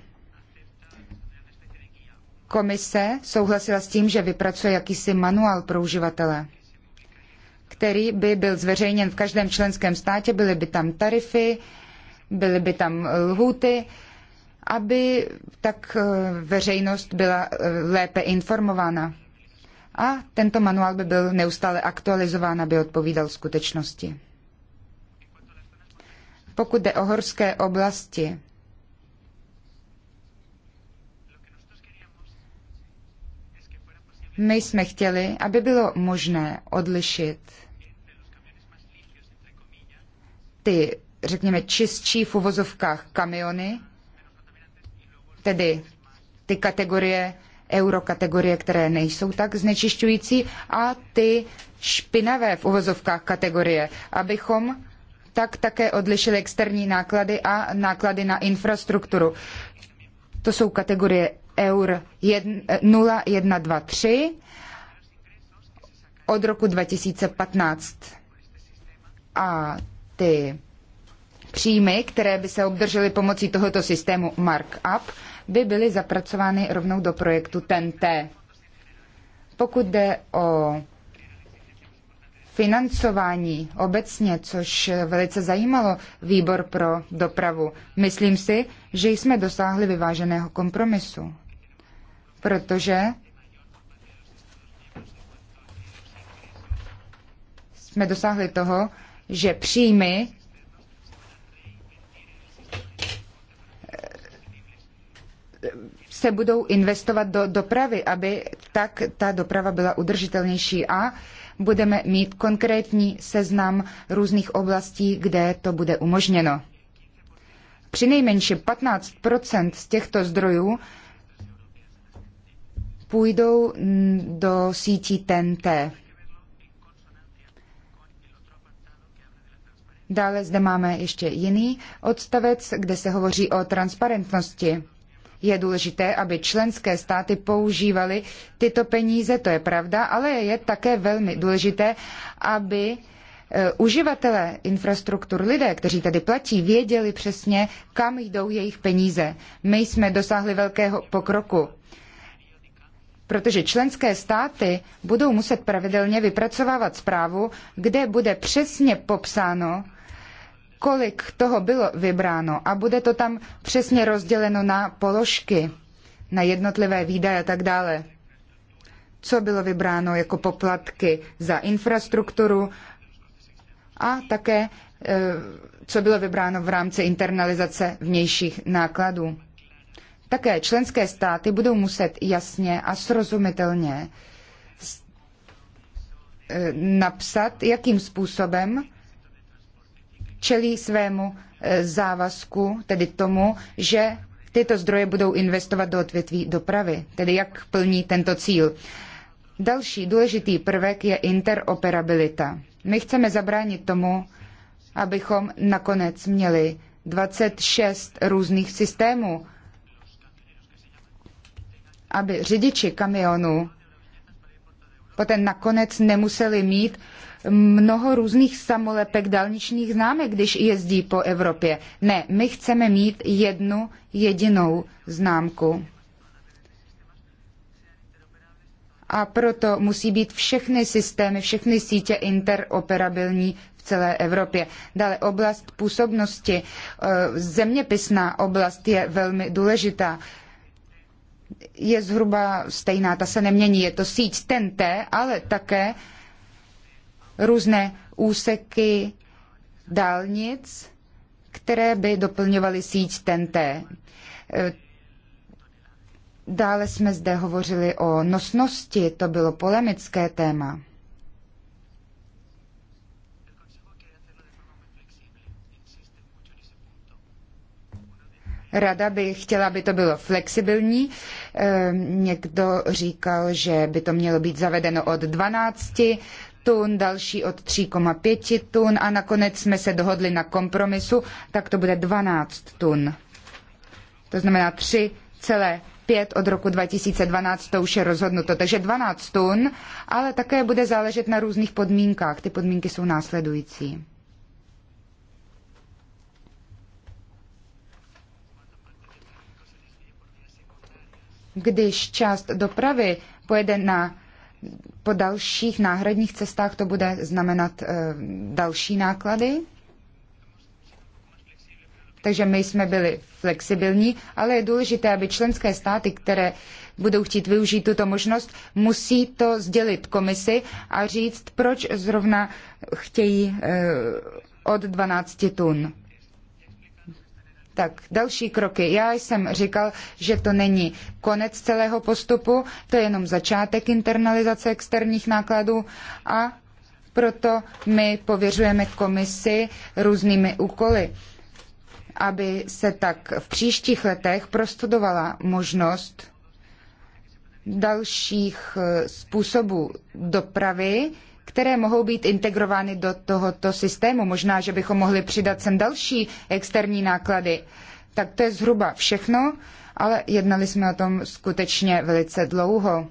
Komise souhlasila s tím, že vypracuje jakýsi manuál pro uživatele, který by byl zveřejněn v každém členském státě, byly by tam tarify, byly by tam lhuty aby tak eh, veřejnost byla eh, lépe informována. A tento manuál by byl neustále aktualizován, aby odpovídal skutečnosti. Pokud jde o horské oblasti, my jsme chtěli, aby bylo možné odlišit ty, řekněme, čistší v uvozovkách kamiony tedy ty kategorie eurokategorie, které nejsou tak znečišťující a ty špinavé v uvozovkách kategorie, abychom tak také odlišili externí náklady a náklady na infrastrukturu. To jsou kategorie eur 0, 1, 2, 3 od roku 2015. A ty příjmy, které by se obdržely pomocí tohoto systému markup, by byly zapracovány rovnou do projektu TNT. Pokud jde o financování obecně, což velice zajímalo výbor pro dopravu, myslím si, že jsme dosáhli vyváženého kompromisu. Protože jsme dosáhli toho, že příjmy se budou investovat do dopravy, aby tak ta doprava byla udržitelnější a budeme mít konkrétní seznam různých oblastí, kde to bude umožněno. Přinejmenším 15 z těchto zdrojů půjdou do sítí TNT. Dále zde máme ještě jiný odstavec, kde se hovoří o transparentnosti. Je důležité, aby členské státy používaly tyto peníze, to je pravda, ale je také velmi důležité, aby e, uživatelé infrastruktur, lidé, kteří tady platí, věděli přesně, kam jdou jejich peníze. My jsme dosáhli velkého pokroku protože členské státy budou muset pravidelně vypracovávat zprávu, kde bude přesně popsáno, kolik toho bylo vybráno a bude to tam přesně rozděleno na položky, na jednotlivé výdaje a tak dále. Co bylo vybráno jako poplatky za infrastrukturu a také e, co bylo vybráno v rámci internalizace vnějších nákladů. Také členské státy budou muset jasně a srozumitelně e, napsat, jakým způsobem čelí svému e, závazku, tedy tomu, že tyto zdroje budou investovat do odvětví dopravy, tedy jak plní tento cíl. Další důležitý prvek je interoperabilita. My chceme zabránit tomu, abychom nakonec měli 26 různých systémů, aby řidiči kamionů poté nakonec nemuseli mít mnoho různých samolepek dálničních známek, když jezdí po Evropě. Ne, my chceme mít jednu jedinou známku. A proto musí být všechny systémy, všechny sítě interoperabilní v celé Evropě. Dále oblast působnosti, eh, zeměpisná oblast je velmi důležitá je zhruba stejná, ta se nemění. Je to síť TNT, ale také různé úseky dálnic, které by doplňovaly síť TNT. E, dále jsme zde hovořili o nosnosti, to bylo polemické téma. Rada by chtěla, aby to bylo flexibilní. Eh, někdo říkal, že by to mělo být zavedeno od 12 tun, další od 3,5 tun a nakonec jsme se dohodli na kompromisu, tak to bude 12 tun. To znamená 3,5 od roku 2012 to už je rozhodnuto. Takže 12 tun, ale také bude záležet na různých podmínkách. Ty podmínky jsou následující. Když část dopravy pojede na, po dalších náhradních cestách, to bude znamenat e, další náklady. Takže my jsme byli flexibilní, ale je důležité, aby členské státy, které budou chtít využít tuto možnost, musí to sdělit komisi a říct, proč zrovna chtějí e, od 12 tun. Tak další kroky. Já jsem říkal, že to není konec celého postupu, to je jenom začátek internalizace externích nákladů a proto my pověřujeme komisi různými úkoly, aby se tak v příštích letech prostudovala možnost dalších eh, způsobů dopravy, které mohou být integrovány do tohoto systému. Možná, že bychom mohli přidat sem další externí náklady. Tak to je zhruba všechno, ale jednali jsme o tom skutečně velice dlouho.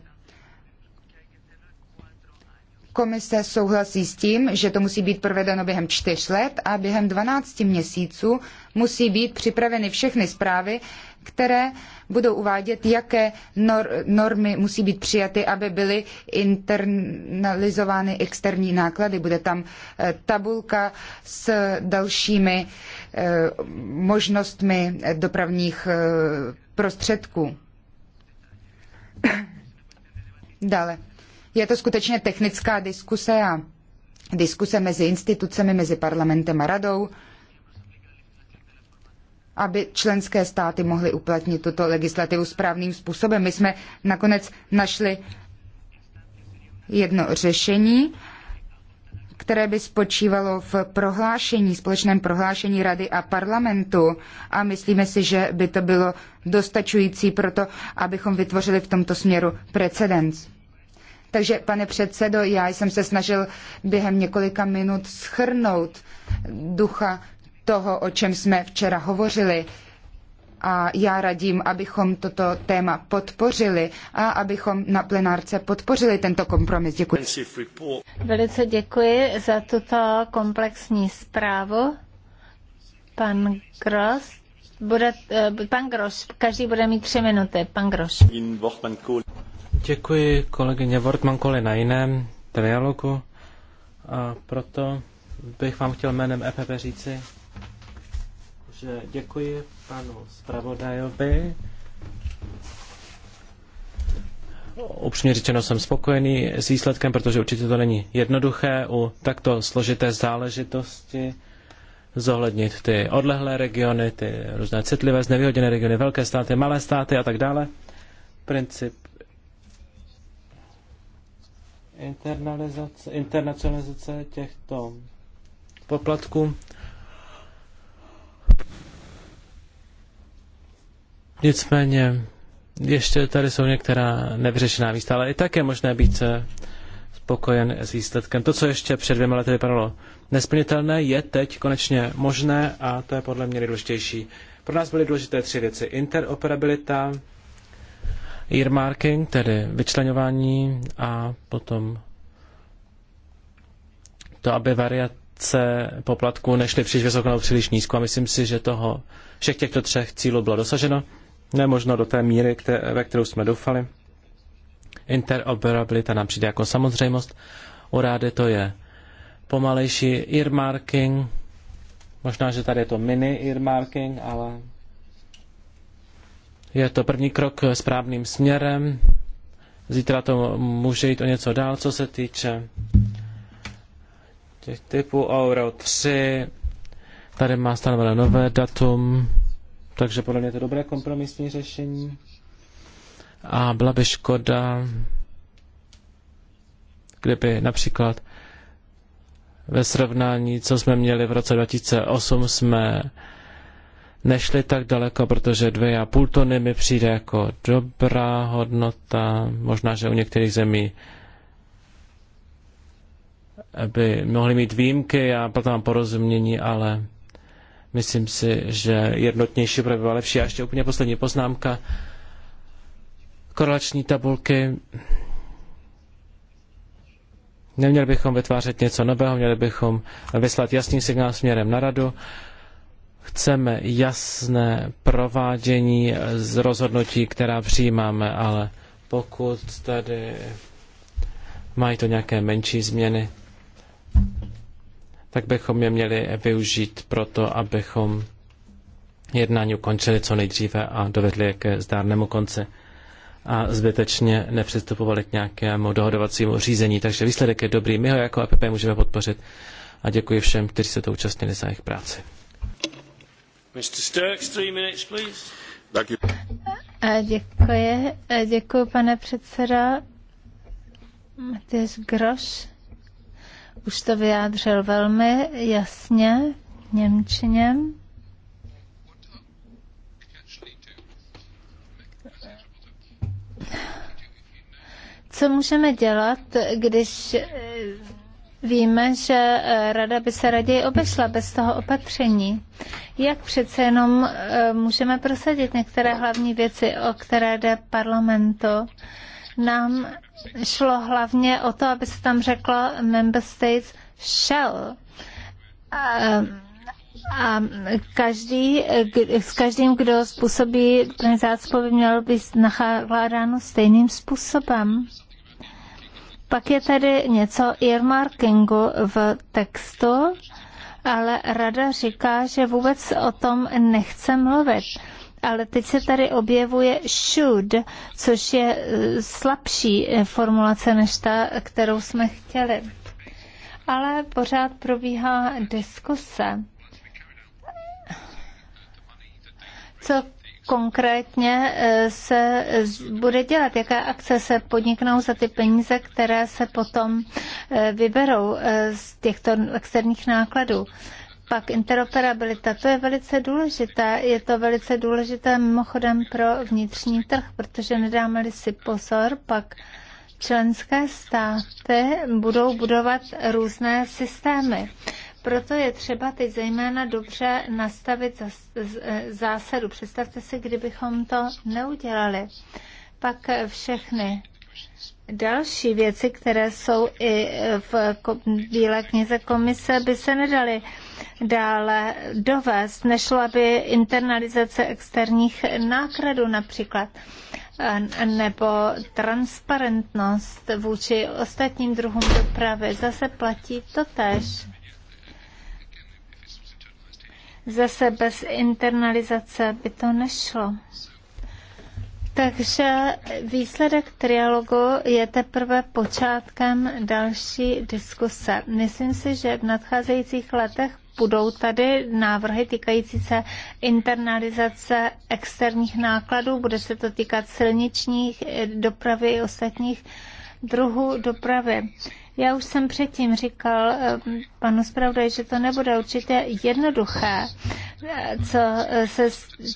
Komise souhlasí s tím, že to musí být provedeno během čtyř let a během 12 měsíců musí být připraveny všechny zprávy, které budou uvádět, jaké normy musí být přijaty, aby byly internalizovány externí náklady. Bude tam eh, tabulka s dalšími eh, možnostmi dopravních eh, prostředků. Dále. Je to skutečně technická diskuse a diskuse mezi institucemi, mezi parlamentem a radou aby členské státy mohly uplatnit tuto legislativu správným způsobem. My jsme nakonec našli jedno řešení, které by spočívalo v prohlášení, společném prohlášení Rady a parlamentu. A myslíme si, že by to bylo dostačující pro to, abychom vytvořili v tomto směru precedens. Takže, pane předsedo, já jsem se snažil během několika minut schrnout ducha toho, o čem jsme včera hovořili. A já radím, abychom toto téma podpořili a abychom na plenárce podpořili tento kompromis. Děkuji. Velice děkuji za tuto komplexní zprávu. Pan Gross, bude, eh, pan Gross, každý bude mít tři minuty. Pan Gross. Děkuji kolegyně Wortmann-Koli na jiném trialogu a proto bych vám chtěl jménem EPP říci, takže děkuji panu zpravodajovi. Upřímně řečeno jsem spokojený s výsledkem, protože určitě to není jednoduché u takto složité záležitosti zohlednit ty odlehlé regiony, ty různé citlivé, znevýhodněné regiony, velké státy, malé státy a tak dále. Princip internalizace, internacionalizace těchto poplatků Nicméně ještě tady jsou některá nevyřešená místa, ale i tak je možné být eh, spokojen s výsledkem. To, co ještě před dvěma lety vypadalo nesplnitelné, je teď konečně možné a to je podle mě nejdůležitější. Pro nás byly důležité tři věci. Interoperabilita, earmarking, tedy vyčlenování a potom to, aby variace poplatků nešly příliš vysoko nebo příliš nízko. A myslím si, že toho všech těchto třech cílů bylo dosaženo ne možno do té míry, které, ve kterou jsme doufali. Interoperabilita nám přijde jako samozřejmost. U rády to je pomalejší earmarking. Možná, že tady je to mini earmarking, ale je to první krok správným směrem. Zítra to může jít o něco dál, co se týče těch typů Euro 3. Tady má stanovené nové datum. Takže podle mě je to dobré kompromisní řešení. A byla by škoda, kdyby například ve srovnání, co jsme měli v roce 2008, jsme nešli tak daleko, protože dvě a půl tony mi přijde jako dobrá hodnota. Možná, že u některých zemí by mohly mít výjimky a potom porozumění, ale Myslím si, že jednotnější by byla lepší. A ještě úplně poslední poznámka. Korelační tabulky. Neměli bychom vytvářet něco nového, měli bychom vyslat jasný signál směrem na radu. Chceme jasné provádění z rozhodnutí, která přijímáme, ale pokud tady mají to nějaké menší změny, tak bychom je měli využít proto, abychom jednání ukončili co nejdříve a dovedli ke zdárnému konci a zbytečně nepřistupovali k nějakému dohodovacímu řízení. Takže výsledek je dobrý. My ho jako APP e můžeme podpořit a děkuji všem, kteří se to účastnili za jejich práci. Mr. Sturks, three minutes, please. Děkuji, děkuji pane předseda. Matěj Groš už to vyjádřil velmi jasně Němčině. Co můžeme dělat, když eh, Víme, že eh, rada by se raději obešla bez toho opatření. Jak přece jenom eh, můžeme prosadit některé hlavní věci, o které jde parlamentu? nám šlo hlavně o to, aby se tam řeklo Member States shall. A, a každý, s každým, kdo způsobí ten zácpo, by měl být nakládáno stejným způsobem. Pak je tady něco earmarkingu v textu, ale rada říká, že vůbec o tom nechce mluvit ale teď se tady objevuje should, což je eh, slabší eh, formulace než ta, kterou jsme chtěli. Ale pořád probíhá diskuse. Co konkrétně eh, se bude dělat, jaké akce se podniknou za ty peníze, které se potom vyberou z těchto externích nákladů. Pak interoperabilita, to je velice důležité. Je to velice důležité mimochodem pro vnitřní trh, protože nedáme-li si pozor, pak členské státy budou budovat různé systémy. Proto je třeba teď zejména dobře nastavit zásadu. Představte si, kdybychom to neudělali. Pak všechny další věci, které jsou i v Bílé knize komise, by se nedaly dále dovést. Nešla by internalizace externích nákladů například nebo transparentnost vůči ostatním druhům dopravy. Zase platí to tež. Zase bez internalizace by to nešlo. Takže výsledek trialogu je teprve počátkem další diskuse. Myslím si, že v nadcházejících letech budou tady návrhy týkající se internalizace externích nákladů, bude se to týkat silničních eh, dopravy i ostatních druhů dopravy. Já už jsem předtím říkal eh, panu zpravodaj, že to nebude určitě jednoduché. Eh, co se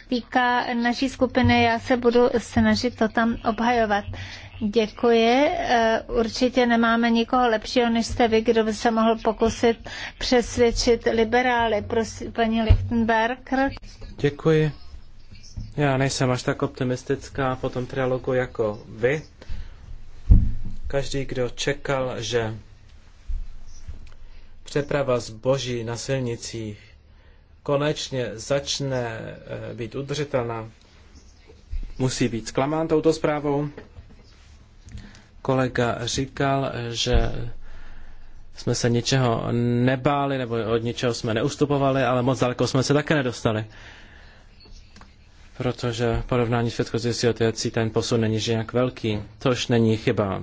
týká naší skupiny, já se budu snažit to tam obhajovat. Děkuji. Eh, určitě nemáme nikoho lepšího, než jste vy, kdo by se mohl pokusit přesvědčit liberály. Prosím, paní Lichtenberger. Děkuji. Já nejsem až tak optimistická po tom trialogu jako vy. Každý, kdo čekal, že přeprava zboží na silnicích konečně začne eh, být udržitelná, musí být zklamán touto zprávou kolega říkal, že jsme se ničeho nebáli, nebo od ničeho jsme neustupovali, ale moc daleko jsme se také nedostali. Protože porovnání s předchozí situací ten posun není že nějak velký. Tož není chyba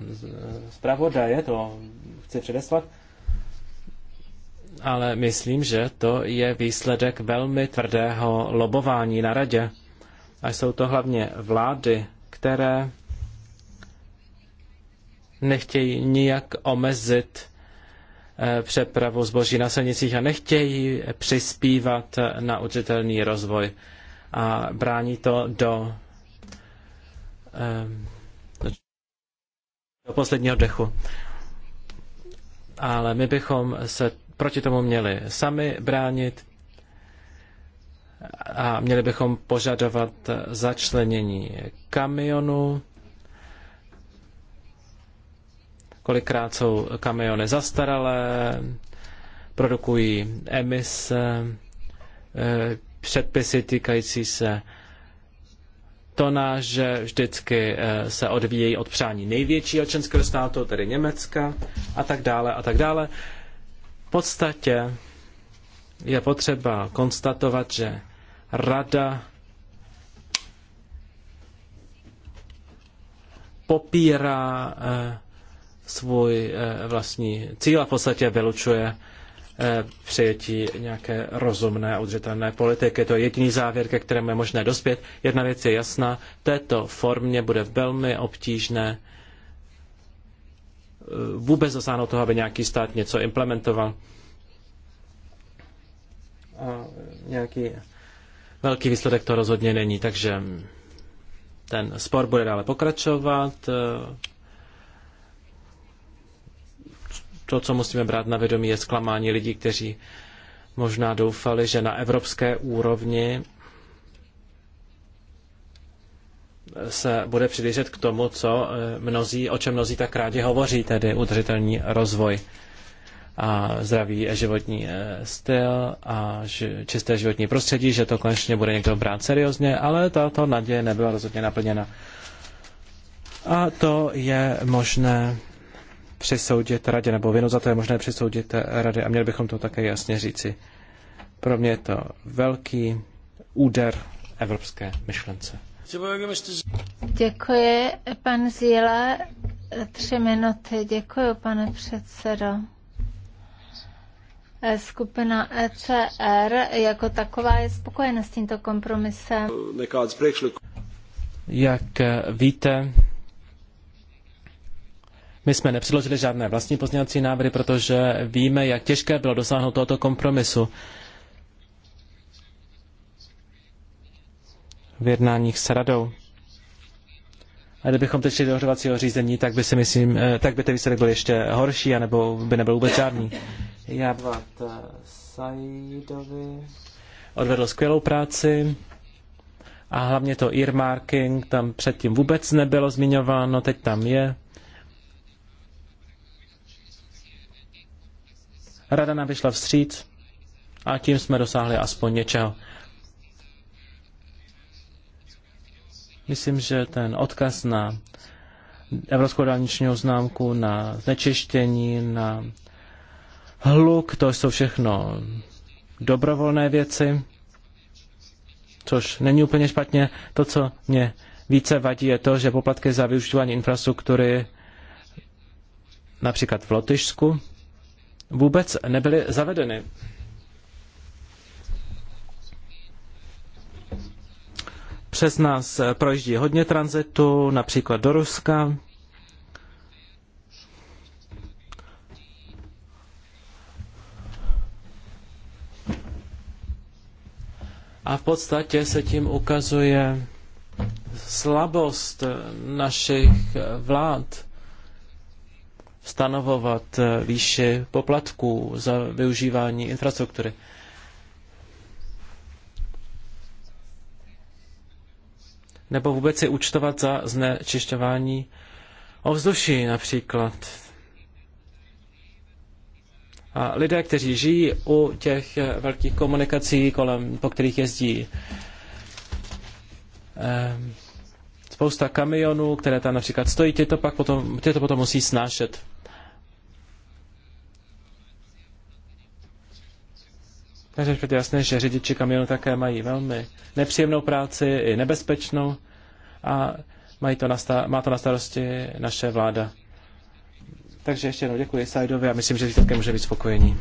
zpravodaje, to chci předeslat. Ale myslím, že to je výsledek velmi tvrdého lobování na radě. A jsou to hlavně vlády, které nechtějí nijak omezit eh, přepravu zboží na silnicích a nechtějí přispívat na udržitelný rozvoj a brání to do, eh, do posledního dechu. Ale my bychom se proti tomu měli sami bránit a měli bychom požadovat začlenění kamionu Kolikrát jsou kamiony zastaralé, produkují emise, eh, předpisy týkající se tonáže vždycky eh, se odvíjejí od přání největšího členského státu, tedy Německa, a tak dále, a tak dále. V podstatě je potřeba konstatovat, že rada popírá eh, svůj eh, vlastní cíl a v podstatě vylučuje eh, přijetí nějaké rozumné a udržitelné politiky. To je jediný závěr, ke kterému je možné dospět. Jedna věc je jasná, této formě bude velmi obtížné eh, vůbec dosáhnout toho, aby nějaký stát něco implementoval. A nějaký velký výsledek to rozhodně není, takže ten spor bude dále pokračovat. to, co musíme brát na vědomí, je zklamání lidí, kteří možná doufali, že na evropské úrovni se bude přihlížet k tomu, co eh, mnozí, o čem mnozí tak rádi hovoří, tedy udržitelný rozvoj a zdravý životní eh, styl a čisté životní prostředí, že to konečně bude někdo brát seriózně, ale tato naděje nebyla rozhodně naplněna. A to je možné přisoudit radě, nebo vinu za to je možné přisoudit radě a měli bychom to také jasně říci. Pro mě je to velký úder evropské myšlence. Děkuji, pan Zíle. Tři minuty. Děkuji, pane předsedo. Skupina ECR jako taková je spokojena s tímto kompromisem. Jak víte, my jsme nepředložili žádné vlastní pozměňovací návrhy, protože víme, jak těžké bylo dosáhnout tohoto kompromisu. v jednáních s radou. A kdybychom teď šli do hřovacího řízení, tak by, si myslím, eh, tak by ten výsledek byl ještě horší, anebo by nebyl vůbec žádný. Já eh, Saidovi. Odvedl skvělou práci a hlavně to earmarking tam předtím vůbec nebylo zmiňováno, teď tam je. Rada nám vyšla vstříc a tím jsme dosáhli aspoň něčeho. Myslím, že ten odkaz na evropskou dálničního známku, na znečištění, na hluk, to jsou všechno dobrovolné věci, což není úplně špatně. To, co mě více vadí, je to, že poplatky za využívání infrastruktury například v Lotyšsku vůbec nebyly zavedeny. Přes nás projíždí hodně tranzitu, například do Ruska. A v podstatě se tím ukazuje slabost našich vlád stanovovat eh, výši poplatků za využívání infrastruktury. Nebo vůbec si účtovat za znečišťování ovzduší například. A lidé, kteří žijí u těch eh, velkých komunikací, kolem, po kterých jezdí eh, spousta kamionů, které tam například stojí, to, pak potom, ty to potom musí snášet. Takže je jasné, že řidiči kamionů také mají velmi nepříjemnou práci, i nebezpečnou a mají to na má to na starosti naše vláda. Takže ještě jednou děkuji Sajdovi a myslím, že výsledkem může být spokojení.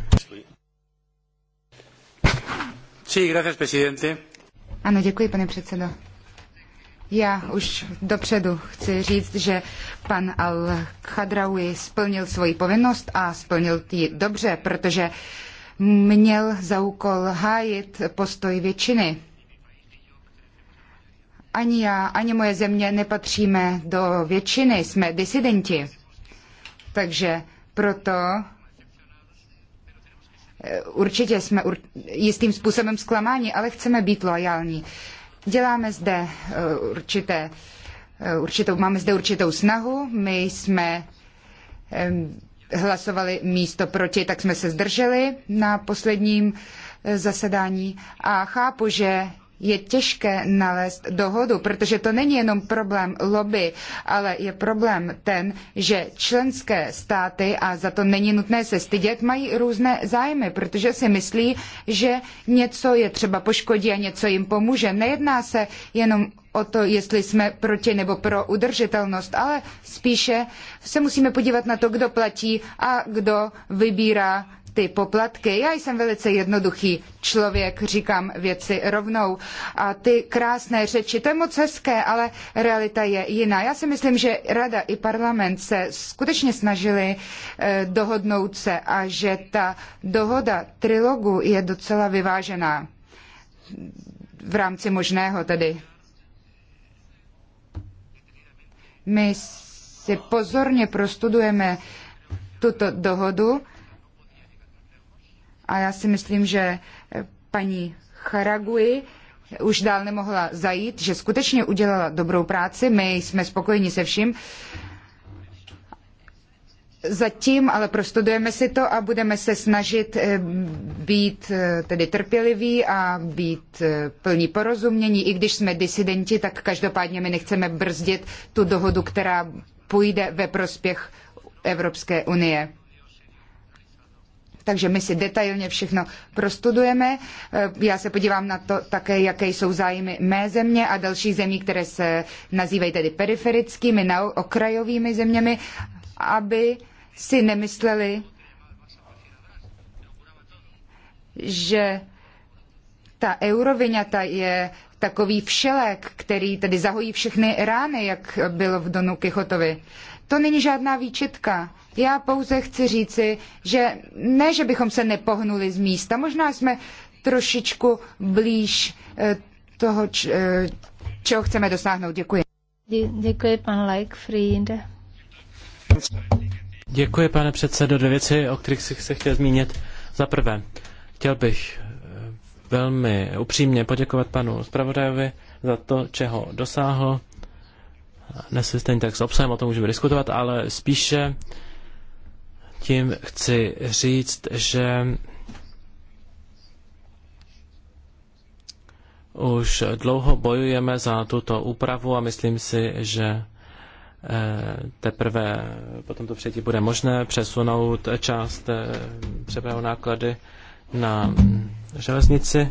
Sí, gracias, presidente. Ano, děkuji, pane předsedo. Já už dopředu chci říct, že pan Al-Khadraoui splnil svoji povinnost a splnil ji dobře, protože měl za úkol hájit postoj většiny. Ani já, ani moje země nepatříme do většiny, jsme disidenti. Takže proto eh, určitě jsme jistým způsobem zklamáni, ale chceme být loajální. Děláme zde eh, určité, eh, určitou, máme zde určitou snahu, my jsme hlasovali místo proti, tak jsme se zdrželi na posledním eh, zasedání a chápu, že je těžké nalézt dohodu, protože to není jenom problém lobby, ale je problém ten, že členské státy, a za to není nutné se stydět, mají různé zájmy, protože si myslí, že něco je třeba poškodí a něco jim pomůže. Nejedná se jenom o to, jestli jsme proti nebo pro udržitelnost, ale spíše se musíme podívat na to, kdo platí a kdo vybírá ty poplatky. Já jsem velice jednoduchý člověk, říkám věci rovnou. A ty krásné řeči, to je moc hezké, ale realita je jiná. Já si myslím, že rada i parlament se skutečně snažili eh, dohodnout se a že ta dohoda trilogu je docela vyvážená v rámci možného tedy. My si pozorně prostudujeme tuto dohodu a já si myslím, že eh, paní Charagui už dál nemohla zajít, že skutečně udělala dobrou práci, my jsme spokojeni se vším. Zatím ale prostudujeme si to a budeme se snažit eh, být eh, tedy trpěliví a být plní porozumění. I když jsme disidenti, tak každopádně my nechceme brzdit tu dohodu, která půjde ve prospěch Evropské unie. Takže my si detailně všechno prostudujeme. Eh, já se podívám na to také, jaké jsou zájmy mé země a dalších zemí, které se nazývají tedy periferickými, okrajovými zeměmi, aby si nemysleli, že ta euroviněta je takový všelek, který tedy zahojí všechny rány, jak bylo v Donu Kichotovi. To není žádná výčitka. Já pouze chci říci, že ne, že bychom se nepohnuli z místa, možná jsme trošičku blíž eh, toho, eh, čeho chceme dosáhnout. Děkuji. Děkuji, pan Leichfried. Děkuji, pane předsedo. Dvě věci, o kterých si se chtěl zmínit. Za prvé, chtěl bych eh, velmi upřímně poděkovat panu zpravodajovi za to, čeho dosáhl nesystem, tak s obsahem o tom můžeme diskutovat, ale spíše tím chci říct, že už dlouho bojujeme za tuto úpravu a myslím si, že eh, teprve po tomto přijetí bude možné přesunout část eh, přepravu náklady na železnici.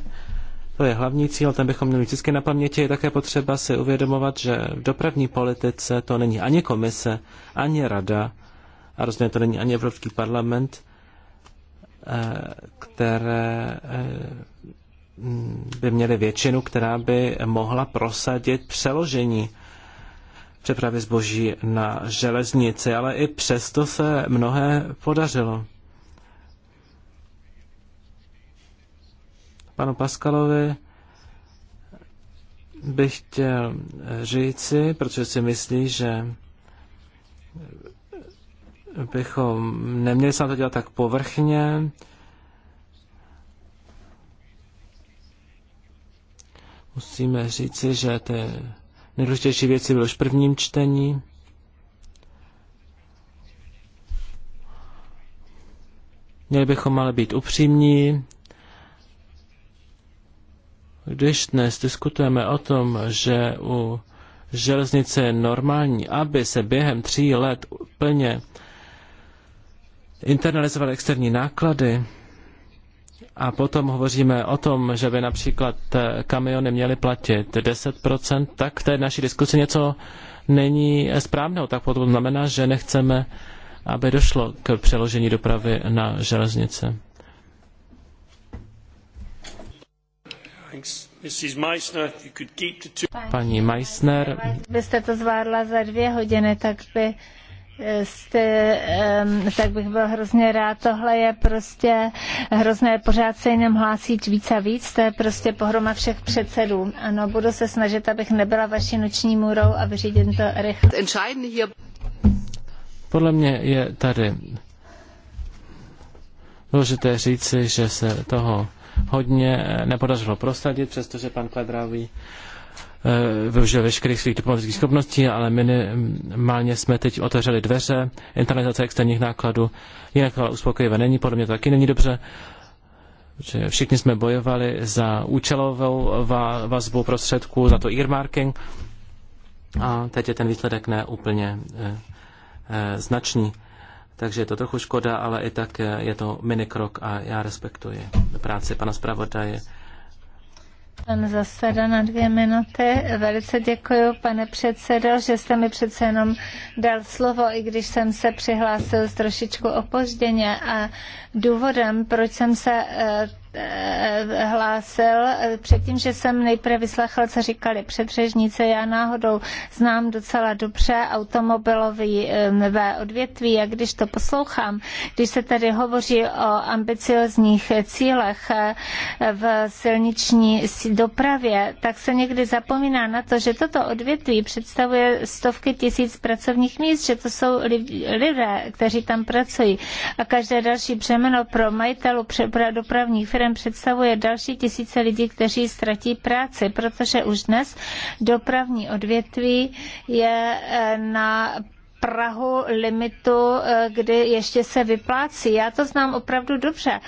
To je hlavní cíl, ten bychom měli vždycky na paměti. Je také potřeba si uvědomovat, že v dopravní politice to není ani komise, ani rada, a rozhodně to není ani Evropský parlament, eh, které eh, mm, by měly většinu, která by mohla prosadit přeložení přepravy zboží na železnici, ale i přesto se mnohé podařilo. panu Paskalovi bych chtěl říci, protože si myslí, že bychom neměli se na to dělat tak povrchně, musíme říci, že ty nejdůležitější věci byly už v prvním čtení. Měli bychom ale být upřímní když dnes diskutujeme o tom, že u železnice je normální, aby se během tří let plně internalizovaly externí náklady, a potom hovoříme o tom, že by například eh, kamiony měly platit 10%, tak v té naší diskusi něco není eh, správného. Tak potom znamená, že nechceme, aby došlo k přeložení dopravy na železnice. Paní Meissner, byste to zvládla za dvě hodiny, tak by eh, jste, tak bych byl hrozně rád. Tohle je prostě hrozné, pořád se jenom hlásit víc a víc, to je prostě pohroma všech předsedů. Ano, budu se snažit, abych nebyla vaší noční můrou a vyřídím to rychle. Podle mě je tady důležité říci, že se toho hodně eh, nepodařilo prosadit, přestože pan Kladrávý eh, využil veškerých svých diplomatických schopností, ale minimálně jsme teď otevřeli dveře. Internalizace externích nákladů jinak ale uspokojivé není, podle mě to taky není dobře. Že všichni jsme bojovali za účelovou vazbu prostředků, za to earmarking. A teď je ten výsledek ne úplně e, e, značný. Takže je to trochu škoda, ale i tak je to minikrok a já respektuji práci pana zpravodaje. Pan zaseda na dvě minuty. Velice děkuji, pane předsedo, že jste mi přece jenom dal slovo, i když jsem se přihlásil s trošičku opožděně. A důvodem, proč jsem se eh, hlásil předtím, že jsem nejprve vyslechl, co říkali předřežnice. Já náhodou znám docela dobře automobilový odvětví a když to poslouchám, když se tady hovoří o ambiciozních cílech eh, v silniční dopravě, tak se někdy zapomíná na to, že toto odvětví představuje stovky tisíc pracovních míst, že to jsou lidé, kteří tam pracují a každé další břemeno pro majitelů dopravních firm mimochodem představuje další tisíce lidí, kteří ztratí práci, protože už dnes dopravní odvětví je eh, na prahu limitu, eh, kdy ještě se vyplácí. Já to znám opravdu dobře.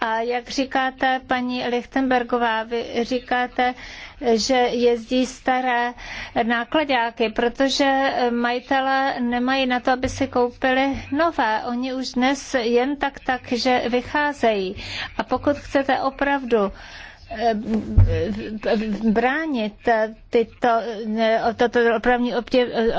A jak říkáte, paní Lichtenbergová, vy říkáte, že jezdí staré nákladáky, protože majitele nemají na to, aby si koupili nové. Oni už dnes jen tak tak, že vycházejí. A pokud chcete opravdu eh, bránit tyto, toto dopravní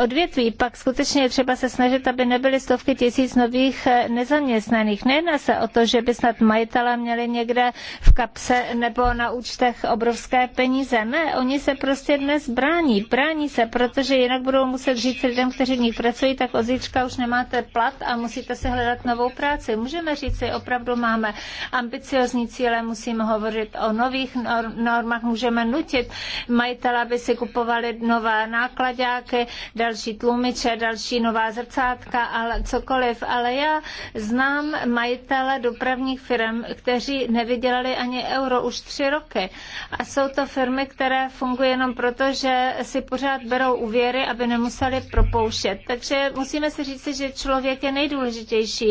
odvětví, pak skutečně je třeba se snažit, aby nebyly stovky tisíc nových eh, nezaměstnaných. Nejedná se o to, že by snad majitele měli někde v kapse nebo na účtech obrovské peníze. Ne, oni se prostě dnes brání. Brání se, protože jinak budou muset říct lidem, kteří v nich pracují, tak od zítřka už nemáte plat a musíte se hledat novou práci. Můžeme říct že opravdu máme ambiciozní cíle, musíme hovořit o nových normách, můžeme nutit majitele, aby si kupovali nové nákladáky, další tlumiče, další nová zrcátka, ale cokoliv. Ale já znám majitele dopravních firm, kteří nevydělali ani euro už tři roky. A jsou to firmy, které fungují jenom proto, že si pořád berou úvěry, aby nemuseli propouštět. Takže musíme si říct, že člověk je nejdůležitější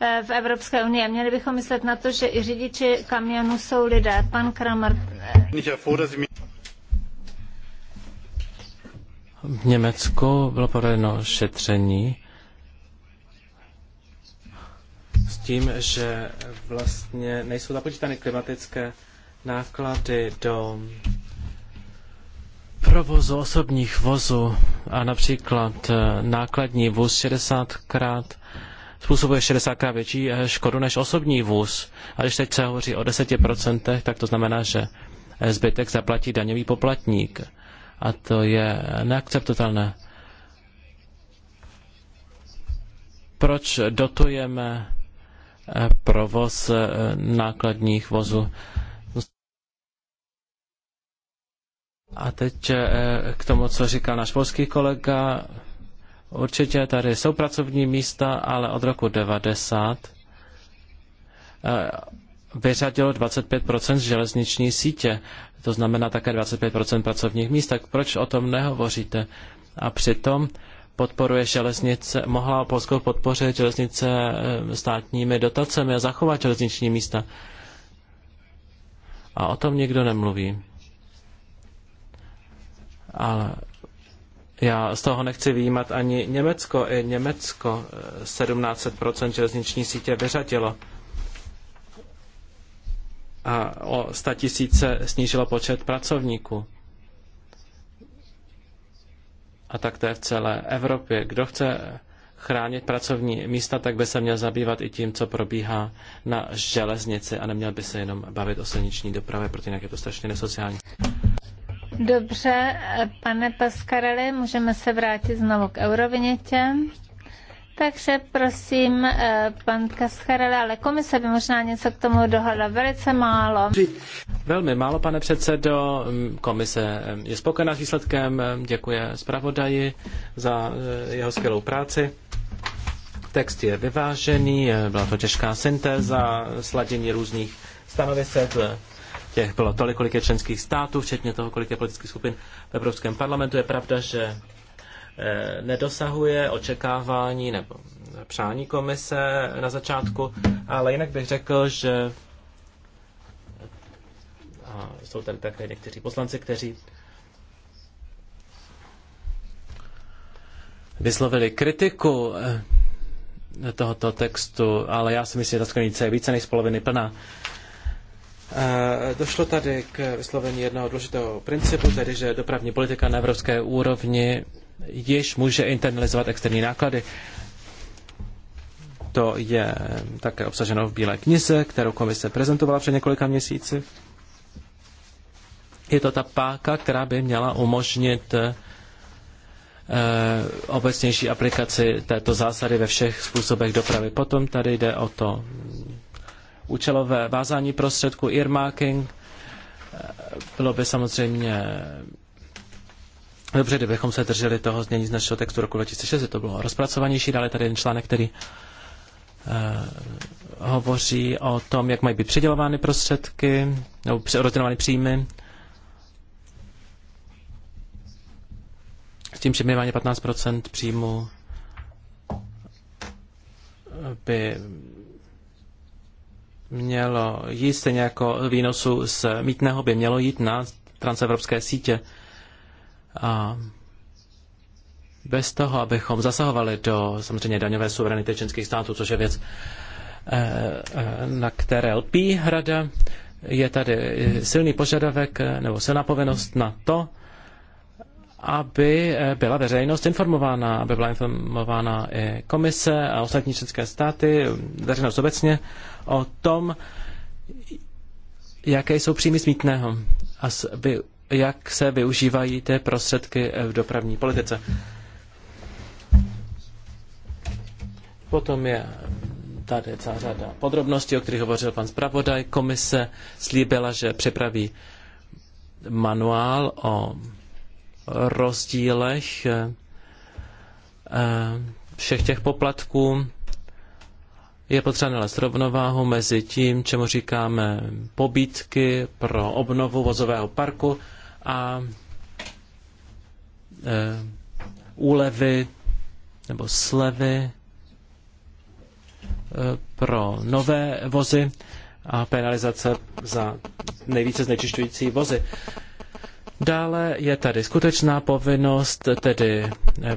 eh, v Evropské unii. A měli bychom myslet na to, že i řidiči kamionů jsou lidé. Pan Kramer. V Německu bylo provedeno šetření s tím, že vlastně nejsou započítány klimatické náklady do provozu osobních vozů a například eh, nákladní vůz 60krát způsobuje 60krát větší eh, škodu než osobní vůz. A když teď se hovoří o 10%, tak to znamená, že eh, zbytek zaplatí daňový poplatník a to je neakceptovatelné. Proč dotujeme eh, provoz eh, nákladních vozů? A teď eh, k tomu, co říkal náš polský kolega. Určitě tady jsou pracovní místa, ale od roku 90 vyřadilo 25% z železniční sítě, to znamená také 25% pracovních míst, tak proč o tom nehovoříte? A přitom podporuje železnice, mohla Polsko podpořit železnice eh, státními dotacemi a zachovat železniční místa. A o tom nikdo nemluví. Ale já z toho nechci výjímat ani Německo. I Německo 17% eh, železniční sítě vyřadilo a o 100 tisíce snížilo počet pracovníků. A tak to je v celé Evropě. Kdo chce chránit pracovní místa, tak by se měl zabývat i tím, co probíhá na železnici a neměl by se jenom bavit o silniční dopravě, protože jinak je to strašně nesociální. Dobře, eh, pane Pascarelli, můžeme se vrátit znovu k eurovinětě. Takže prosím, eh, pan Kascharel, ale komise by možná něco k tomu dohodla. Velice málo. Velmi málo, pane předsedo. Mm, komise mm, je spokojená s výsledkem. Mm, děkuje zpravodaji za eh, jeho skvělou práci. Text je vyvážený, eh, byla to těžká syntéza, sladění různých stanovisek, těch bylo tolik, kolik je členských států, včetně toho, kolik je politických skupin v Evropském parlamentu. Je pravda, že Eh, nedosahuje očekávání nebo přání komise na začátku, ale jinak bych řekl, že a jsou tady také někteří poslanci, kteří vyslovili kritiku eh, tohoto textu, ale já si myslím, že ta sklenice je více než z poloviny plná. Eh, došlo tady k vyslovení jednoho důležitého principu, tedy že dopravní politika na evropské úrovni již může internalizovat externí náklady. To je také obsaženo v Bílé knize, kterou komise prezentovala před několika měsíci. Je to ta páka, která by měla umožnit eh, obecnější aplikaci této zásady ve všech způsobech dopravy. Potom tady jde o to mm, účelové vázání prostředků, earmarking. Eh, bylo by samozřejmě Dobře, kdybychom se drželi toho znění z našeho textu roku 2006, to bylo rozpracovanější, dále tady jeden článek, který uh, hovoří o tom, jak mají být přidělovány prostředky nebo rozdělovány příjmy. S tím, že minimálně 15 příjmu eh, by mělo jít, stejně jako výnosu z mítného by mělo jít na transevropské sítě. A bez toho, abychom zasahovali do samozřejmě daňové suverenity členských států, což je věc, eh, eh, na které lpí rada, je tady silný požadavek nebo silná povinnost na to, aby eh, byla veřejnost informována, aby byla informována i komise a ostatní české státy, veřejnost obecně, o tom, jaké jsou příjmy smítného a aby jak se využívají ty prostředky v dopravní politice. Potom je tady celá řada podrobností, o kterých hovořil pan zpravodaj. Komise slíbila, že připraví manuál o rozdílech eh, všech těch poplatků. Je potřeba nalézt rovnováhu mezi tím, čemu říkáme pobítky pro obnovu vozového parku a e, úlevy nebo slevy e, pro nové vozy a penalizace za nejvíce znečišťující vozy. Dále je tady skutečná povinnost tedy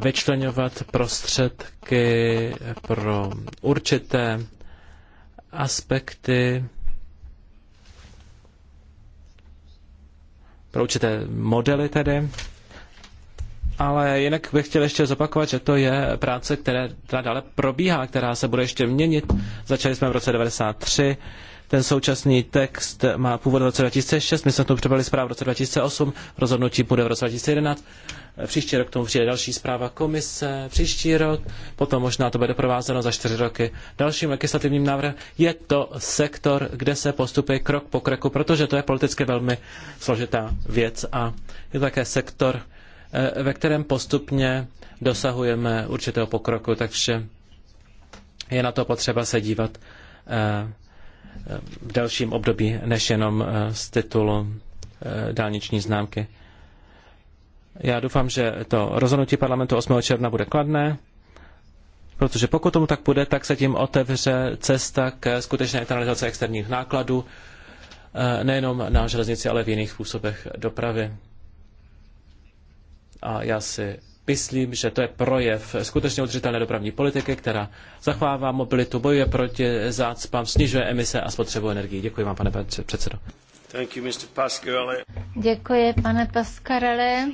vyčlenovat prostředky pro určité aspekty pro určité modely tedy. Ale jinak bych chtěl ještě zopakovat, že to je práce, která která dále probíhá, která se bude ještě měnit. Začali jsme v roce 93. Ten současný text má původ v roce 2006, my jsme to připravili zprávu v roce 2008, rozhodnutí bude v roce 2011 Příští rok tomu přijde další zpráva komise, příští rok, potom možná to bude doprovázeno za čtyři roky dalším legislativním návrhem. Je to sektor, kde se postupuje krok po kroku, protože to je politicky velmi složitá věc a je to také sektor, eh, ve kterém postupně dosahujeme určitého pokroku, takže je na to potřeba se dívat eh, v dalším období, než jenom eh, z titulu dálniční známky. Já doufám, že to rozhodnutí parlamentu 8. června bude kladné, protože pokud tomu tak bude, tak se tím otevře cesta k skutečné internalizaci externích nákladů, eh, nejenom na železnici, ale v jiných způsobech dopravy. A já si myslím, že to je projev skutečně udržitelné dopravní politiky, která zachovává mobilitu, bojuje proti zácpám, snižuje emise a spotřebu energii. Děkuji vám, pane předsedo. Děkuji, pane Pascarele.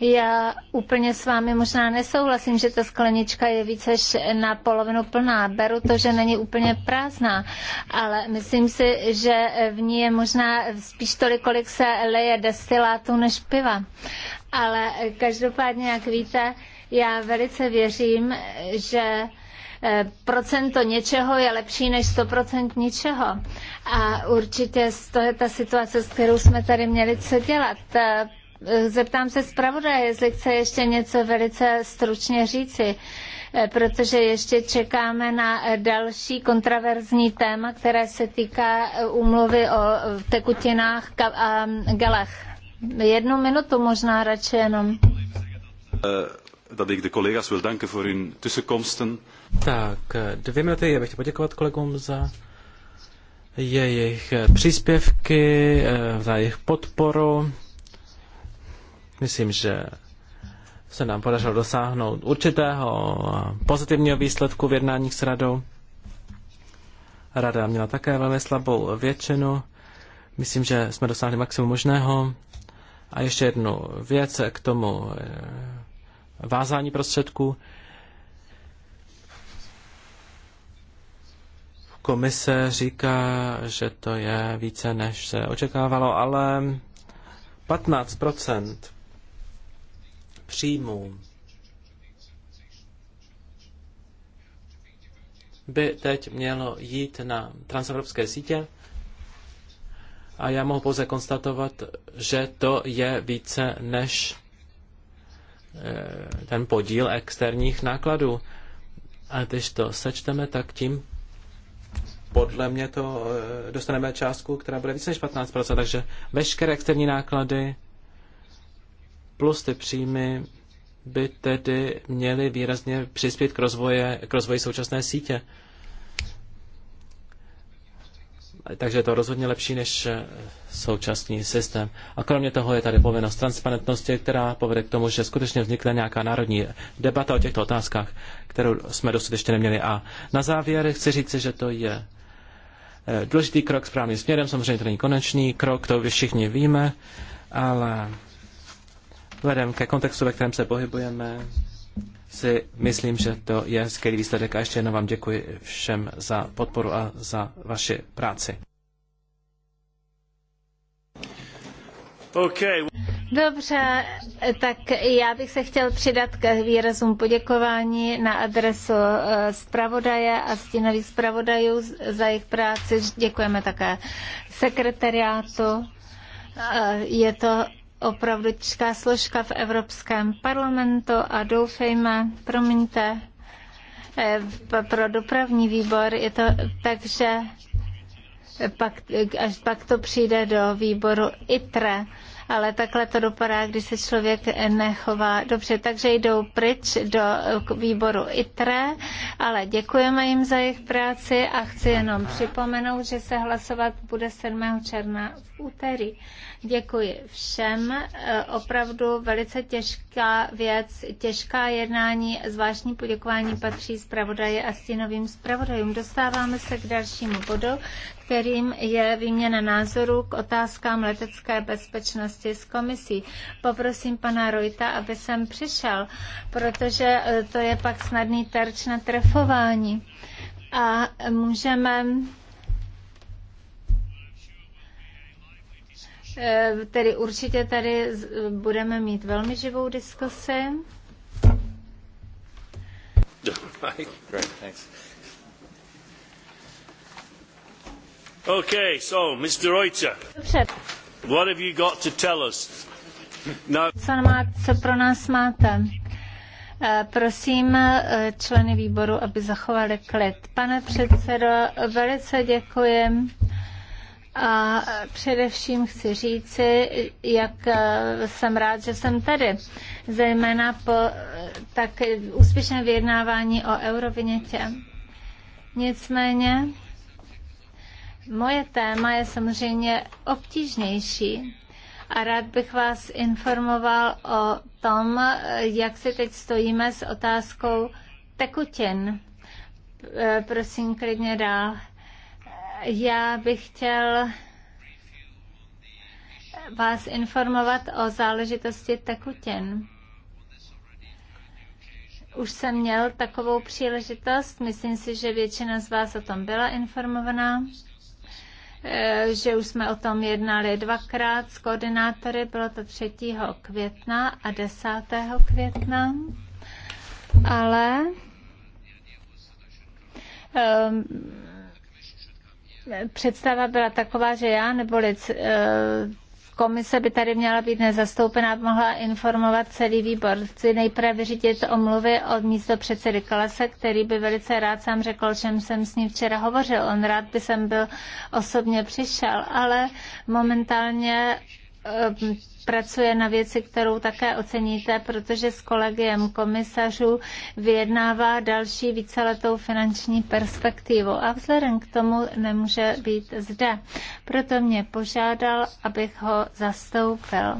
Já úplně s vámi možná nesouhlasím, že ta sklenička je více na polovinu plná. Beru to, že není úplně prázdná, ale myslím si, že v ní je možná spíš tolik, kolik se leje destilátu než piva. Ale každopádně, jak víte, já velice věřím, že procento něčeho je lepší než 100% ničeho. A určitě to je ta situace, s kterou jsme tady měli co dělat. E, zeptám se zpravodaje, jestli chce ještě něco velice stručně říci e, protože ještě čekáme na e, další kontraverzní téma, které se týká úmluvy o tekutinách a galech. Jednu minutu možná radši jenom. Uh dat ik de collega's wil danken voor hun tussenkomsten. Tak, dvě minuty. Já bych chtěl poděkovat kolegům za jejich eh, příspěvky, eh, za jejich podporu. Myslím, že se nám podařilo dosáhnout určitého pozitivního výsledku v jednáních s radou. Rada měla také velmi slabou většinu. Myslím, že jsme dosáhli maximum možného. A ještě jednu věc k tomu eh, vázání prostředků. Komise říká, že to je více, než se očekávalo, ale 15 příjmů by teď mělo jít na transevropské sítě a já mohu pouze konstatovat, že to je více, než Eh, ten podíl externích nákladů. A když to sečteme, tak tím podle mě to eh, dostaneme částku, která bude více než 15%, takže veškeré externí náklady plus ty příjmy by tedy měly výrazně přispět k, rozvoje, k rozvoji současné sítě takže je to rozhodně lepší než eh, současný systém. A kromě toho je tady povinnost transparentnosti, která povede k tomu, že skutečně vznikne nějaká národní debata o těchto otázkách, kterou jsme dosud ještě neměli. A na závěr chci říct, že to je eh, důležitý krok správným směrem, samozřejmě to není konečný krok, to všichni víme, ale vzhledem ke kontextu, ve kterém se pohybujeme, si myslím, že to je skvělý výsledek a ještě jednou vám děkuji všem za podporu a za vaši práci. Okay. Dobře, tak já bych se chtěl přidat k výrazům poděkování na adresu eh, zpravodaje a stínových zpravodajů za jejich práci. Děkujeme také sekretariátu. Eh, je to Opravdu těžká složka v Evropském parlamentu a doufejme, promiňte, eh, pro dopravní výbor je to takže pak, až pak to přijde do výboru ITRE, ale takhle to dopadá, když se člověk nechová dobře. Takže jdou pryč do výboru ITRE, ale děkujeme jim za jejich práci a chci jenom připomenout, že se hlasovat bude 7. června v úterý. Děkuji všem. E, opravdu velice těžká věc, těžká jednání. Zvláštní poděkování patří zpravodaje a stínovým zpravodajům. Dostáváme se k dalšímu bodu, kterým je výměna názoru k otázkám letecké bezpečnosti s komisí. Poprosím pana Rojta, aby sem přišel, protože e, to je pak snadný terč na trefování. A můžeme Eh, tedy určitě tady budeme mít velmi živou diskusi. Great, thanks. Okay, so, Mr. Reuter, Dobře. what have you got to tell us? Co, má, co pro nás máte? Eh, prosím eh, členy výboru, aby zachovali klid. Pane předsedo, velice děkuji a především chci říci, jak eh, jsem rád, že jsem tady, zejména po eh, tak úspěšném vyjednávání o eurovinětě. Nicméně moje téma je samozřejmě obtížnější a rád bych vás informoval o tom, eh, jak se teď stojíme s otázkou tekutin. Prosím, klidně dál. Já bych chtěl vás informovat o záležitosti tekutin. Už jsem měl takovou příležitost, myslím si, že většina z vás o tom byla informovaná, e, že už jsme o tom jednali dvakrát s koordinátory, bylo to 3. května a 10. května, ale um, představa byla taková, že já nebo lic, eh, komise by tady měla být nezastoupená, mohla informovat celý výbor. Chci nejprve vyřídit omluvy od místo předsedy Kalase, který by velice rád sám řekl, o čem jsem s ním včera hovořil. On rád by sem byl osobně přišel, ale momentálně eh, pracuje na věci, kterou také oceníte, protože s kolegiem komisařů vyjednává další víceletou finanční perspektivu a vzhledem k tomu nemůže být zde. Proto mě požádal, abych ho zastoupil.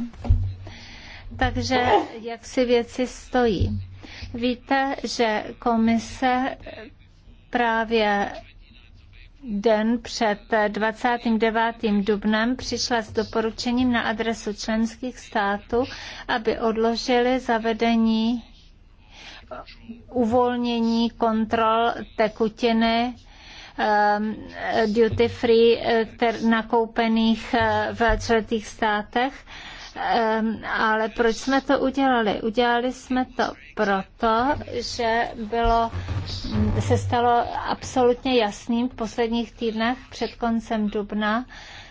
Takže jak si věci stojí? Víte, že komise právě den před 29. dubnem přišla s doporučením na adresu členských států, aby odložili zavedení uvolnění kontrol tekutiny ehm, duty free eh, nakoupených eh, v členských státech Ehm, ale proč jsme to udělali? Udělali jsme to proto, že bylo, se stalo absolutně jasným v posledních týdnech před koncem dubna,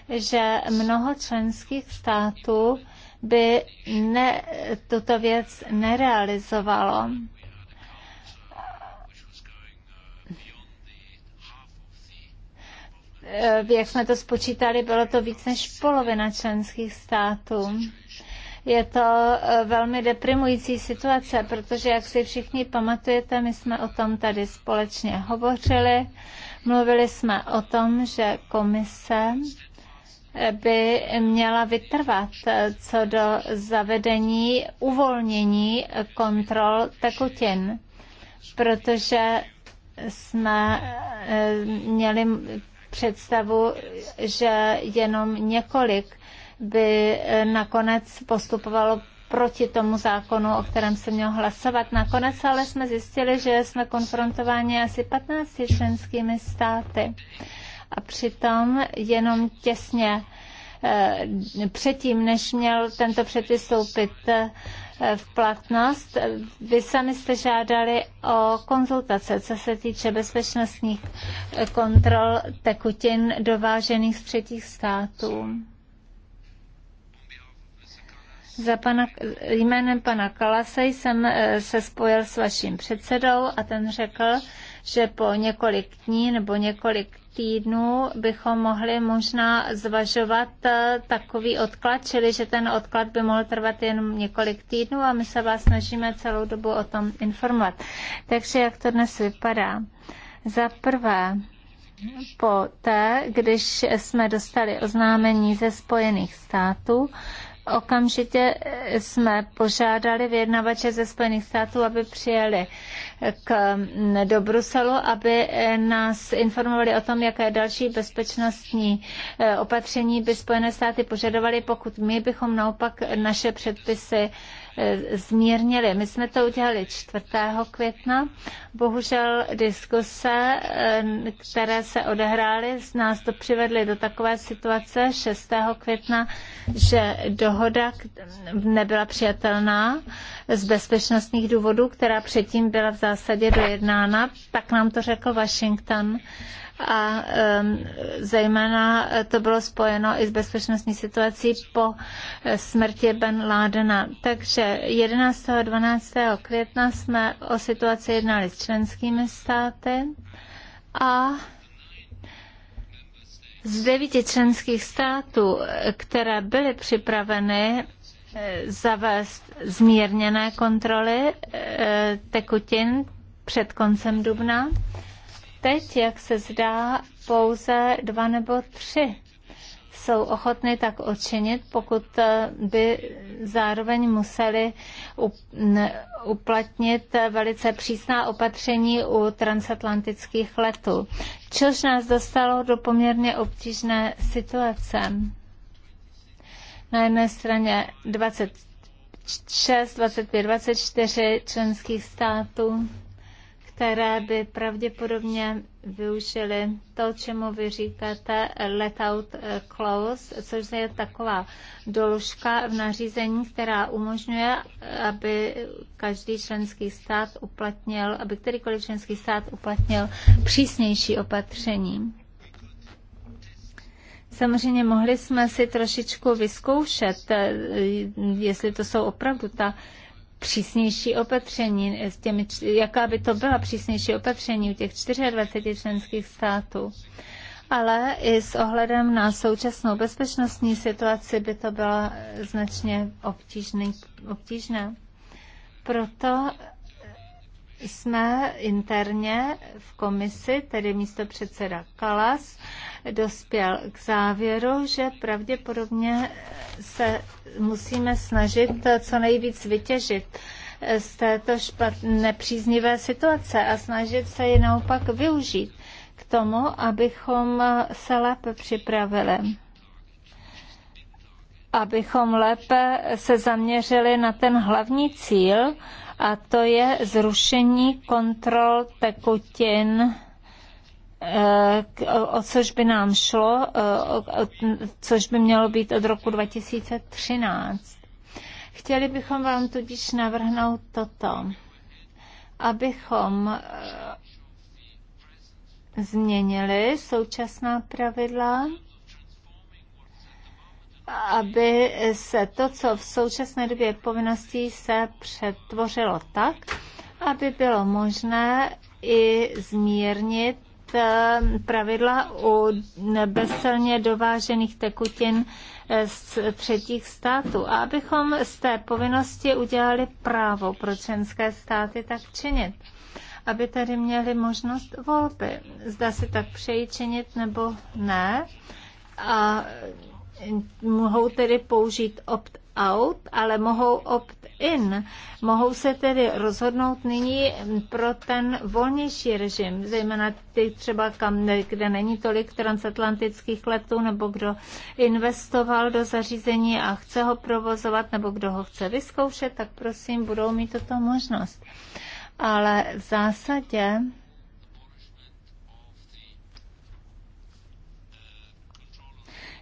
že mnoho členských států by ne, tuto věc nerealizovalo Eh, jak jsme to spočítali, bylo to víc než polovina členských států. Je to eh, velmi deprimující situace, protože, jak si všichni pamatujete, my jsme o tom tady společně hovořili. Mluvili jsme o tom, že komise eh, by měla vytrvat co do zavedení uvolnění kontrol tekutin, protože jsme měli představu, že jenom několik by eh, nakonec postupovalo proti tomu zákonu, o kterém se měl hlasovat. Nakonec ale jsme zjistili, že jsme konfrontováni asi 15 členskými státy. A přitom jenom těsně eh, předtím, než měl tento předpis v platnost. Vy sami jste žádali o konzultace, co se týče bezpečnostních kontrol tekutin dovážených z třetích států. Za pana, jménem pana Kalasej jsem eh, se spojil s vaším předsedou a ten řekl, že po několik dní nebo několik týdnů bychom mohli možná zvažovat eh, takový odklad, čili že ten odklad by mohl trvat jen několik týdnů a my se vás snažíme celou dobu o tom informovat. Takže jak to dnes vypadá? Za prvé, poté, když jsme dostali oznámení ze Spojených států, Okamžitě eh, jsme požádali vyjednavače ze Spojených států, aby přijeli eh, k, mm, do Bruselu, aby eh, nás informovali o tom, jaké další bezpečnostní opatření by Spojené státy požadovaly, pokud my bychom naopak naše předpisy Eh, zmírnili. My jsme to udělali 4. května. Bohužel diskuse, eh, které se odehrály, nás to přivedly do takové situace 6. května, že dohoda nebyla přijatelná z bezpečnostních důvodů, která předtím byla v zásadě dojednána. Tak nám to řekl Washington a zejména to bylo spojeno i s bezpečnostní situací po eh, smrti Ben Ládena. Takže 11. a 12. května jsme o situaci jednali s členskými státy a z devíti členských států, které byly připraveny eh, zavést zmírněné kontroly eh, tekutin před koncem dubna, Teď, jak se zdá, pouze dva nebo tři jsou ochotny tak odčinit, pokud eh, by zároveň museli uplatnit eh, velice přísná opatření u transatlantických letů, což nás dostalo do poměrně obtížné situace. Na jedné straně 26, 25, 24 členských států které by pravděpodobně využili to, čemu vy říkáte let out eh, clause, což je taková doložka v nařízení, která umožňuje, aby každý členský stát uplatnil, aby kterýkoliv členský stát uplatnil přísnější opatření. Samozřejmě mohli jsme si trošičku vyzkoušet, eh, jestli to jsou opravdu ta přísnější opatření, s těmi, jaká by to byla přísnější opatření u těch 24 členských států. Ale i s ohledem na současnou bezpečnostní situaci by to bylo značně obtížné. obtížné. Proto jsme interně v komisi, tedy místo předseda Kalas, dospěl k závěru, že pravděpodobně se musíme snažit co nejvíc vytěžit z této špat, nepříznivé situace a snažit se ji naopak využít k tomu, abychom se lépe připravili abychom lépe se zaměřili na ten hlavní cíl a to je zrušení kontrol tekutin eh, o což by nám šlo, eh, což by mělo být od roku 2013. Chtěli bychom vám tudíž navrhnout toto, abychom eh, změnili současná pravidla aby se to, co v současné době je povinností, se přetvořilo tak, aby bylo možné i zmírnit ehm, pravidla u bezcelně dovážených tekutin eh, z třetích států a abychom z té povinnosti udělali právo pro členské státy tak činit aby tady měli možnost volby. Zda si tak přeji činit nebo ne. A mohou tedy použít opt-out, ale mohou opt-in. Mohou se tedy rozhodnout nyní pro ten volnější režim, zejména ty třeba, kam, kde není tolik transatlantických letů, nebo kdo investoval do zařízení a chce ho provozovat, nebo kdo ho chce vyzkoušet, tak prosím, budou mít toto možnost. Ale v zásadě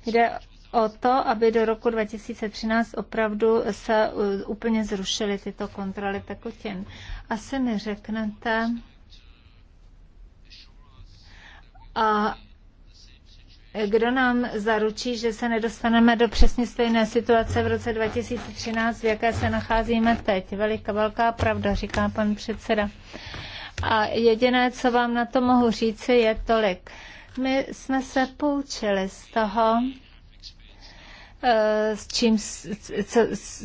jde o to, aby do roku 2013 opravdu se úplně zrušily tyto kontroly tekutin. Asi mi řeknete, a kdo nám zaručí, že se nedostaneme do přesně stejné situace v roce 2013, v jaké se nacházíme teď? Veliká velká pravda, říká pan předseda. A jediné, co vám na to mohu říci, je tolik. My jsme se poučili z toho, Eh, s čím, co,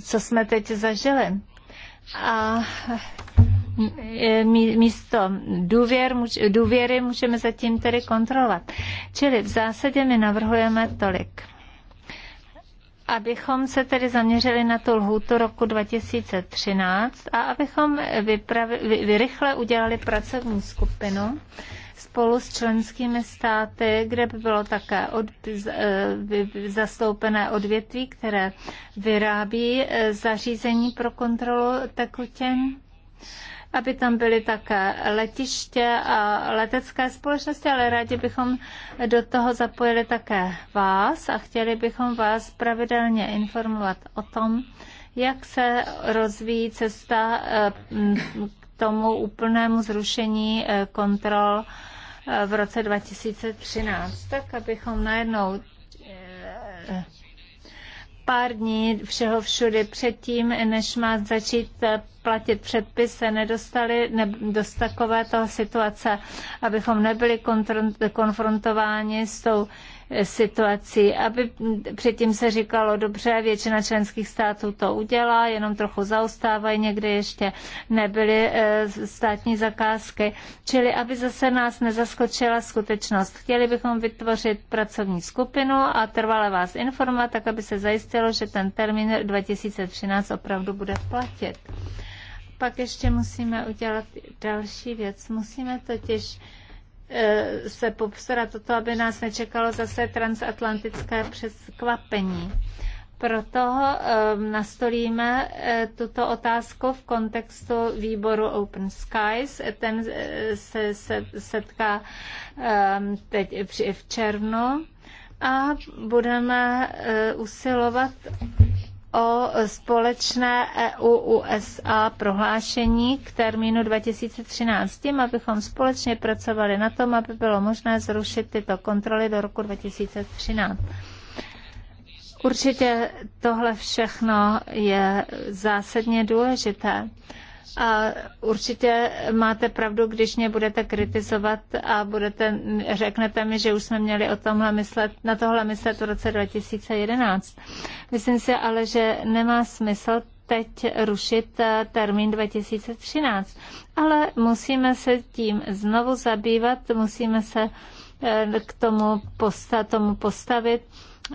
co jsme teď zažili. A eh, místo důvěr, důvěry můžeme zatím tedy kontrolovat. Čili v zásadě my navrhujeme tolik. Abychom se tedy zaměřili na tu lhůtu roku 2013 a abychom vypravi, vy, vy rychle udělali pracovní skupinu, spolu s členskými státy, kde by bylo také od, e, zastoupené odvětví, které vyrábí e, zařízení pro kontrolu tekutin aby tam byly také letiště a letecké společnosti, ale rádi bychom do toho zapojili také vás a chtěli bychom vás pravidelně informovat o tom, jak se rozvíjí cesta e, tomu úplnému zrušení eh, kontrol eh, v roce 2013, tak abychom najednou eh, pár dní všeho všude předtím, než má začít platit předpis, se nedostali ne, do takovéto situace, abychom nebyli konfrontováni s tou situací, aby předtím se říkalo, dobře, většina členských států to udělá, jenom trochu zaostávají, někde ještě nebyly eh, státní zakázky, čili aby zase nás nezaskočila skutečnost. Chtěli bychom vytvořit pracovní skupinu a trvale vás informovat, tak aby se zajistilo, že ten termín 2013 opravdu bude platit. Pak ještě musíme udělat další věc. Musíme totiž E, se popsat o to, aby nás nečekalo zase transatlantické přeskvapení. Proto e, nastolíme e, tuto otázku v kontextu výboru Open Skies. Ten se, se setká teď v červnu a budeme usilovat o společné EU-USA prohlášení k termínu 2013, tím, abychom společně pracovali na tom, aby bylo možné zrušit tyto kontroly do roku 2013. Určitě tohle všechno je zásadně důležité. A určitě máte pravdu, když mě budete kritizovat a budete, řeknete mi, že už jsme měli o tomhle myslet, na tohle myslet v roce 2011. Myslím si ale, že nemá smysl teď rušit eh, termín 2013. Ale musíme se tím znovu zabývat, musíme se eh, k tomu, posta, tomu postavit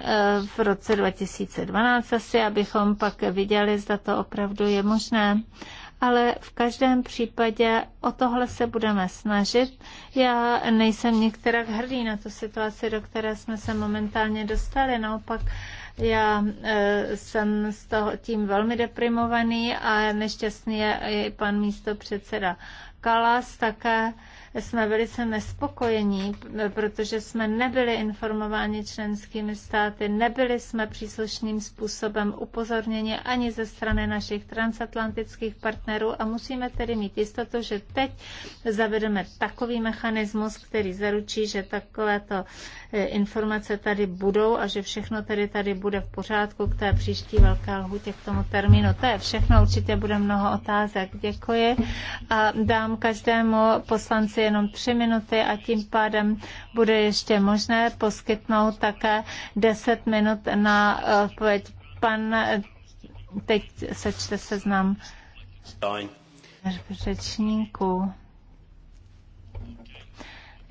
eh, v roce 2012 asi, abychom pak viděli, zda to opravdu je možné ale v každém případě o tohle se budeme snažit. Já nejsem některak hrdý na tu situaci, do které jsme se momentálně dostali, naopak já e, jsem s toho tím velmi deprimovaný a nešťastný je i pan místo předseda Kalas také jsme velice nespokojení, protože jsme nebyli informováni členskými státy, nebyli jsme příslušným způsobem upozorněni ani ze strany našich transatlantických partnerů a musíme tedy mít jistotu, že teď zavedeme takový mechanismus, který zaručí, že takovéto eh, informace tady budou a že všechno tedy tady bude v pořádku k té příští velké lhutě k tomu termínu. To je všechno, určitě bude mnoho otázek. Děkuji a dám každému poslanci dispozici jenom tři minuty a tím pádem bude ještě možné poskytnout také deset minut na eh, odpověď. Pan, eh, teď sečte seznam řečníků.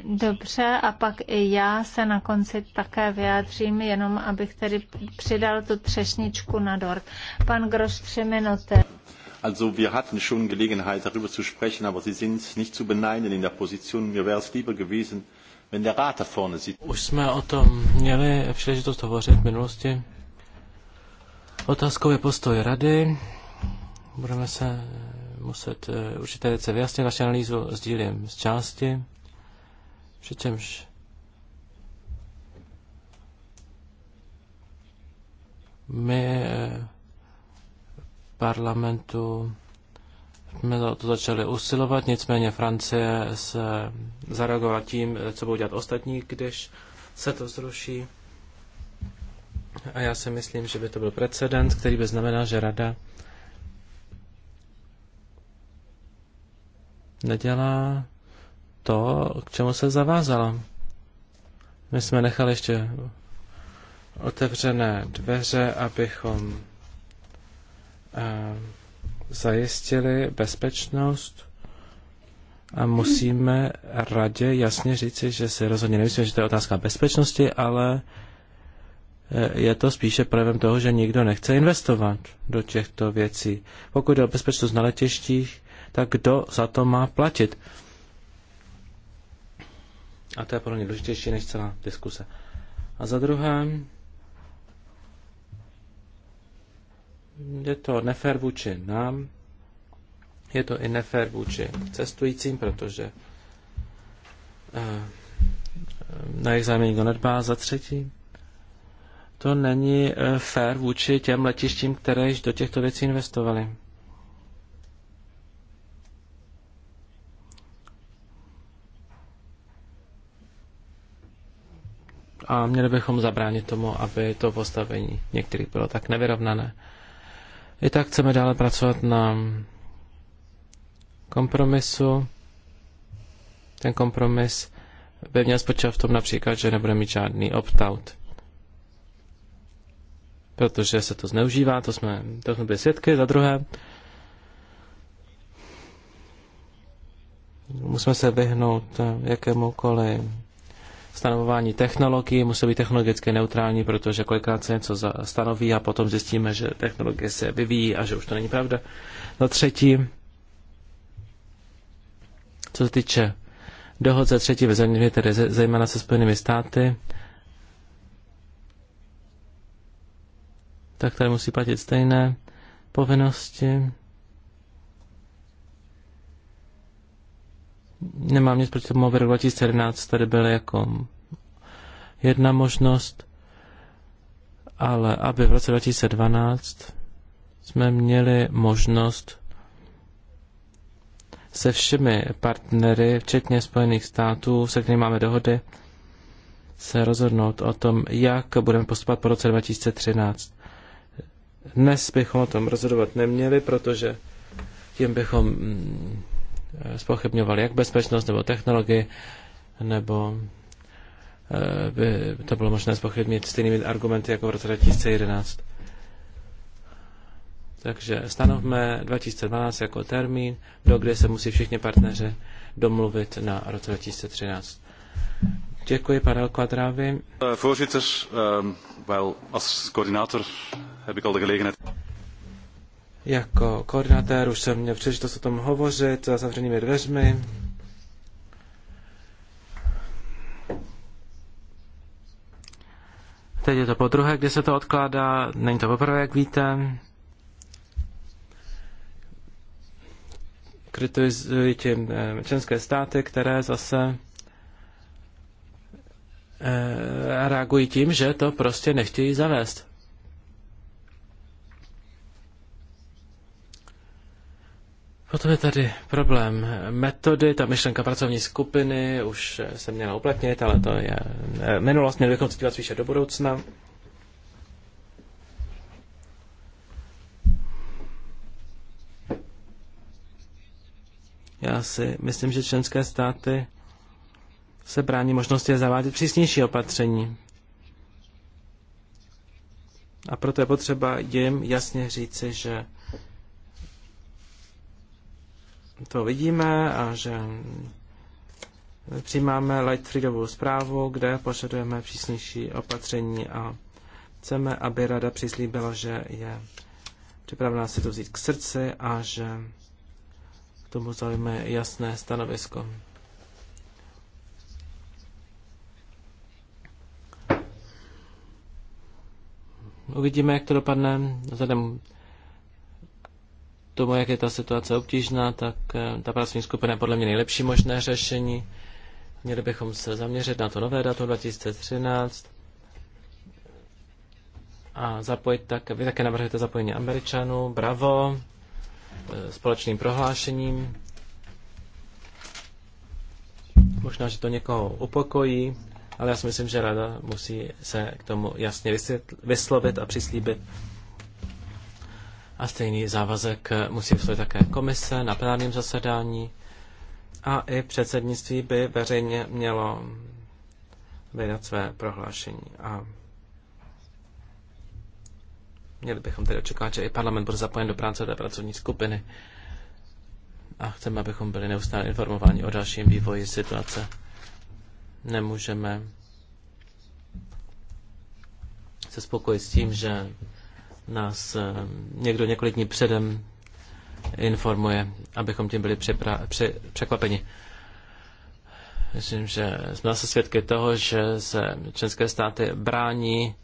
Dobře, a pak i já se na konci také vyjádřím, jenom abych tedy přidal tu třešničku na dort. Pan Groš, tři minuty. Also wir hatten schon Gelegenheit, darüber zu sprechen, aber Sie sind nicht zu beneiden in der Position. Mir wäre es lieber gewesen, wenn der Rat da vorne sitzt. Už jsme o tom měli příležitost hovořit v minulosti. Otázkou je postoj rady. Budeme se muset eh, určité věci vyjasnit. Naši analýzu sdílím z části. Přičemž my eh, parlamentu jsme to začali usilovat, nicméně Francie se zareagovala tím, co budou dělat ostatní, když se to zruší. A já si myslím, že by to byl precedent, který by znamenal, že rada nedělá to, k čemu se zavázala. My jsme nechali ještě otevřené dveře, abychom zajistili bezpečnost a musíme radě jasně říci, že si rozhodně nemyslím, že to je otázka bezpečnosti, ale eh, je to spíše projevem toho, že nikdo nechce investovat do těchto věcí. Pokud je o bezpečnost na letištích, tak kdo za to má platit? A to je pro mě důležitější než celá diskuse. A za druhé, je to nefér vůči nám, je to i nefér vůči cestujícím, protože eh, na examen nikdo nedbá za třetí. To není eh, fér vůči těm letištím, které již do těchto věcí investovaly. A měli bychom zabránit tomu, aby to postavení některých bylo tak nevyrovnané. I tak chceme dále pracovat na kompromisu. Ten kompromis by měl spočívat v tom například, že nebude mít žádný opt-out. Protože se to zneužívá, to jsme, to jsme byli svědky, za druhé. Musíme se vyhnout eh, jakémukoliv stanovování technologií musí být technologicky neutrální, protože kolikrát se něco stanoví a potom zjistíme, že technologie se vyvíjí a že už to není pravda. na třetí, co se týče dohod ze třetí země, tedy zejména se Spojenými státy, tak tady musí platit stejné povinnosti. Nemám nic proti tomu, aby rok 2017 tady byl jako jedna možnost, ale aby v roce 2012 jsme měli možnost se všemi partnery, včetně Spojených států, se kterými máme dohody, se rozhodnout o tom, jak budeme postupovat po roce 2013. Dnes bychom o tom rozhodovat neměli, protože tím bychom mm, Eh, spochybňovali jak bezpečnost nebo technologii, nebo eh, by to bylo možné spochybnit stejnými argumenty jako v roce 2011. Takže stanovme 2012 jako termín, do kde se musí všichni partneři domluvit na roce 2013. Děkuji, pane Quadrávi. Uh, eh, ehm, wel, als coördinator heb jako koordinátor už jsem měl příležitost o tom hovořit za zavřenými dveřmi. Teď je to po druhé, kdy se to odkládá. Není to poprvé, jak víte. Kritizují tím eh, členské státy, které zase eh, reagují tím, že to prostě nechtějí zavést. Potom je tady problém metody, ta myšlenka pracovní skupiny už se měla uplatnit, ale to je eh, minulost, měli bychom se dívat spíše do budoucna. Já si myslím, že členské státy se brání možnosti zavádět přísnější opatření. A proto je potřeba jim jasně říci, že to vidíme a že přijímáme Lightfriedovou zprávu, kde požadujeme přísnější opatření a chceme, aby rada přislíbila, že je připravená si to vzít k srdci a že k tomu zaujme jasné stanovisko. Uvidíme, jak to dopadne vzhledem tomu, jak je ta situace obtížná, tak eh, ta pracovní skupina je podle mě nejlepší možné řešení. Měli bychom se zaměřit na to nové datum 2013 a zapojit tak, vy také navrhujete zapojení Američanů, bravo, eh, společným prohlášením. Možná, že to někoho upokojí, ale já si myslím, že rada musí se k tomu jasně vyslovit a přislíbit, a stejný závazek musí vzít také komise na plenárním zasedání a i předsednictví by veřejně mělo vydat své prohlášení. A měli bychom tedy očekávat, že i parlament bude zapojen do práce té pracovní skupiny. A chceme, abychom byli neustále informováni o dalším vývoji situace. Nemůžeme se spokojit s tím, že nás eh, někdo několik dní předem informuje, abychom tím byli překvapeni. Myslím, že jsme se svědky toho, že se členské státy brání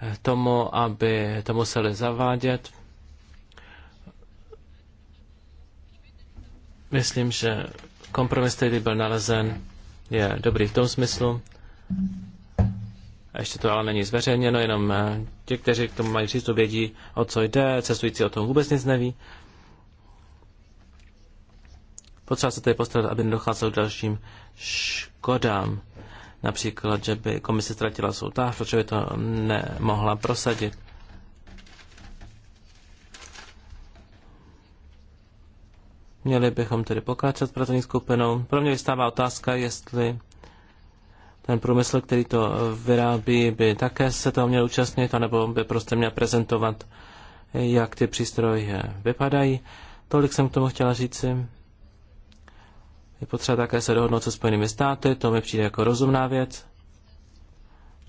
eh, tomu, aby to museli zavádět. Myslím, že kompromis, který byl nalezen, je dobrý v tom smyslu, ještě to ale není zveřejněno, jenom eh, ti, kteří k tomu mají přístup, vědí, o co jde, cestující o tom vůbec nic neví. Potřeba se tady postarat, aby nedocházelo k dalším škodám. Například, že by komise ztratila soutáž, protože by to nemohla prosadit. Měli bychom tedy pokračovat s pracovní skupinou. Pro mě vystává otázka, jestli ten průmysl, který to eh, vyrábí, by také se toho měl účastnit, anebo by prostě měl prezentovat, eh, jak ty přístroje vypadají. Tolik jsem k tomu chtěla říci. Je potřeba také se dohodnout se Spojenými státy, to mi přijde jako rozumná věc.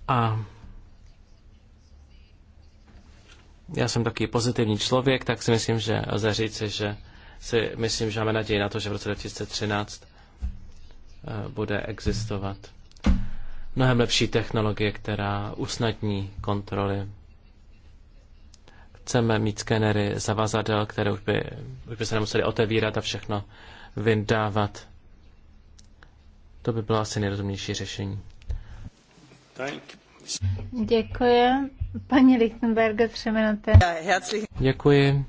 A já jsem taky pozitivní člověk, tak si myslím, že lze říci, že si myslím, že máme naději na to, že v roce 2013 eh, bude existovat mnohem lepší technologie, která usnadní kontroly. Chceme mít skenery zavazadel, které už by, už by se nemuseli otevírat a všechno vyndávat. To by bylo asi nejrozumější řešení. Děkuji. Paní Lichtenberg, tři minuty. Děkuji.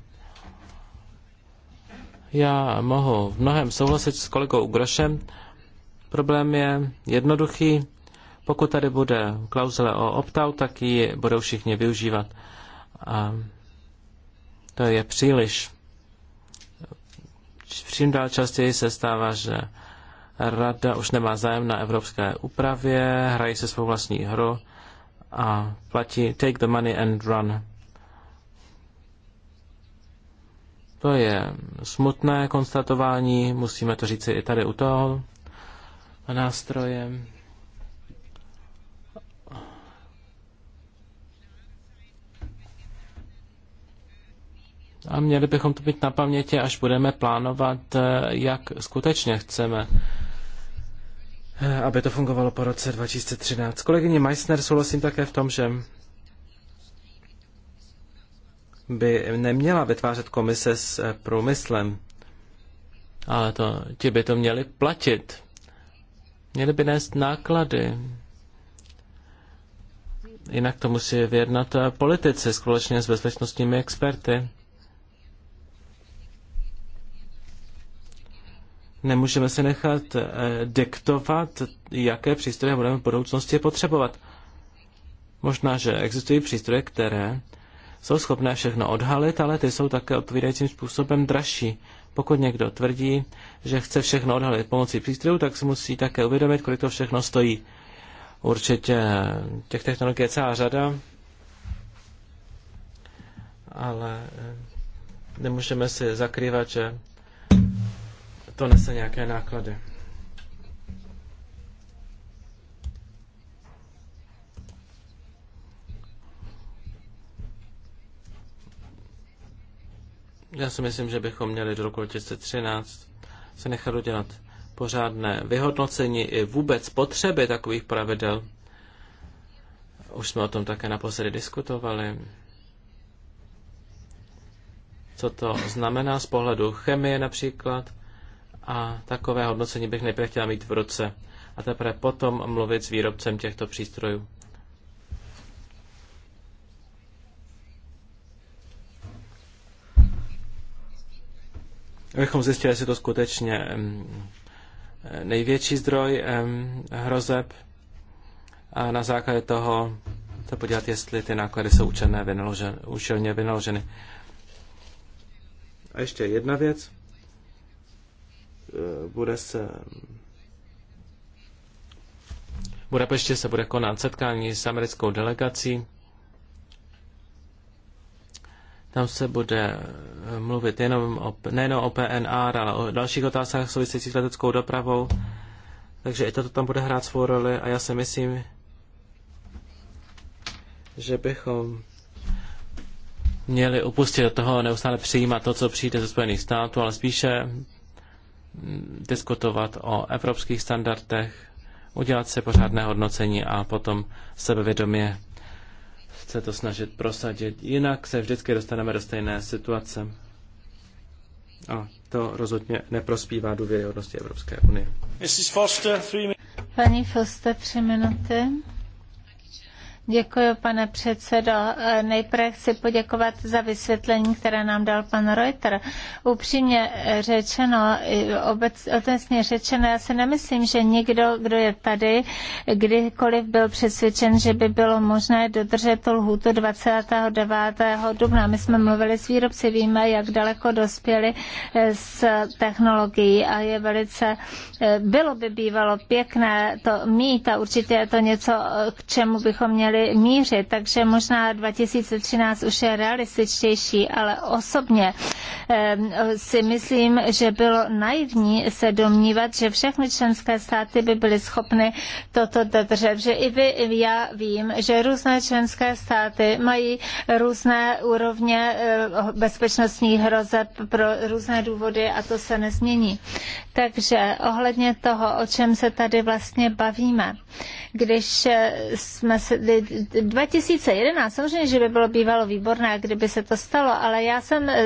Já mohu v mnohem souhlasit s kolegou Grošem. Problém je jednoduchý. Pokud tady bude klauzule o opt-out, tak ji budou všichni využívat. A to je příliš. Vším dál častěji se stává, že rada už nemá zájem na evropské úpravě, hrají se svou vlastní hru a platí take the money and run. To je smutné konstatování, musíme to říci i tady u toho nástroje. A měli bychom to mít na paměti, až budeme plánovat, eh, jak skutečně chceme, eh, aby to fungovalo po roce 2013. Kolegyně Meissner souhlasím také v tom, že by neměla vytvářet komise s eh, průmyslem, ale to, ti by to měli platit. Měli by nést náklady. Jinak to musí vyjednat politici společně s bezpečnostními experty. Nemůžeme se nechat eh, diktovat, jaké přístroje budeme v budoucnosti potřebovat. Možná, že existují přístroje, které jsou schopné všechno odhalit, ale ty jsou také odpovídajícím způsobem dražší. Pokud někdo tvrdí, že chce všechno odhalit pomocí přístrojů, tak si musí také uvědomit, kolik to všechno stojí. Určitě těch technologií je celá řada, ale eh, nemůžeme si zakrývat, že to nese nějaké náklady. Já si myslím, že bychom měli do roku 2013 se nechat udělat pořádné vyhodnocení i vůbec potřeby takových pravidel. Už jsme o tom také naposledy diskutovali. Co to znamená z pohledu chemie například? A takové hodnocení bych nejprve chtěla mít v ruce a teprve potom mluvit s výrobcem těchto přístrojů. Abychom zjistili, jestli to skutečně největší zdroj hrozeb a na základě toho se podívat, jestli ty náklady jsou účelně vynaloženy. A ještě jedna věc. Eh, bude se v peště se bude konat setkání s americkou delegací. Tam se bude eh, mluvit jenom o, nejen o PNR, ale o dalších otázkách souvisejících s leteckou dopravou. Takže i toto tam bude hrát svou roli a já si myslím, že bychom měli upustit od toho neustále přijímat to, co přijde ze Spojených států, ale spíše diskutovat o evropských standardech, udělat si pořádné hodnocení a potom sebevědomě se to snažit prosadit. Jinak se vždycky dostaneme do stejné situace. A to rozhodně neprospívá důvěryhodnosti Evropské unie. Paní Foster, tři minuty. Děkuji, pane předsedo. Nejprve chci poděkovat za vysvětlení, které nám dal pan Reuter. Upřímně řečeno, obecně řečeno, já si nemyslím, že nikdo, kdo je tady, kdykoliv byl přesvědčen, že by bylo možné dodržet tu lhůtu 29. dubna. My jsme mluvili s výrobci, víme, jak daleko dospěli eh, s technologií a je velice, eh, bylo by bývalo pěkné to mít a určitě je to něco, eh, k čemu bychom měli Míře, mířit, takže možná 2013 už je realističtější, ale osobně ehm, si myslím, že bylo naivní se domnívat, že všechny členské státy by byly schopny toto dodržet, že i vy, i já vím, že různé členské státy mají různé úrovně eh, bezpečnostních hrozeb pro různé důvody a to se nezmění. Takže ohledně toho, o čem se tady vlastně bavíme, když eh, jsme se, 2011, samozřejmě, že by bylo bývalo výborné, kdyby se to stalo, ale já jsem e,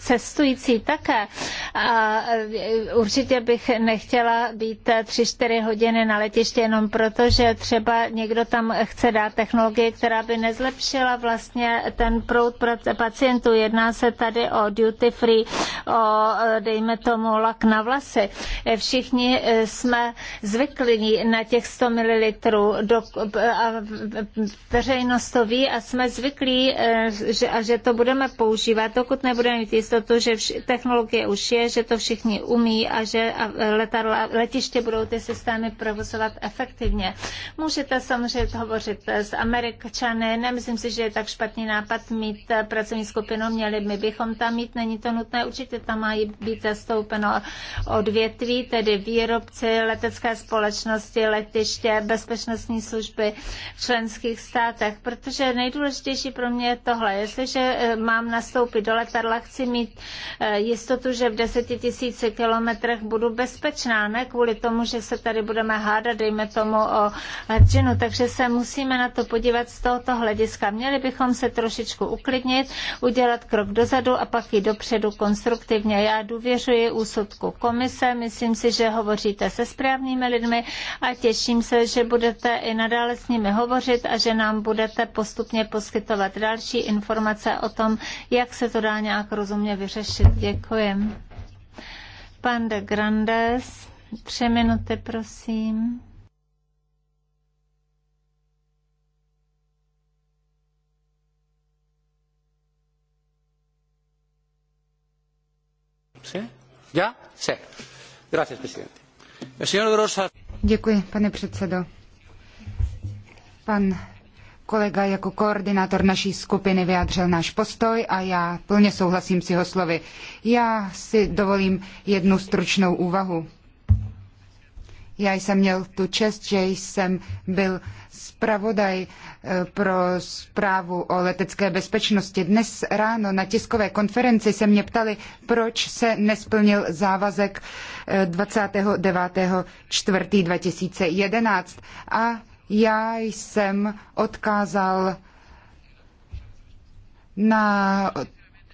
cestující také a e, určitě bych nechtěla být 3-4 hodiny na letiště jenom proto, že třeba někdo tam chce dát technologii, která by nezlepšila vlastně ten proud pro pacientů. Jedná se tady o duty free, o e, dejme tomu lak na vlasy. Všichni jsme zvyklí na těch 100 ml do, a veřejnost to ví a jsme zvyklí, eh, že, a že to budeme používat, dokud nebudeme mít jistotu, že vš- technologie už je, že to všichni umí a že letadla, letiště budou ty systémy provozovat efektivně. Můžete samozřejmě hovořit s Američany, nemyslím si, že je tak špatný nápad mít eh, pracovní skupinu, měli my bychom tam mít, není to nutné, určitě tam mají být zastoupeno odvětví, tedy výrobci, letecké společnosti, letiště, bezpečnostní služby, člen členských státech, protože nejdůležitější pro mě je tohle. Jestliže eh, mám nastoupit do letadla, chci mít eh, jistotu, že v deseti tisíci kilometrech budu bezpečná, ne kvůli tomu, že se tady budeme hádat, dejme tomu o hrdinu, takže se musíme na to podívat z tohoto hlediska. Měli bychom se trošičku uklidnit, udělat krok dozadu a pak i dopředu konstruktivně. Já důvěřuji úsudku komise, myslím si, že hovoříte se správnými lidmi a těším se, že budete i nadále s nimi hovořit podpořit a že nám budete postupně poskytovat další informace o tom, jak se to dá nějak rozumně vyřešit. Děkuji. Pan de Grandes, tři minuty, prosím. Děkuji, pane předsedo. Pan kolega jako koordinátor naší skupiny vyjádřil náš postoj a já plně souhlasím s jeho slovy. Já si dovolím jednu stručnou úvahu. Já jsem měl tu čest, že jsem byl zpravodaj eh, pro zprávu o letecké bezpečnosti. Dnes ráno na tiskové konferenci se mě ptali, proč se nesplnil závazek 29.4.2011 eh, a já jsem odkázal na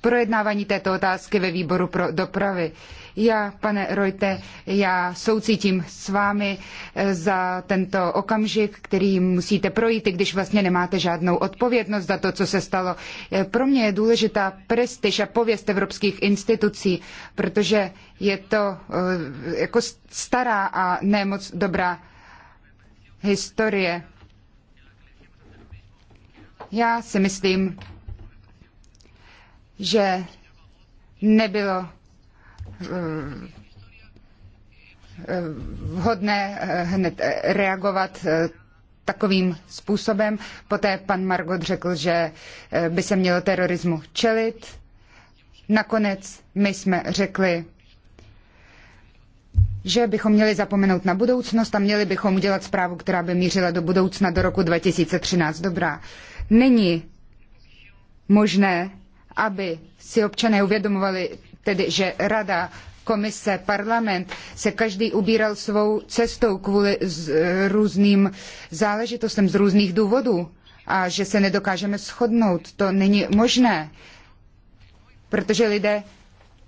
projednávání této otázky ve výboru pro dopravy. Já, pane Rojte, já soucítím s vámi eh, za tento okamžik, který musíte projít, i když vlastně nemáte žádnou odpovědnost za to, co se stalo. Eh, pro mě je důležitá prestiž a pověst evropských institucí, protože je to eh, jako stará a nemoc dobrá historie. Já si myslím, že nebylo eh, eh, vhodné eh, hned reagovat takovým způsobem. Poté pan Margot řekl, že by se mělo terorismu čelit. Nakonec my jsme řekli, že bychom měli zapomenout na budoucnost a měli bychom udělat zprávu, která by mířila do budoucna do roku 2013. Dobrá. Není možné, aby si občané uvědomovali, tedy, že rada, komise, parlament se každý ubíral svou cestou kvůli z e, různým záležitostem z různých důvodů a že se nedokážeme shodnout. To není možné, protože lidé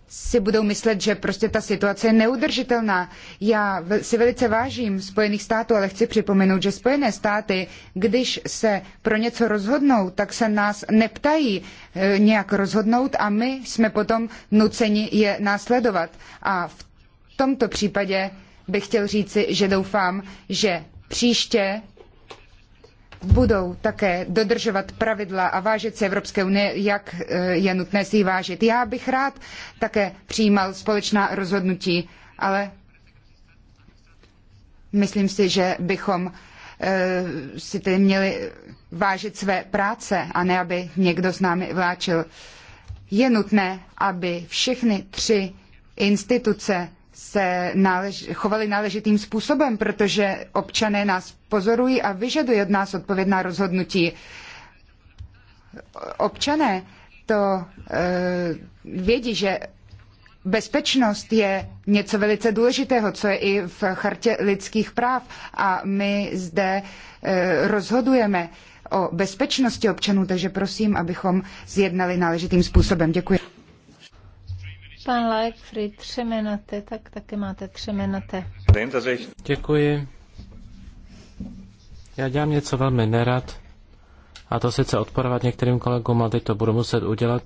si budou myslet, že prostě ta situace je neudržitelná. Já si velice vážím Spojených států, ale chci připomenout, že Spojené státy, když se pro něco rozhodnou, tak se nás neptají e, nějak rozhodnout a my jsme potom nuceni je následovat. A v tomto případě bych chtěl říci, že doufám, že příště budou také dodržovat pravidla a vážit se Evropské unie, jak eh, je nutné si ji vážit. Já bych rád také přijímal společná rozhodnutí, ale myslím si, že bychom eh, si tedy měli vážit své práce a ne, aby někdo s námi vláčil. Je nutné, aby všechny tři instituce se nálež, chovali náležitým způsobem, protože občané nás pozorují a vyžadují od nás odpovědná rozhodnutí. Občané to e, vědí, že bezpečnost je něco velice důležitého, co je i v chartě lidských práv a my zde e, rozhodujeme o bezpečnosti občanů, takže prosím, abychom zjednali náležitým způsobem. Děkuji. Pan Leichfried, tři minuty, tak taky máte tři minuty. Děkuji. Já dělám něco velmi nerad, a to sice odporovat některým kolegům, ale teď to budu muset udělat,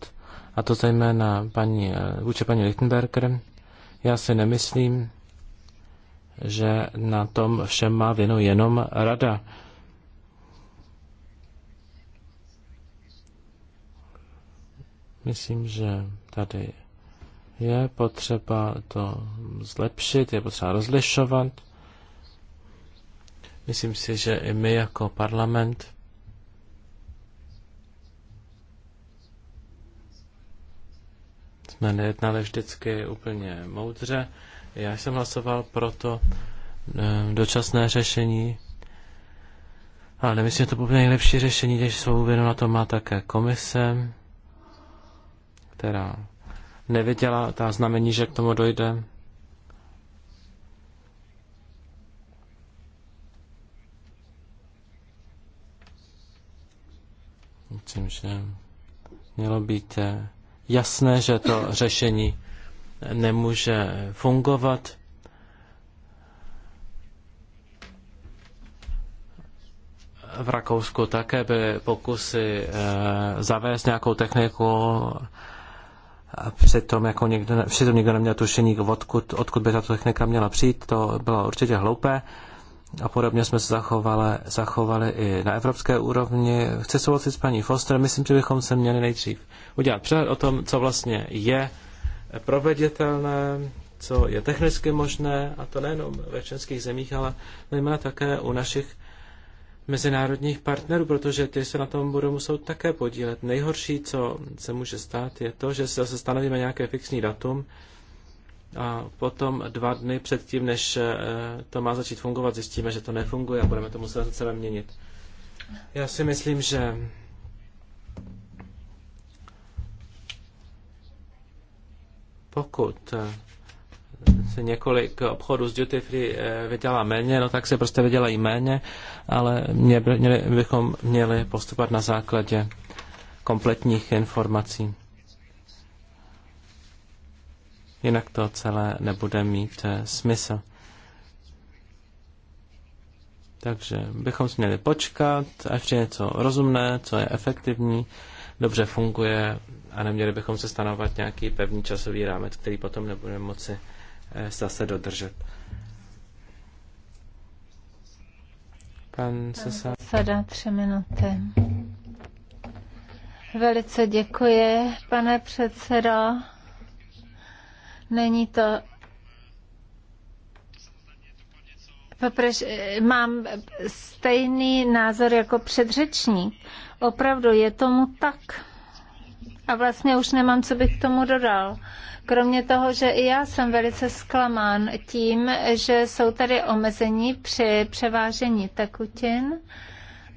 a to zejména paní, eh, vůči paní Lichtenberger. Já si nemyslím, že na tom všem má vinu jenom rada. Myslím, že tady je potřeba to zlepšit, je potřeba rozlišovat. Myslím si, že i my jako parlament jsme nejednali vždycky úplně moudře. Já jsem hlasoval pro to eh, dočasné řešení, ale nemyslím, že to bude nejlepší řešení, když svou věnu na to má také komise, která neviděla ta znamení, že k tomu dojde. Myslím, že mělo být eh, jasné, že to řešení nemůže fungovat. V Rakousku také by pokusy eh, zavést nějakou techniku a přitom, jako někdo, přitom někdo neměl tušení, odkud, odkud by tato technika měla přijít, to bylo určitě hloupé. A podobně jsme se zachovali, zachovali i na evropské úrovni. Chci souhlasit s paní Foster, myslím, že bychom se měli nejdřív udělat přehled o tom, co vlastně je proveditelné, co je technicky možné, a to nejenom ve členských zemích, ale nejméně také u našich mezinárodních partnerů, protože ty se na tom budou muset také podílet. Nejhorší, co se může stát, je to, že se stanovíme nějaké fixní datum a potom dva dny předtím, než eh, to má začít fungovat, zjistíme, že to nefunguje a budeme to muset celé měnit. Já si myslím, že pokud eh, se několik obchodů z duty free eh, vydělá méně, no tak se prostě vydělají méně, ale mě, měli, bychom měli postupovat na základě kompletních informací. Jinak to celé nebude mít eh, smysl. Takže bychom si měli počkat, až je něco rozumné, co je efektivní, dobře funguje a neměli bychom se stanovat nějaký pevný časový rámec, který potom nebudeme moci Eh, zase dodržet. Pan Sasada, tři minuty. Velice děkuji, pane předsedo. Není to Poprž, mám stejný názor jako předřečník. Opravdu je tomu tak. A vlastně už nemám, co bych k tomu dodal kromě toho, že i já jsem velice zklamán tím, že jsou tady omezení při převážení tekutin,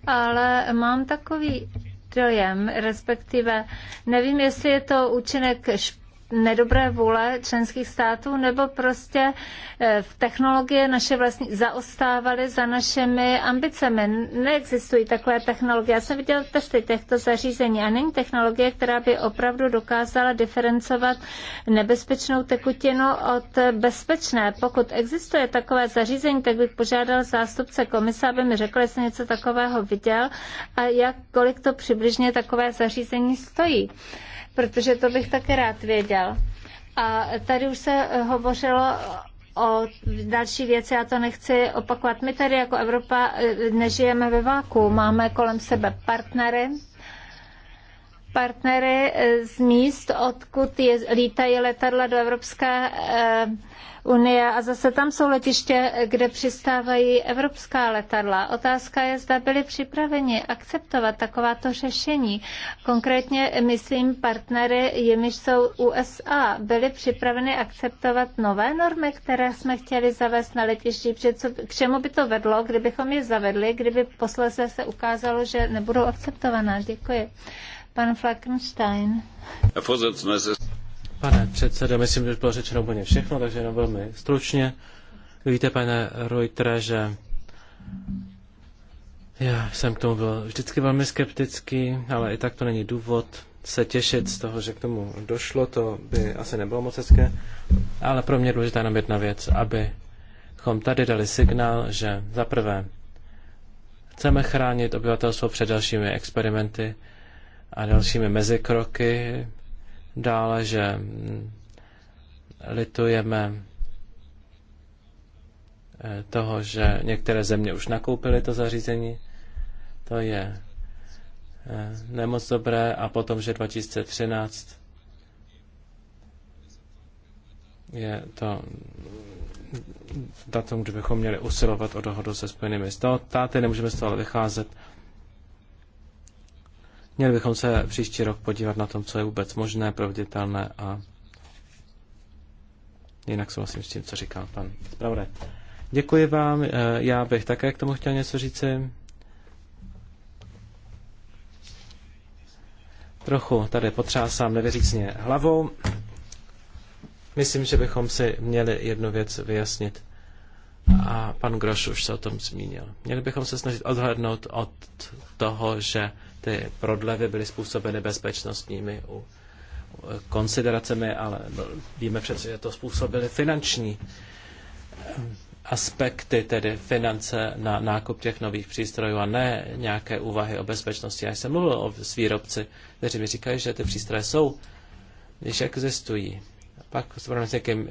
ale mám takový dojem, respektive nevím, jestli je to účinek špatný, nedobré vůle členských států, nebo prostě eh, v technologie naše vlastní zaostávaly za našimi ambicemi. Neexistují takové technologie. Já jsem viděl testy těchto zařízení a není technologie, která by opravdu dokázala diferencovat nebezpečnou tekutinu od bezpečné. Pokud existuje takové zařízení, tak bych požádal zástupce komise, aby mi řekl, jestli něco takového viděl a jak, kolik to přibližně takové zařízení stojí protože to bych také rád věděl. A tady už se hovořilo o další věci, já to nechci opakovat. My tady jako Evropa eh, nežijeme ve váku, máme kolem sebe partnery, partnery eh, z míst, odkud je, lítají letadla do Evropské eh, unie a zase tam jsou letiště, kde přistávají evropská letadla. Otázka je, zda byli připraveni akceptovat takováto řešení. Konkrétně myslím partnery, jimiž jsou USA, byli připraveni akceptovat nové normy, které jsme chtěli zavést na letišti. Co, k čemu by to vedlo, kdybychom je zavedli, kdyby posledně se ukázalo, že nebudou akceptovaná. Děkuji. Pan Fleckenstein. Pane předsedo, myslím, že bylo řečeno úplně všechno, takže jenom velmi stručně. Víte, pane Reutere, že já jsem k tomu byl vždycky velmi skeptický, ale i tak to není důvod se těšit z toho, že k tomu došlo, to by asi nebylo moc hezké, ale pro mě je důležitá jenom jedna věc, abychom tady dali signál, že za prvé chceme chránit obyvatelstvo před dalšími experimenty, a dalšími mezikroky. Dále, že litujeme eh, toho, že některé země už nakoupily to zařízení. To je eh, nemoc dobré a potom, že 2013 je to datum, kdybychom měli usilovat o dohodu se Spojenými státy. Nemůžeme z toho vycházet, Měli bychom se příští rok podívat na tom, co je vůbec možné, proveditelné a jinak souhlasím s tím, co říká pan zpravodaj. Děkuji vám, eh, já bych také k tomu chtěl něco říci. Trochu tady potřásám nevěřícně hlavou. Myslím, že bychom si měli jednu věc vyjasnit. A pan Groš už se o tom zmínil. Měli bychom se snažit odhlednout od toho, že ty prodlevy byly způsobeny bezpečnostními u konsideracemi, ale víme přece, že to způsobily finanční ehm, aspekty, tedy finance na nákup těch nových přístrojů a ne nějaké úvahy o bezpečnosti. Já jsem mluvil o, výrobci, kteří mi říkají, že ty přístroje jsou, když existují. Pak se s někým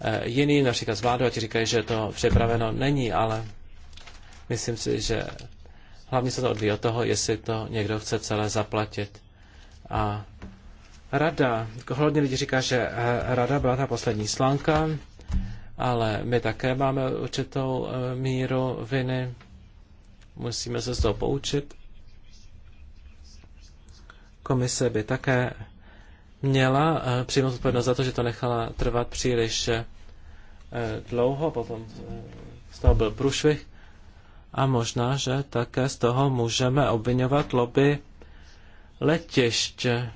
Eh, jiný, například z a ti říkají, že to připraveno není, ale myslím si, že hlavně se to odvíjí od toho, jestli to někdo chce celé zaplatit. A rada, jako hodně lidí říká, že eh, rada byla ta poslední slanka, ale my také máme určitou eh, míru viny. Musíme se z toho poučit. Komise by také měla eh, přijmout odpovědnost za to, že to nechala trvat příliš eh, dlouho, potom eh, z toho byl průšvih a možná, že také z toho můžeme obvinovat lobby letiště.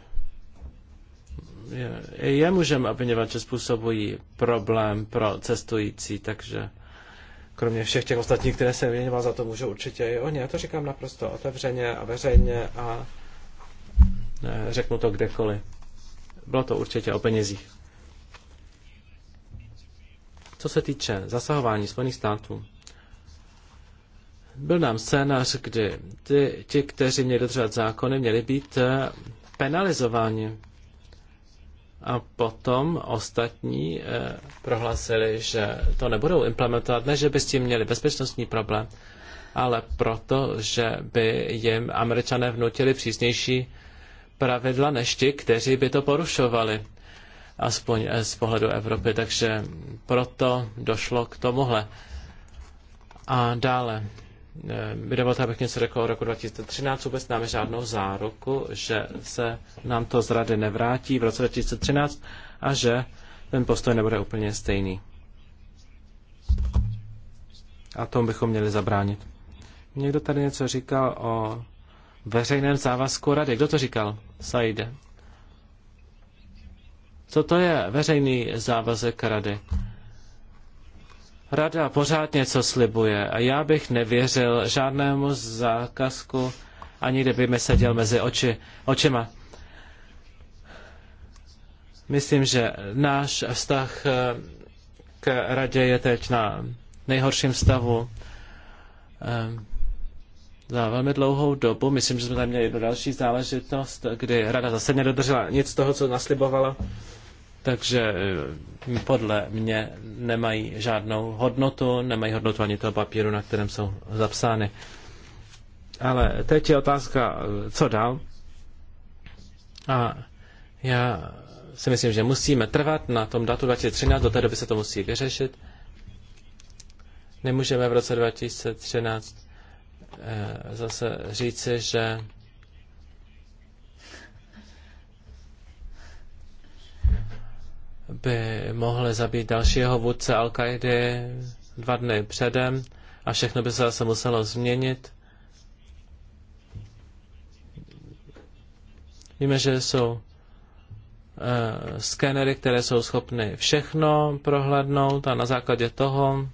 Je, je můžeme obvinovat, že způsobují problém pro cestující, takže kromě všech těch ostatních, které se věnoval, za to můžou určitě i oni. Já to říkám naprosto otevřeně a veřejně a řeknu to kdekoliv. Bylo to určitě o penězích. Co se týče zasahování Spojených států, byl nám scénář, kdy ty, ti, kteří měli dodržovat zákony, měli být eh, penalizováni. A potom ostatní eh, prohlásili, že to nebudou implementovat, ne, že by s tím měli bezpečnostní problém, ale proto, že by jim američané vnutili přísnější pravidla než ti, kteří by to porušovali, aspoň eh, z pohledu Evropy. Takže proto došlo k tomuhle. A dále. Eh, mi dovolte, abych něco řekl o roku 2013. Vůbec máme žádnou záruku, že se nám to z rady nevrátí v roce 2013 a že ten postoj nebude úplně stejný. A tomu bychom měli zabránit. Někdo tady něco říkal o veřejném závazku rady. Kdo to říkal? Saide. Co to je veřejný závazek rady? Rada pořád něco slibuje a já bych nevěřil žádnému zákazku, ani kdyby mi seděl mezi oči, očima. Myslím, že náš vztah eh, k radě je teď na nejhorším stavu. Eh, za velmi dlouhou dobu. Myslím, že jsme tam měli jednu další záležitost, kdy rada zase nedodržela nic z toho, co naslibovala. Takže eh, podle mě nemají žádnou hodnotu, nemají hodnotu ani toho papíru, na kterém jsou zapsány. Ale teď je otázka, eh, co dál. A já si myslím, že musíme trvat na tom datu 2013, do té doby se to musí vyřešit. Nemůžeme v roce 2013 Eh, zase říci, že by mohli zabít dalšího vůdce al kaidy dva dny předem a všechno by se zase muselo změnit. Víme, že jsou uh, skenery, které jsou schopny všechno prohlédnout a na základě toho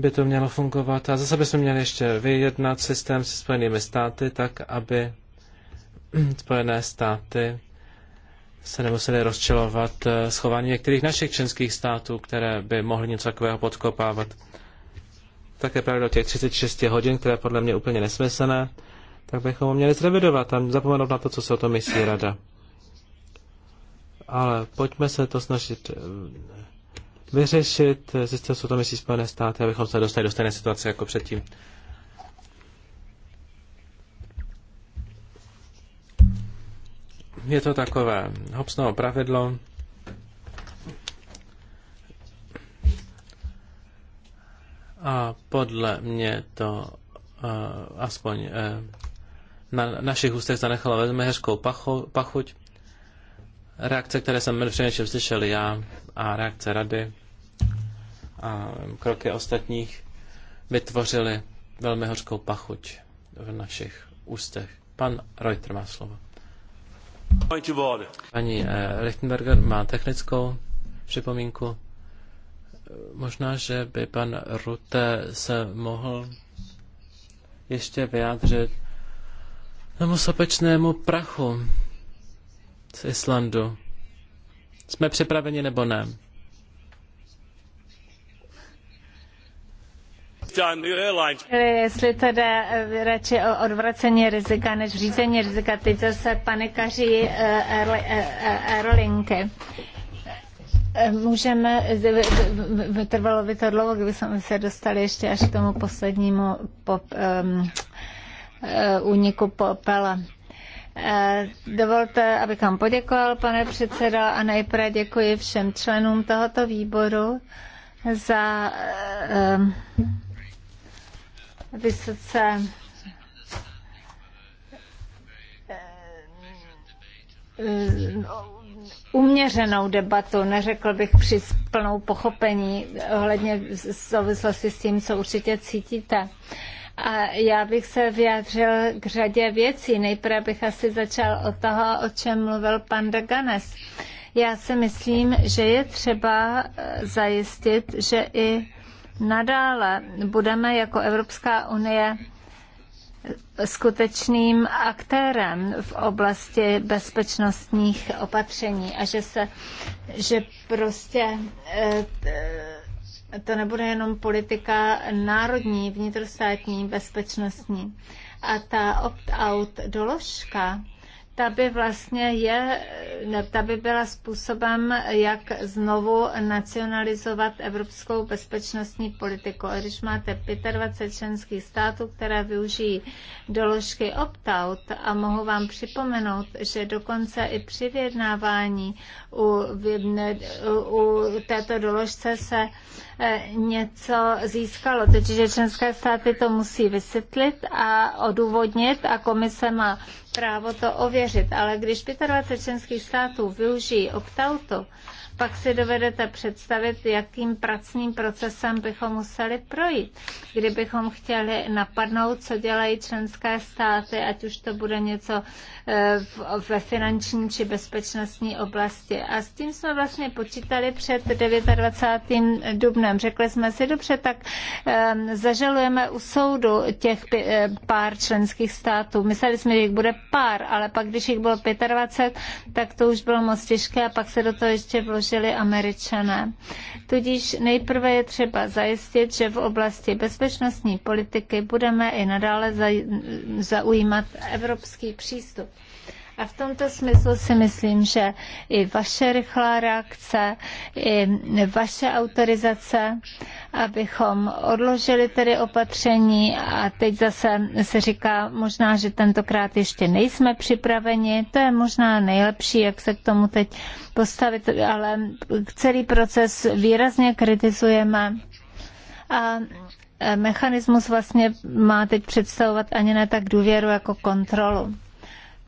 by to mělo fungovat. A zase bychom měli ještě vyjednat systém se Spojenými státy tak, aby Spojené státy se nemuseli rozčelovat eh, schování některých našich členských států, které by mohly něco takového podkopávat. Také pravda těch 36 hodin, které je podle mě úplně nesmyslné, tak bychom ho měli zrevidovat a zapomenout na to, co se o tom myslí rada. Ale pojďme se to snažit eh, vyřešit. Zjistil jsou to myslí Spojené státy, abychom se dostali do stejné situace jako předtím. Je to takové hopsnovo pravidlo. A podle mě to uh, aspoň uh, na našich ústech zanechalo velmi hezkou pachuť. Reakce, které jsem především slyšel já a reakce rady, a kroky ostatních vytvořily velmi hořkou pachuť v našich ústech. Pan Reuter má slovo. Paní eh, Lichtenberger má technickou připomínku. Možná, že by pan Rute se mohl ještě vyjádřit tomu sopečnému prachu z Islandu. Jsme připraveni nebo ne? Jestli teda eh, radši o odvracení rizika než řízení rizika, teď zase panikaří aerolinky. Můžeme, trvalo by to dlouho, kdybychom se dostali ještě až k tomu poslednímu úniku um, eh, úniku popela. Eh, dovolte, abych vám poděkoval, pane předsedo, a nejprve děkuji všem členům tohoto výboru za um, vysoce eh, uměřenou debatu, neřekl bych při plnou pochopení ohledně v souvislosti s tím, co určitě cítíte. A já bych se vyjádřil k řadě věcí. Nejprve bych asi začal od toho, o čem mluvil pan Daganes. Já si myslím, že je třeba eh, zajistit, že i nadále budeme jako Evropská unie skutečným aktérem v oblasti bezpečnostních opatření a že se, že prostě eh, to nebude jenom politika národní, vnitrostátní, bezpečnostní. A ta opt-out doložka ta by vlastně je, ne, ta by byla způsobem, jak znovu nacionalizovat evropskou bezpečnostní politiku. A když máte 25 členských států, které využijí doložky opt-out a mohu vám připomenout, že dokonce i při vyjednávání u, u této doložce se e, něco získalo. Takže členské státy to musí vysvětlit a odůvodnit a komise má právo to ověřit. Ale když 25 členských států využijí opt pak si dovedete představit, jakým pracním procesem bychom museli projít, kdybychom chtěli napadnout, co dělají členské státy, ať už to bude něco eh, ve finanční či bezpečnostní oblasti. A s tím jsme vlastně počítali před 29. dubnem. Řekli jsme si, dobře, tak ehm, zažalujeme u soudu těch eh, pár členských států. Mysleli jsme, že jich bude pár, ale pak, když jich bylo 25, tak to už bylo moc těžké a pak se do toho ještě vloží vyřešili američané. Tudíž nejprve je třeba zajistit, že v oblasti bezpečnostní politiky budeme i nadále zaujímat evropský přístup. A v tomto smyslu si myslím, že i vaše rychlá reakce, i vaše autorizace, abychom odložili tedy opatření a teď zase se říká možná, že tentokrát ještě nejsme připraveni, to je možná nejlepší, jak se k tomu teď postavit, ale celý proces výrazně kritizujeme. A e, mechanismus vlastně má teď představovat ani ne tak důvěru jako kontrolu.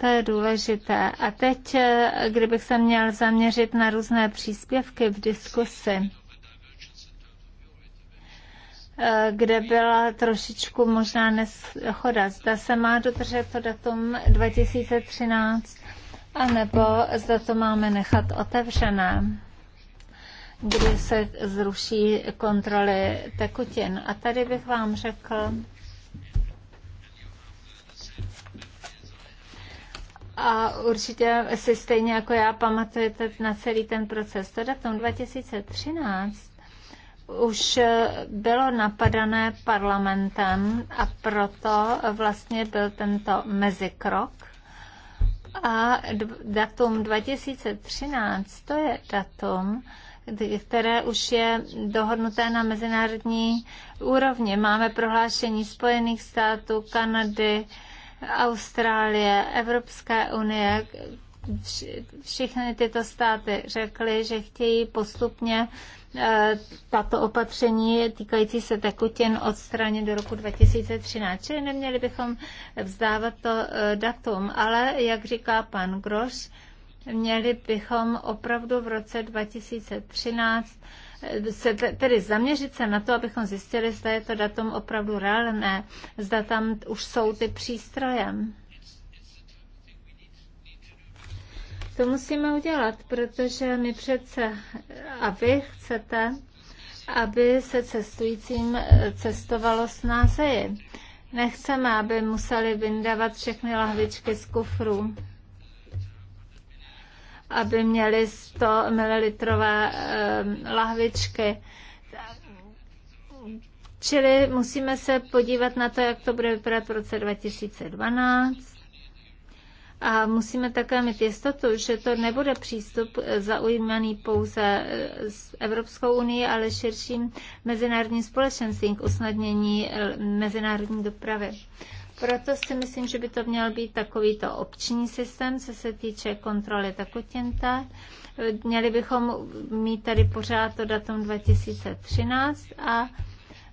To je důležité. A teď, eh, kdybych se měl zaměřit na různé příspěvky v diskusi, eh, kde byla trošičku možná neschoda. Zda se má dodržet to datum 2013, anebo zda to máme nechat otevřené, kdy se zruší kontroly tekutin. A tady bych vám řekl, a určitě si stejně jako já pamatujete na celý ten proces. To datum 2013 už bylo napadané parlamentem a proto vlastně byl tento mezikrok. A datum 2013 to je datum, které už je dohodnuté na mezinárodní úrovni. Máme prohlášení Spojených států, Kanady, Austrálie, Evropské unie, všechny tyto státy řekly, že chtějí postupně eh, tato opatření týkající se tekutin odstranit do roku 2013. Čili neměli bychom vzdávat to eh, datum, ale jak říká pan Groš, měli bychom opravdu v roce 2013 se tedy zaměřit se na to, abychom zjistili, zda je to datum opravdu reálné, zda tam už jsou ty přístroje. To musíme udělat, protože my přece a vy chcete, aby se cestujícím eh, cestovalo s názeji. Nechceme, aby museli vyndávat všechny lahvičky z kufru aby měli 100 ml lahvičky. Čili musíme se podívat na to, jak to bude vypadat v roce 2012. A musíme také mít jistotu, že to nebude přístup zaujímaný pouze eh, s Evropskou unii, ale širším mezinárodním společenstvím k usnadnění eh, mezinárodní dopravy. Proto si myslím, že by to měl být takovýto obční systém, co se týče kontroly takotěnta. Měli bychom mít tady pořád to datum 2013 a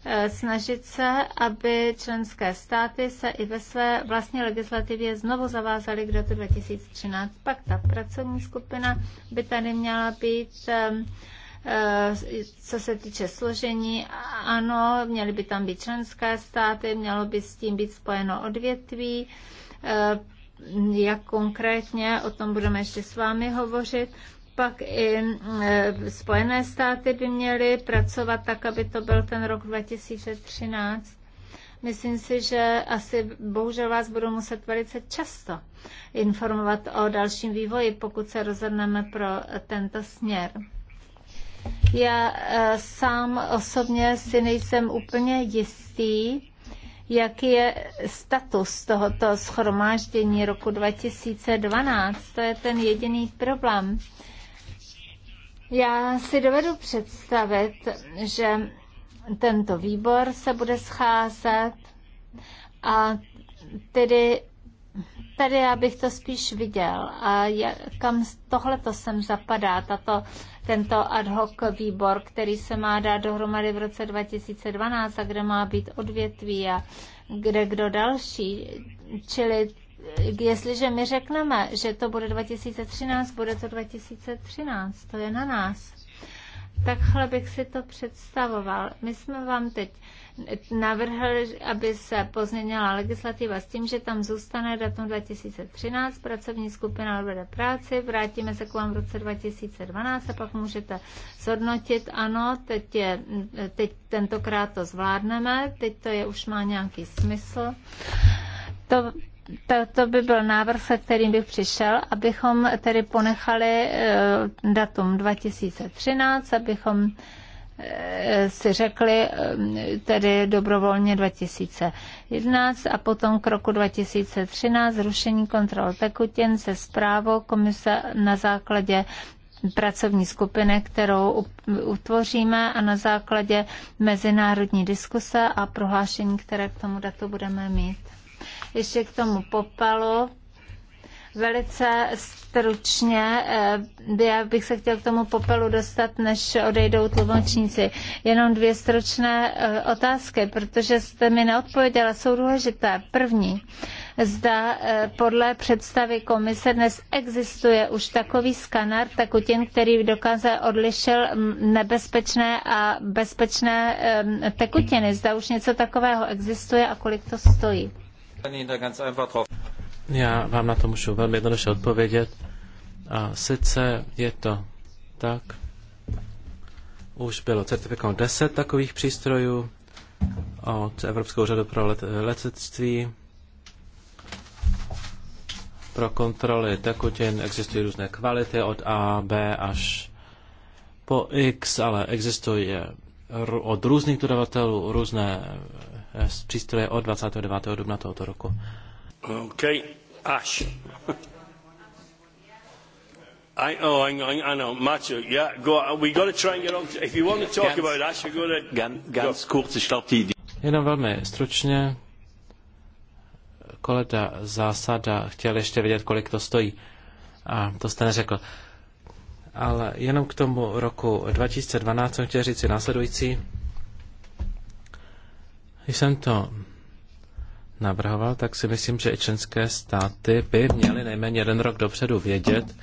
e, snažit se, aby členské státy se i ve své vlastní legislativě znovu zavázaly k datu 2013. Pak ta pracovní skupina by tady měla být e, Eh, co se týče složení, ano, měly by tam být členské státy, mělo by s tím být spojeno odvětví, eh, jak konkrétně, o tom budeme ještě s vámi hovořit. Pak i eh, Spojené státy by měly pracovat tak, aby to byl ten rok 2013. Myslím si, že asi bohužel vás budu muset velice často informovat o dalším vývoji, pokud se rozhodneme pro tento směr. Já eh, sám osobně si nejsem úplně jistý, jaký je status tohoto schromáždění roku 2012. To je ten jediný problém. Já si dovedu představit, že tento výbor se bude scházet a tedy Tady já bych to spíš viděl. A je, kam to sem zapadá, tato, tento ad hoc výbor, který se má dát dohromady v roce 2012 a kde má být odvětví a kde kdo další. Čili jestliže my řekneme, že to bude 2013, bude to 2013, to je na nás. Takhle bych si to představoval. My jsme vám teď navrhl, aby se pozměnila legislativa s tím, že tam zůstane datum 2013, pracovní skupina vede práci, vrátíme se k vám v roce 2012 a pak můžete zhodnotit, ano, teď, je, teď tentokrát to zvládneme, teď to je už má nějaký smysl. To, to, to by byl návrh, se kterým bych přišel, abychom tedy ponechali eh, datum 2013, abychom si řekli um, tedy dobrovolně 2011 a potom k roku 2013 zrušení kontrol tekutin se zprávou komise na základě pracovní skupiny, kterou utvoříme a na základě mezinárodní diskuse a prohlášení, které k tomu datu budeme mít. Ještě k tomu popalu Velice stručně eh, já bych se chtěl k tomu popelu dostat, než odejdou tlumočníci. Jenom dvě stručné eh, otázky, protože jste mi neodpověděla, jsou důležité. První, zda eh, podle představy komise dnes existuje už takový skanar tekutin, který dokáže odlišil mm, nebezpečné a bezpečné tekutiny. Zda už něco takového existuje a kolik to stojí. Já vám na to můžu velmi jednoduše odpovědět. A sice je to tak, už bylo certifikováno 10 takových přístrojů od Evropského úřadu pro let, letectví. Pro kontroly tekutin existují různé kvality od A, B až po X, ale existuje od různých dodavatelů různé eh, přístroje od 29. dubna tohoto roku. Okay. I, oh, I, I, know, yeah, go, we got to try and get on. If you want to talk about Ash, we're going to... go. kurz, ich glaube, die... Jenom velmi stručně. Koleda Zásada chtěl ještě vědět, kolik to stojí. A to jste neřekl. Ale jenom k tomu roku 2012 jsem chtěl říct si následující. Když jsem to navrhoval, tak si myslím, že i členské státy by měly nejméně jeden rok dopředu vědět,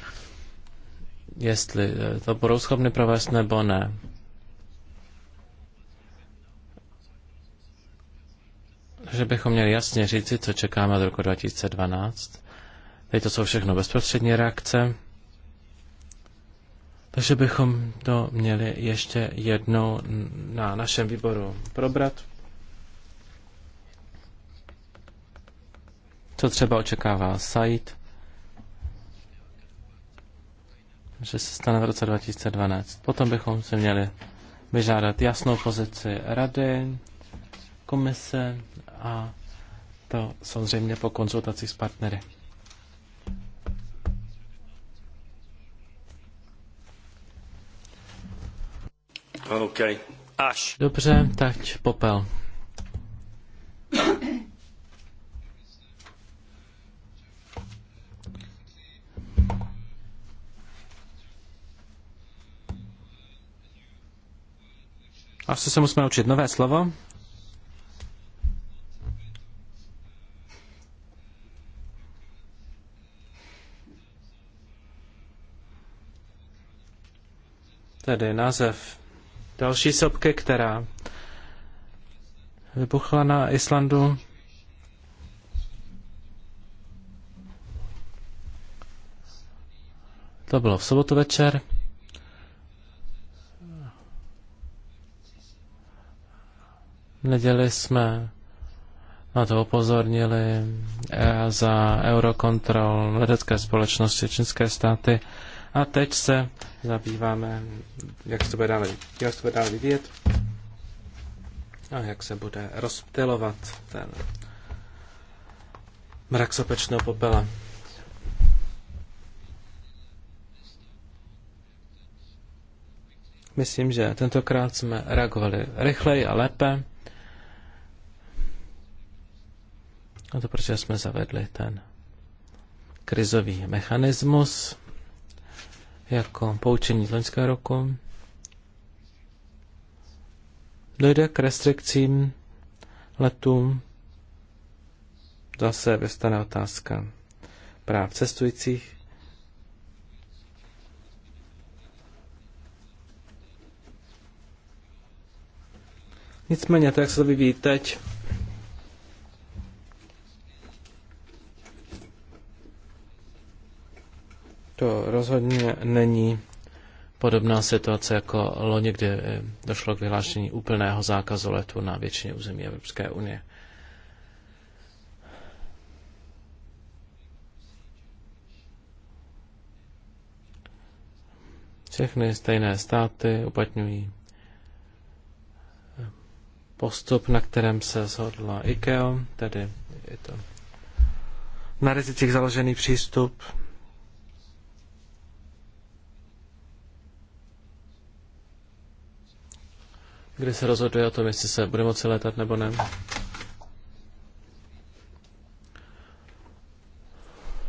jestli eh, to budou schopny provést nebo ne. Že bychom měli jasně říci, co čekáme od roku 2012. Teď to jsou všechno bezprostřední reakce. Takže bychom to měli ještě jednou na našem výboru probrat. co třeba očekává site, že se stane v roce 2012. Potom bychom se měli vyžádat jasnou pozici rady, komise a to samozřejmě po konzultacích s partnery. Okay, Až. Dobře, tak popel. A co se musíme učit? Nové slovo? Tedy název další sopky, která vybuchla na Islandu. To bylo v sobotu večer. neděli jsme na to upozornili eh, za Eurokontrol letecké společnosti čínské státy. A teď se zabýváme, jak se to bude dále, jak se to bude dále vidět a jak se bude rozptilovat ten mrak sopečného popela. Myslím, že tentokrát jsme reagovali rychleji a lépe. A to protože jsme zavedli ten krizový mechanismus jako poučení z loňského roku. Dojde k restrikcím letům. Zase vystane otázka práv cestujících. Nicméně, tak se to vyvíjí teď, To rozhodně není podobná situace jako loni, kdy eh, došlo k vyhlášení úplného zákazu letu na většině území Evropské unie. Všechny stejné státy uplatňují eh, postup, na kterém se shodla ICAO, tedy je to na rizicích založený přístup kdy se rozhoduje o tom, jestli se bude moci létat nebo ne.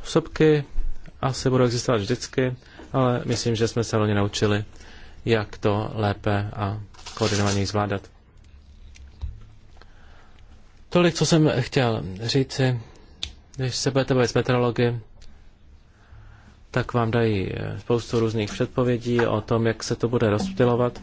Sopky asi budou existovat vždycky, ale myslím, že jsme se loni naučili, jak to lépe a koordinovaně zvládat. Tolik, co jsem chtěl říci. Když se budete bavit s meteorology, tak vám dají spoustu různých předpovědí o tom, jak se to bude rozptilovat.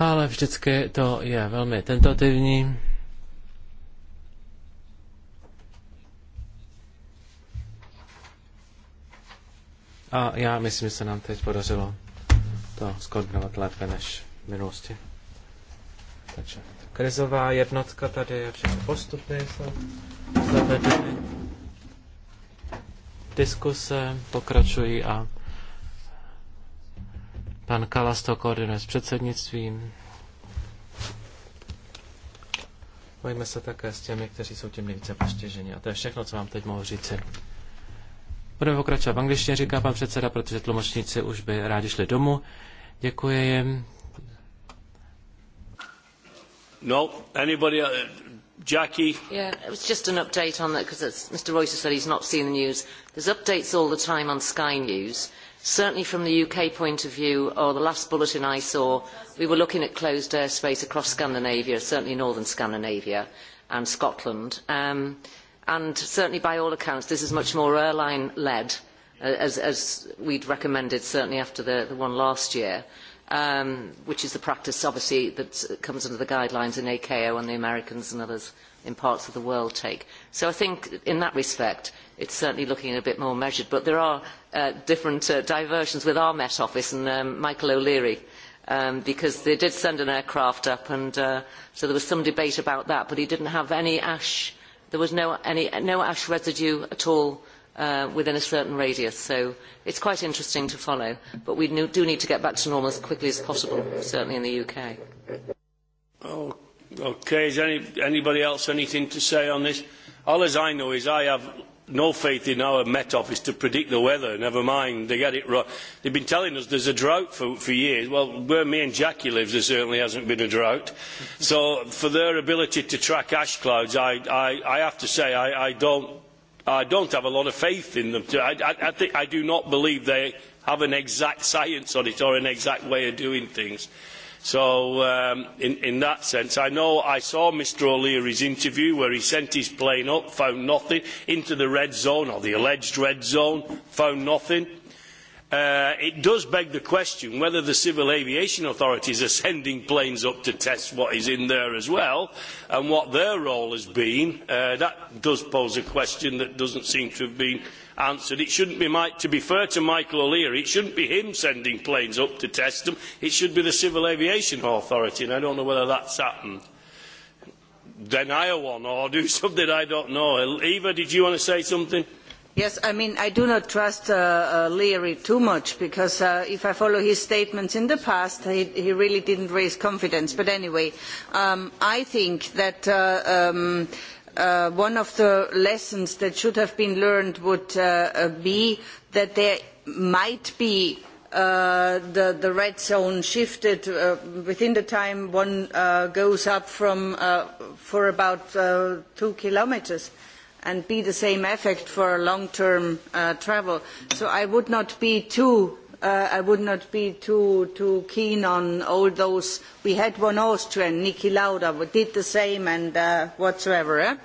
ale vždycky to je velmi tentativní. A já myslím, že se nám teď podařilo to skoordinovat lépe než v minulosti. Takže krizová jednotka tady, všechny postupy jsou zavedeny. Diskuse pokračují a Pan Kalas to koordinuje s předsednictvím. Bojíme se také s těmi, kteří jsou tím nejvíce postiženi. A to je všechno, co vám teď mohu říci. Budeme pokračovat v angličtině, říká pan předseda, protože tlumočníci už by rádi šli domů. Děkuji jim. No, anybody, uh, Jackie? Yeah, it was just an update on that, because Mr. Royce said he's not seen the news. There's updates all the time on Sky News certainly from the UK point of view, or the last bulletin I saw, we were looking at closed airspace across Scandinavia, certainly northern Scandinavia and Scotland. Um, and certainly by all accounts, this is much more airline-led, uh, as, as we'd recommended certainly after the, the one last year, um, which is the practice, obviously, that comes under the guidelines in ACAO and the Americans and others in parts of the world take. So I think in that respect, it's certainly looking a bit more measured. But there are uh, different uh, diversions with our Met Office and um, Michael O'Leary, um, because they did send an aircraft up, and uh, so there was some debate about that. But he didn't have any ash. There was no any no ash residue at all. Uh, within a certain radius, so it's quite interesting to follow. But we do need to get back to normal as quickly as possible, certainly in the UK. Oh, okay, is any, anybody else anything to say on this? All as I know is I have no faith in our Met Office to predict the weather. Never mind, they get it wrong. They've been telling us there's a drought for, for years. Well, where me and Jackie lives, there certainly hasn't been a drought. so for their ability to track ash clouds, I, I, I have to say I, I, don't, I don't have a lot of faith in them. I, I, I, think, I do not believe they have an exact science on it or an exact way of doing things. So um, in, in that sense, I know I saw Mr O'Leary's interview where he sent his plane up, found nothing, into the red zone or the alleged red zone, found nothing. Uh, it does beg the question whether the civil aviation authorities are sending planes up to test what is in there as well and what their role has been. Uh, that does pose a question that doesn't seem to have been answered. It shouldn't be Mike, to be fair to Michael O'Leary, it shouldn't be him sending planes up to test them. It should be the Civil Aviation Authority, and I don't know whether that's happened. Then hire one or do something I don't know. Eva, did you want to say something? Yes, I mean, I do not trust uh, uh, Leary too much because uh, if I follow his statements in the past, he, he really didn't raise confidence. But anyway, um, I think that. Uh, um, Uh, one of the lessons that should have been learned would uh, uh, be that there might be uh, the, the, red zone shifted uh, within the time one goes up from for about two kilometers and be the same effect for long-term travel. So I would not be too Uh, I would not be too, too keen on all those. We had one Austrian, Niki Lauda, who did the same and uh, whatsoever. Eh?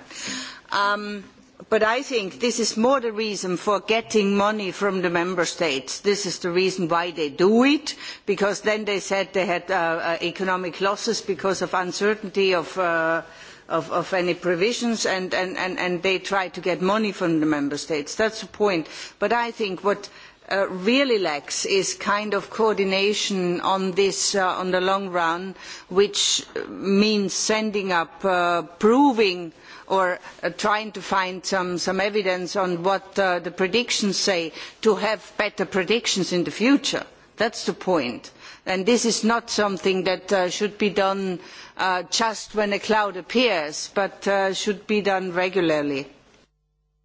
Um, but I think this is more the reason for getting money from the member states. This is the reason why they do it, because then they said they had uh, uh economic losses because of uncertainty of. Uh, Of, of, any provisions and, and, and, and, they try to get money from the member states. That's the point. But I think what Uh, really lacks is kind of coordination on this uh, on the long run, which means sending up, uh, proving or uh, trying to find some, some evidence on what uh, the predictions say to have better predictions in the future. That's the point. And this is not something that should be done just when a cloud appears, but should be done regularly.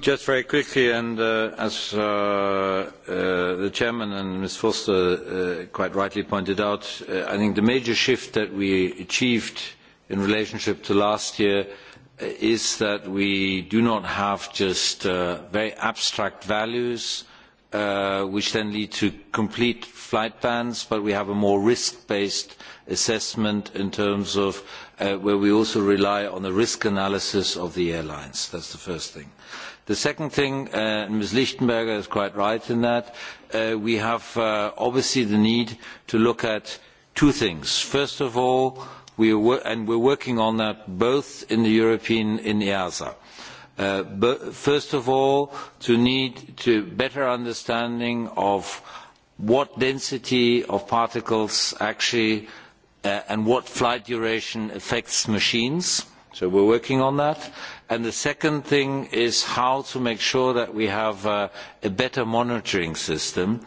Just very quickly, and uh, as uh, uh, the chairman and Ms. Foster uh, quite rightly pointed out, uh, I think the major shift that we achieved in relationship to last year is that we do not have just uh, very abstract values uh, which then lead to complete flight bans, but we have a more risk-based assessment in terms of uh, where we also rely on the risk analysis of the airlines. That's the first thing. The second thing, uh, Ms. Lichtenberger is quite right in that, uh, we have uh, obviously the need to look at two things. First of all, we are and we're working on that both in the European, in EASA. E first of all, to need to better understanding of what density of particles actually and what flight duration affects machines. So we're working on that. And the second thing is how to make sure that we have uh, a better monitoring system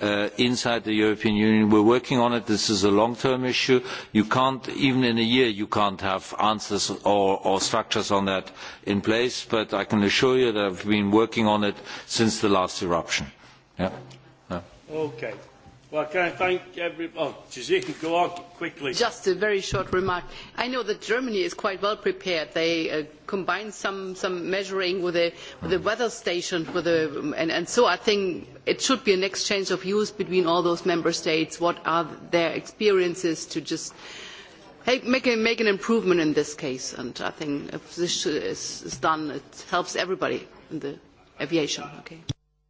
uh, inside the European Union. We're working on it. This is a long-term issue. You can't, even in a year, you can't have answers or, or structures on that in place. But I can assure you that I've been working on it since the last eruption. Yeah. Yeah. No? Okay. Well, can I thank every... Oh, go on quickly. Just a very short remark. I know that Germany is quite well prepared. They uh, combine some, some measuring with a, with a weather station, with a, and, and so I think it should be an exchange of views between all those member states. What are their experiences to just hey, make, a, make an improvement in this case? And I think if this is, is done, it helps everybody in the aviation. Okay.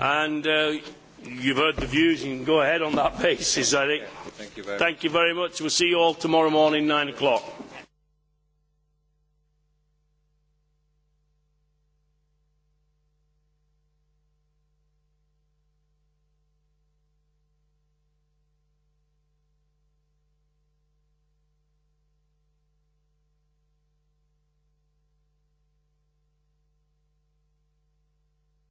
and you uh, you've heard the views. You can go ahead on that basis, I think. Thank you very, Thank you very much. We'll see you all tomorrow morning, nine o'clock.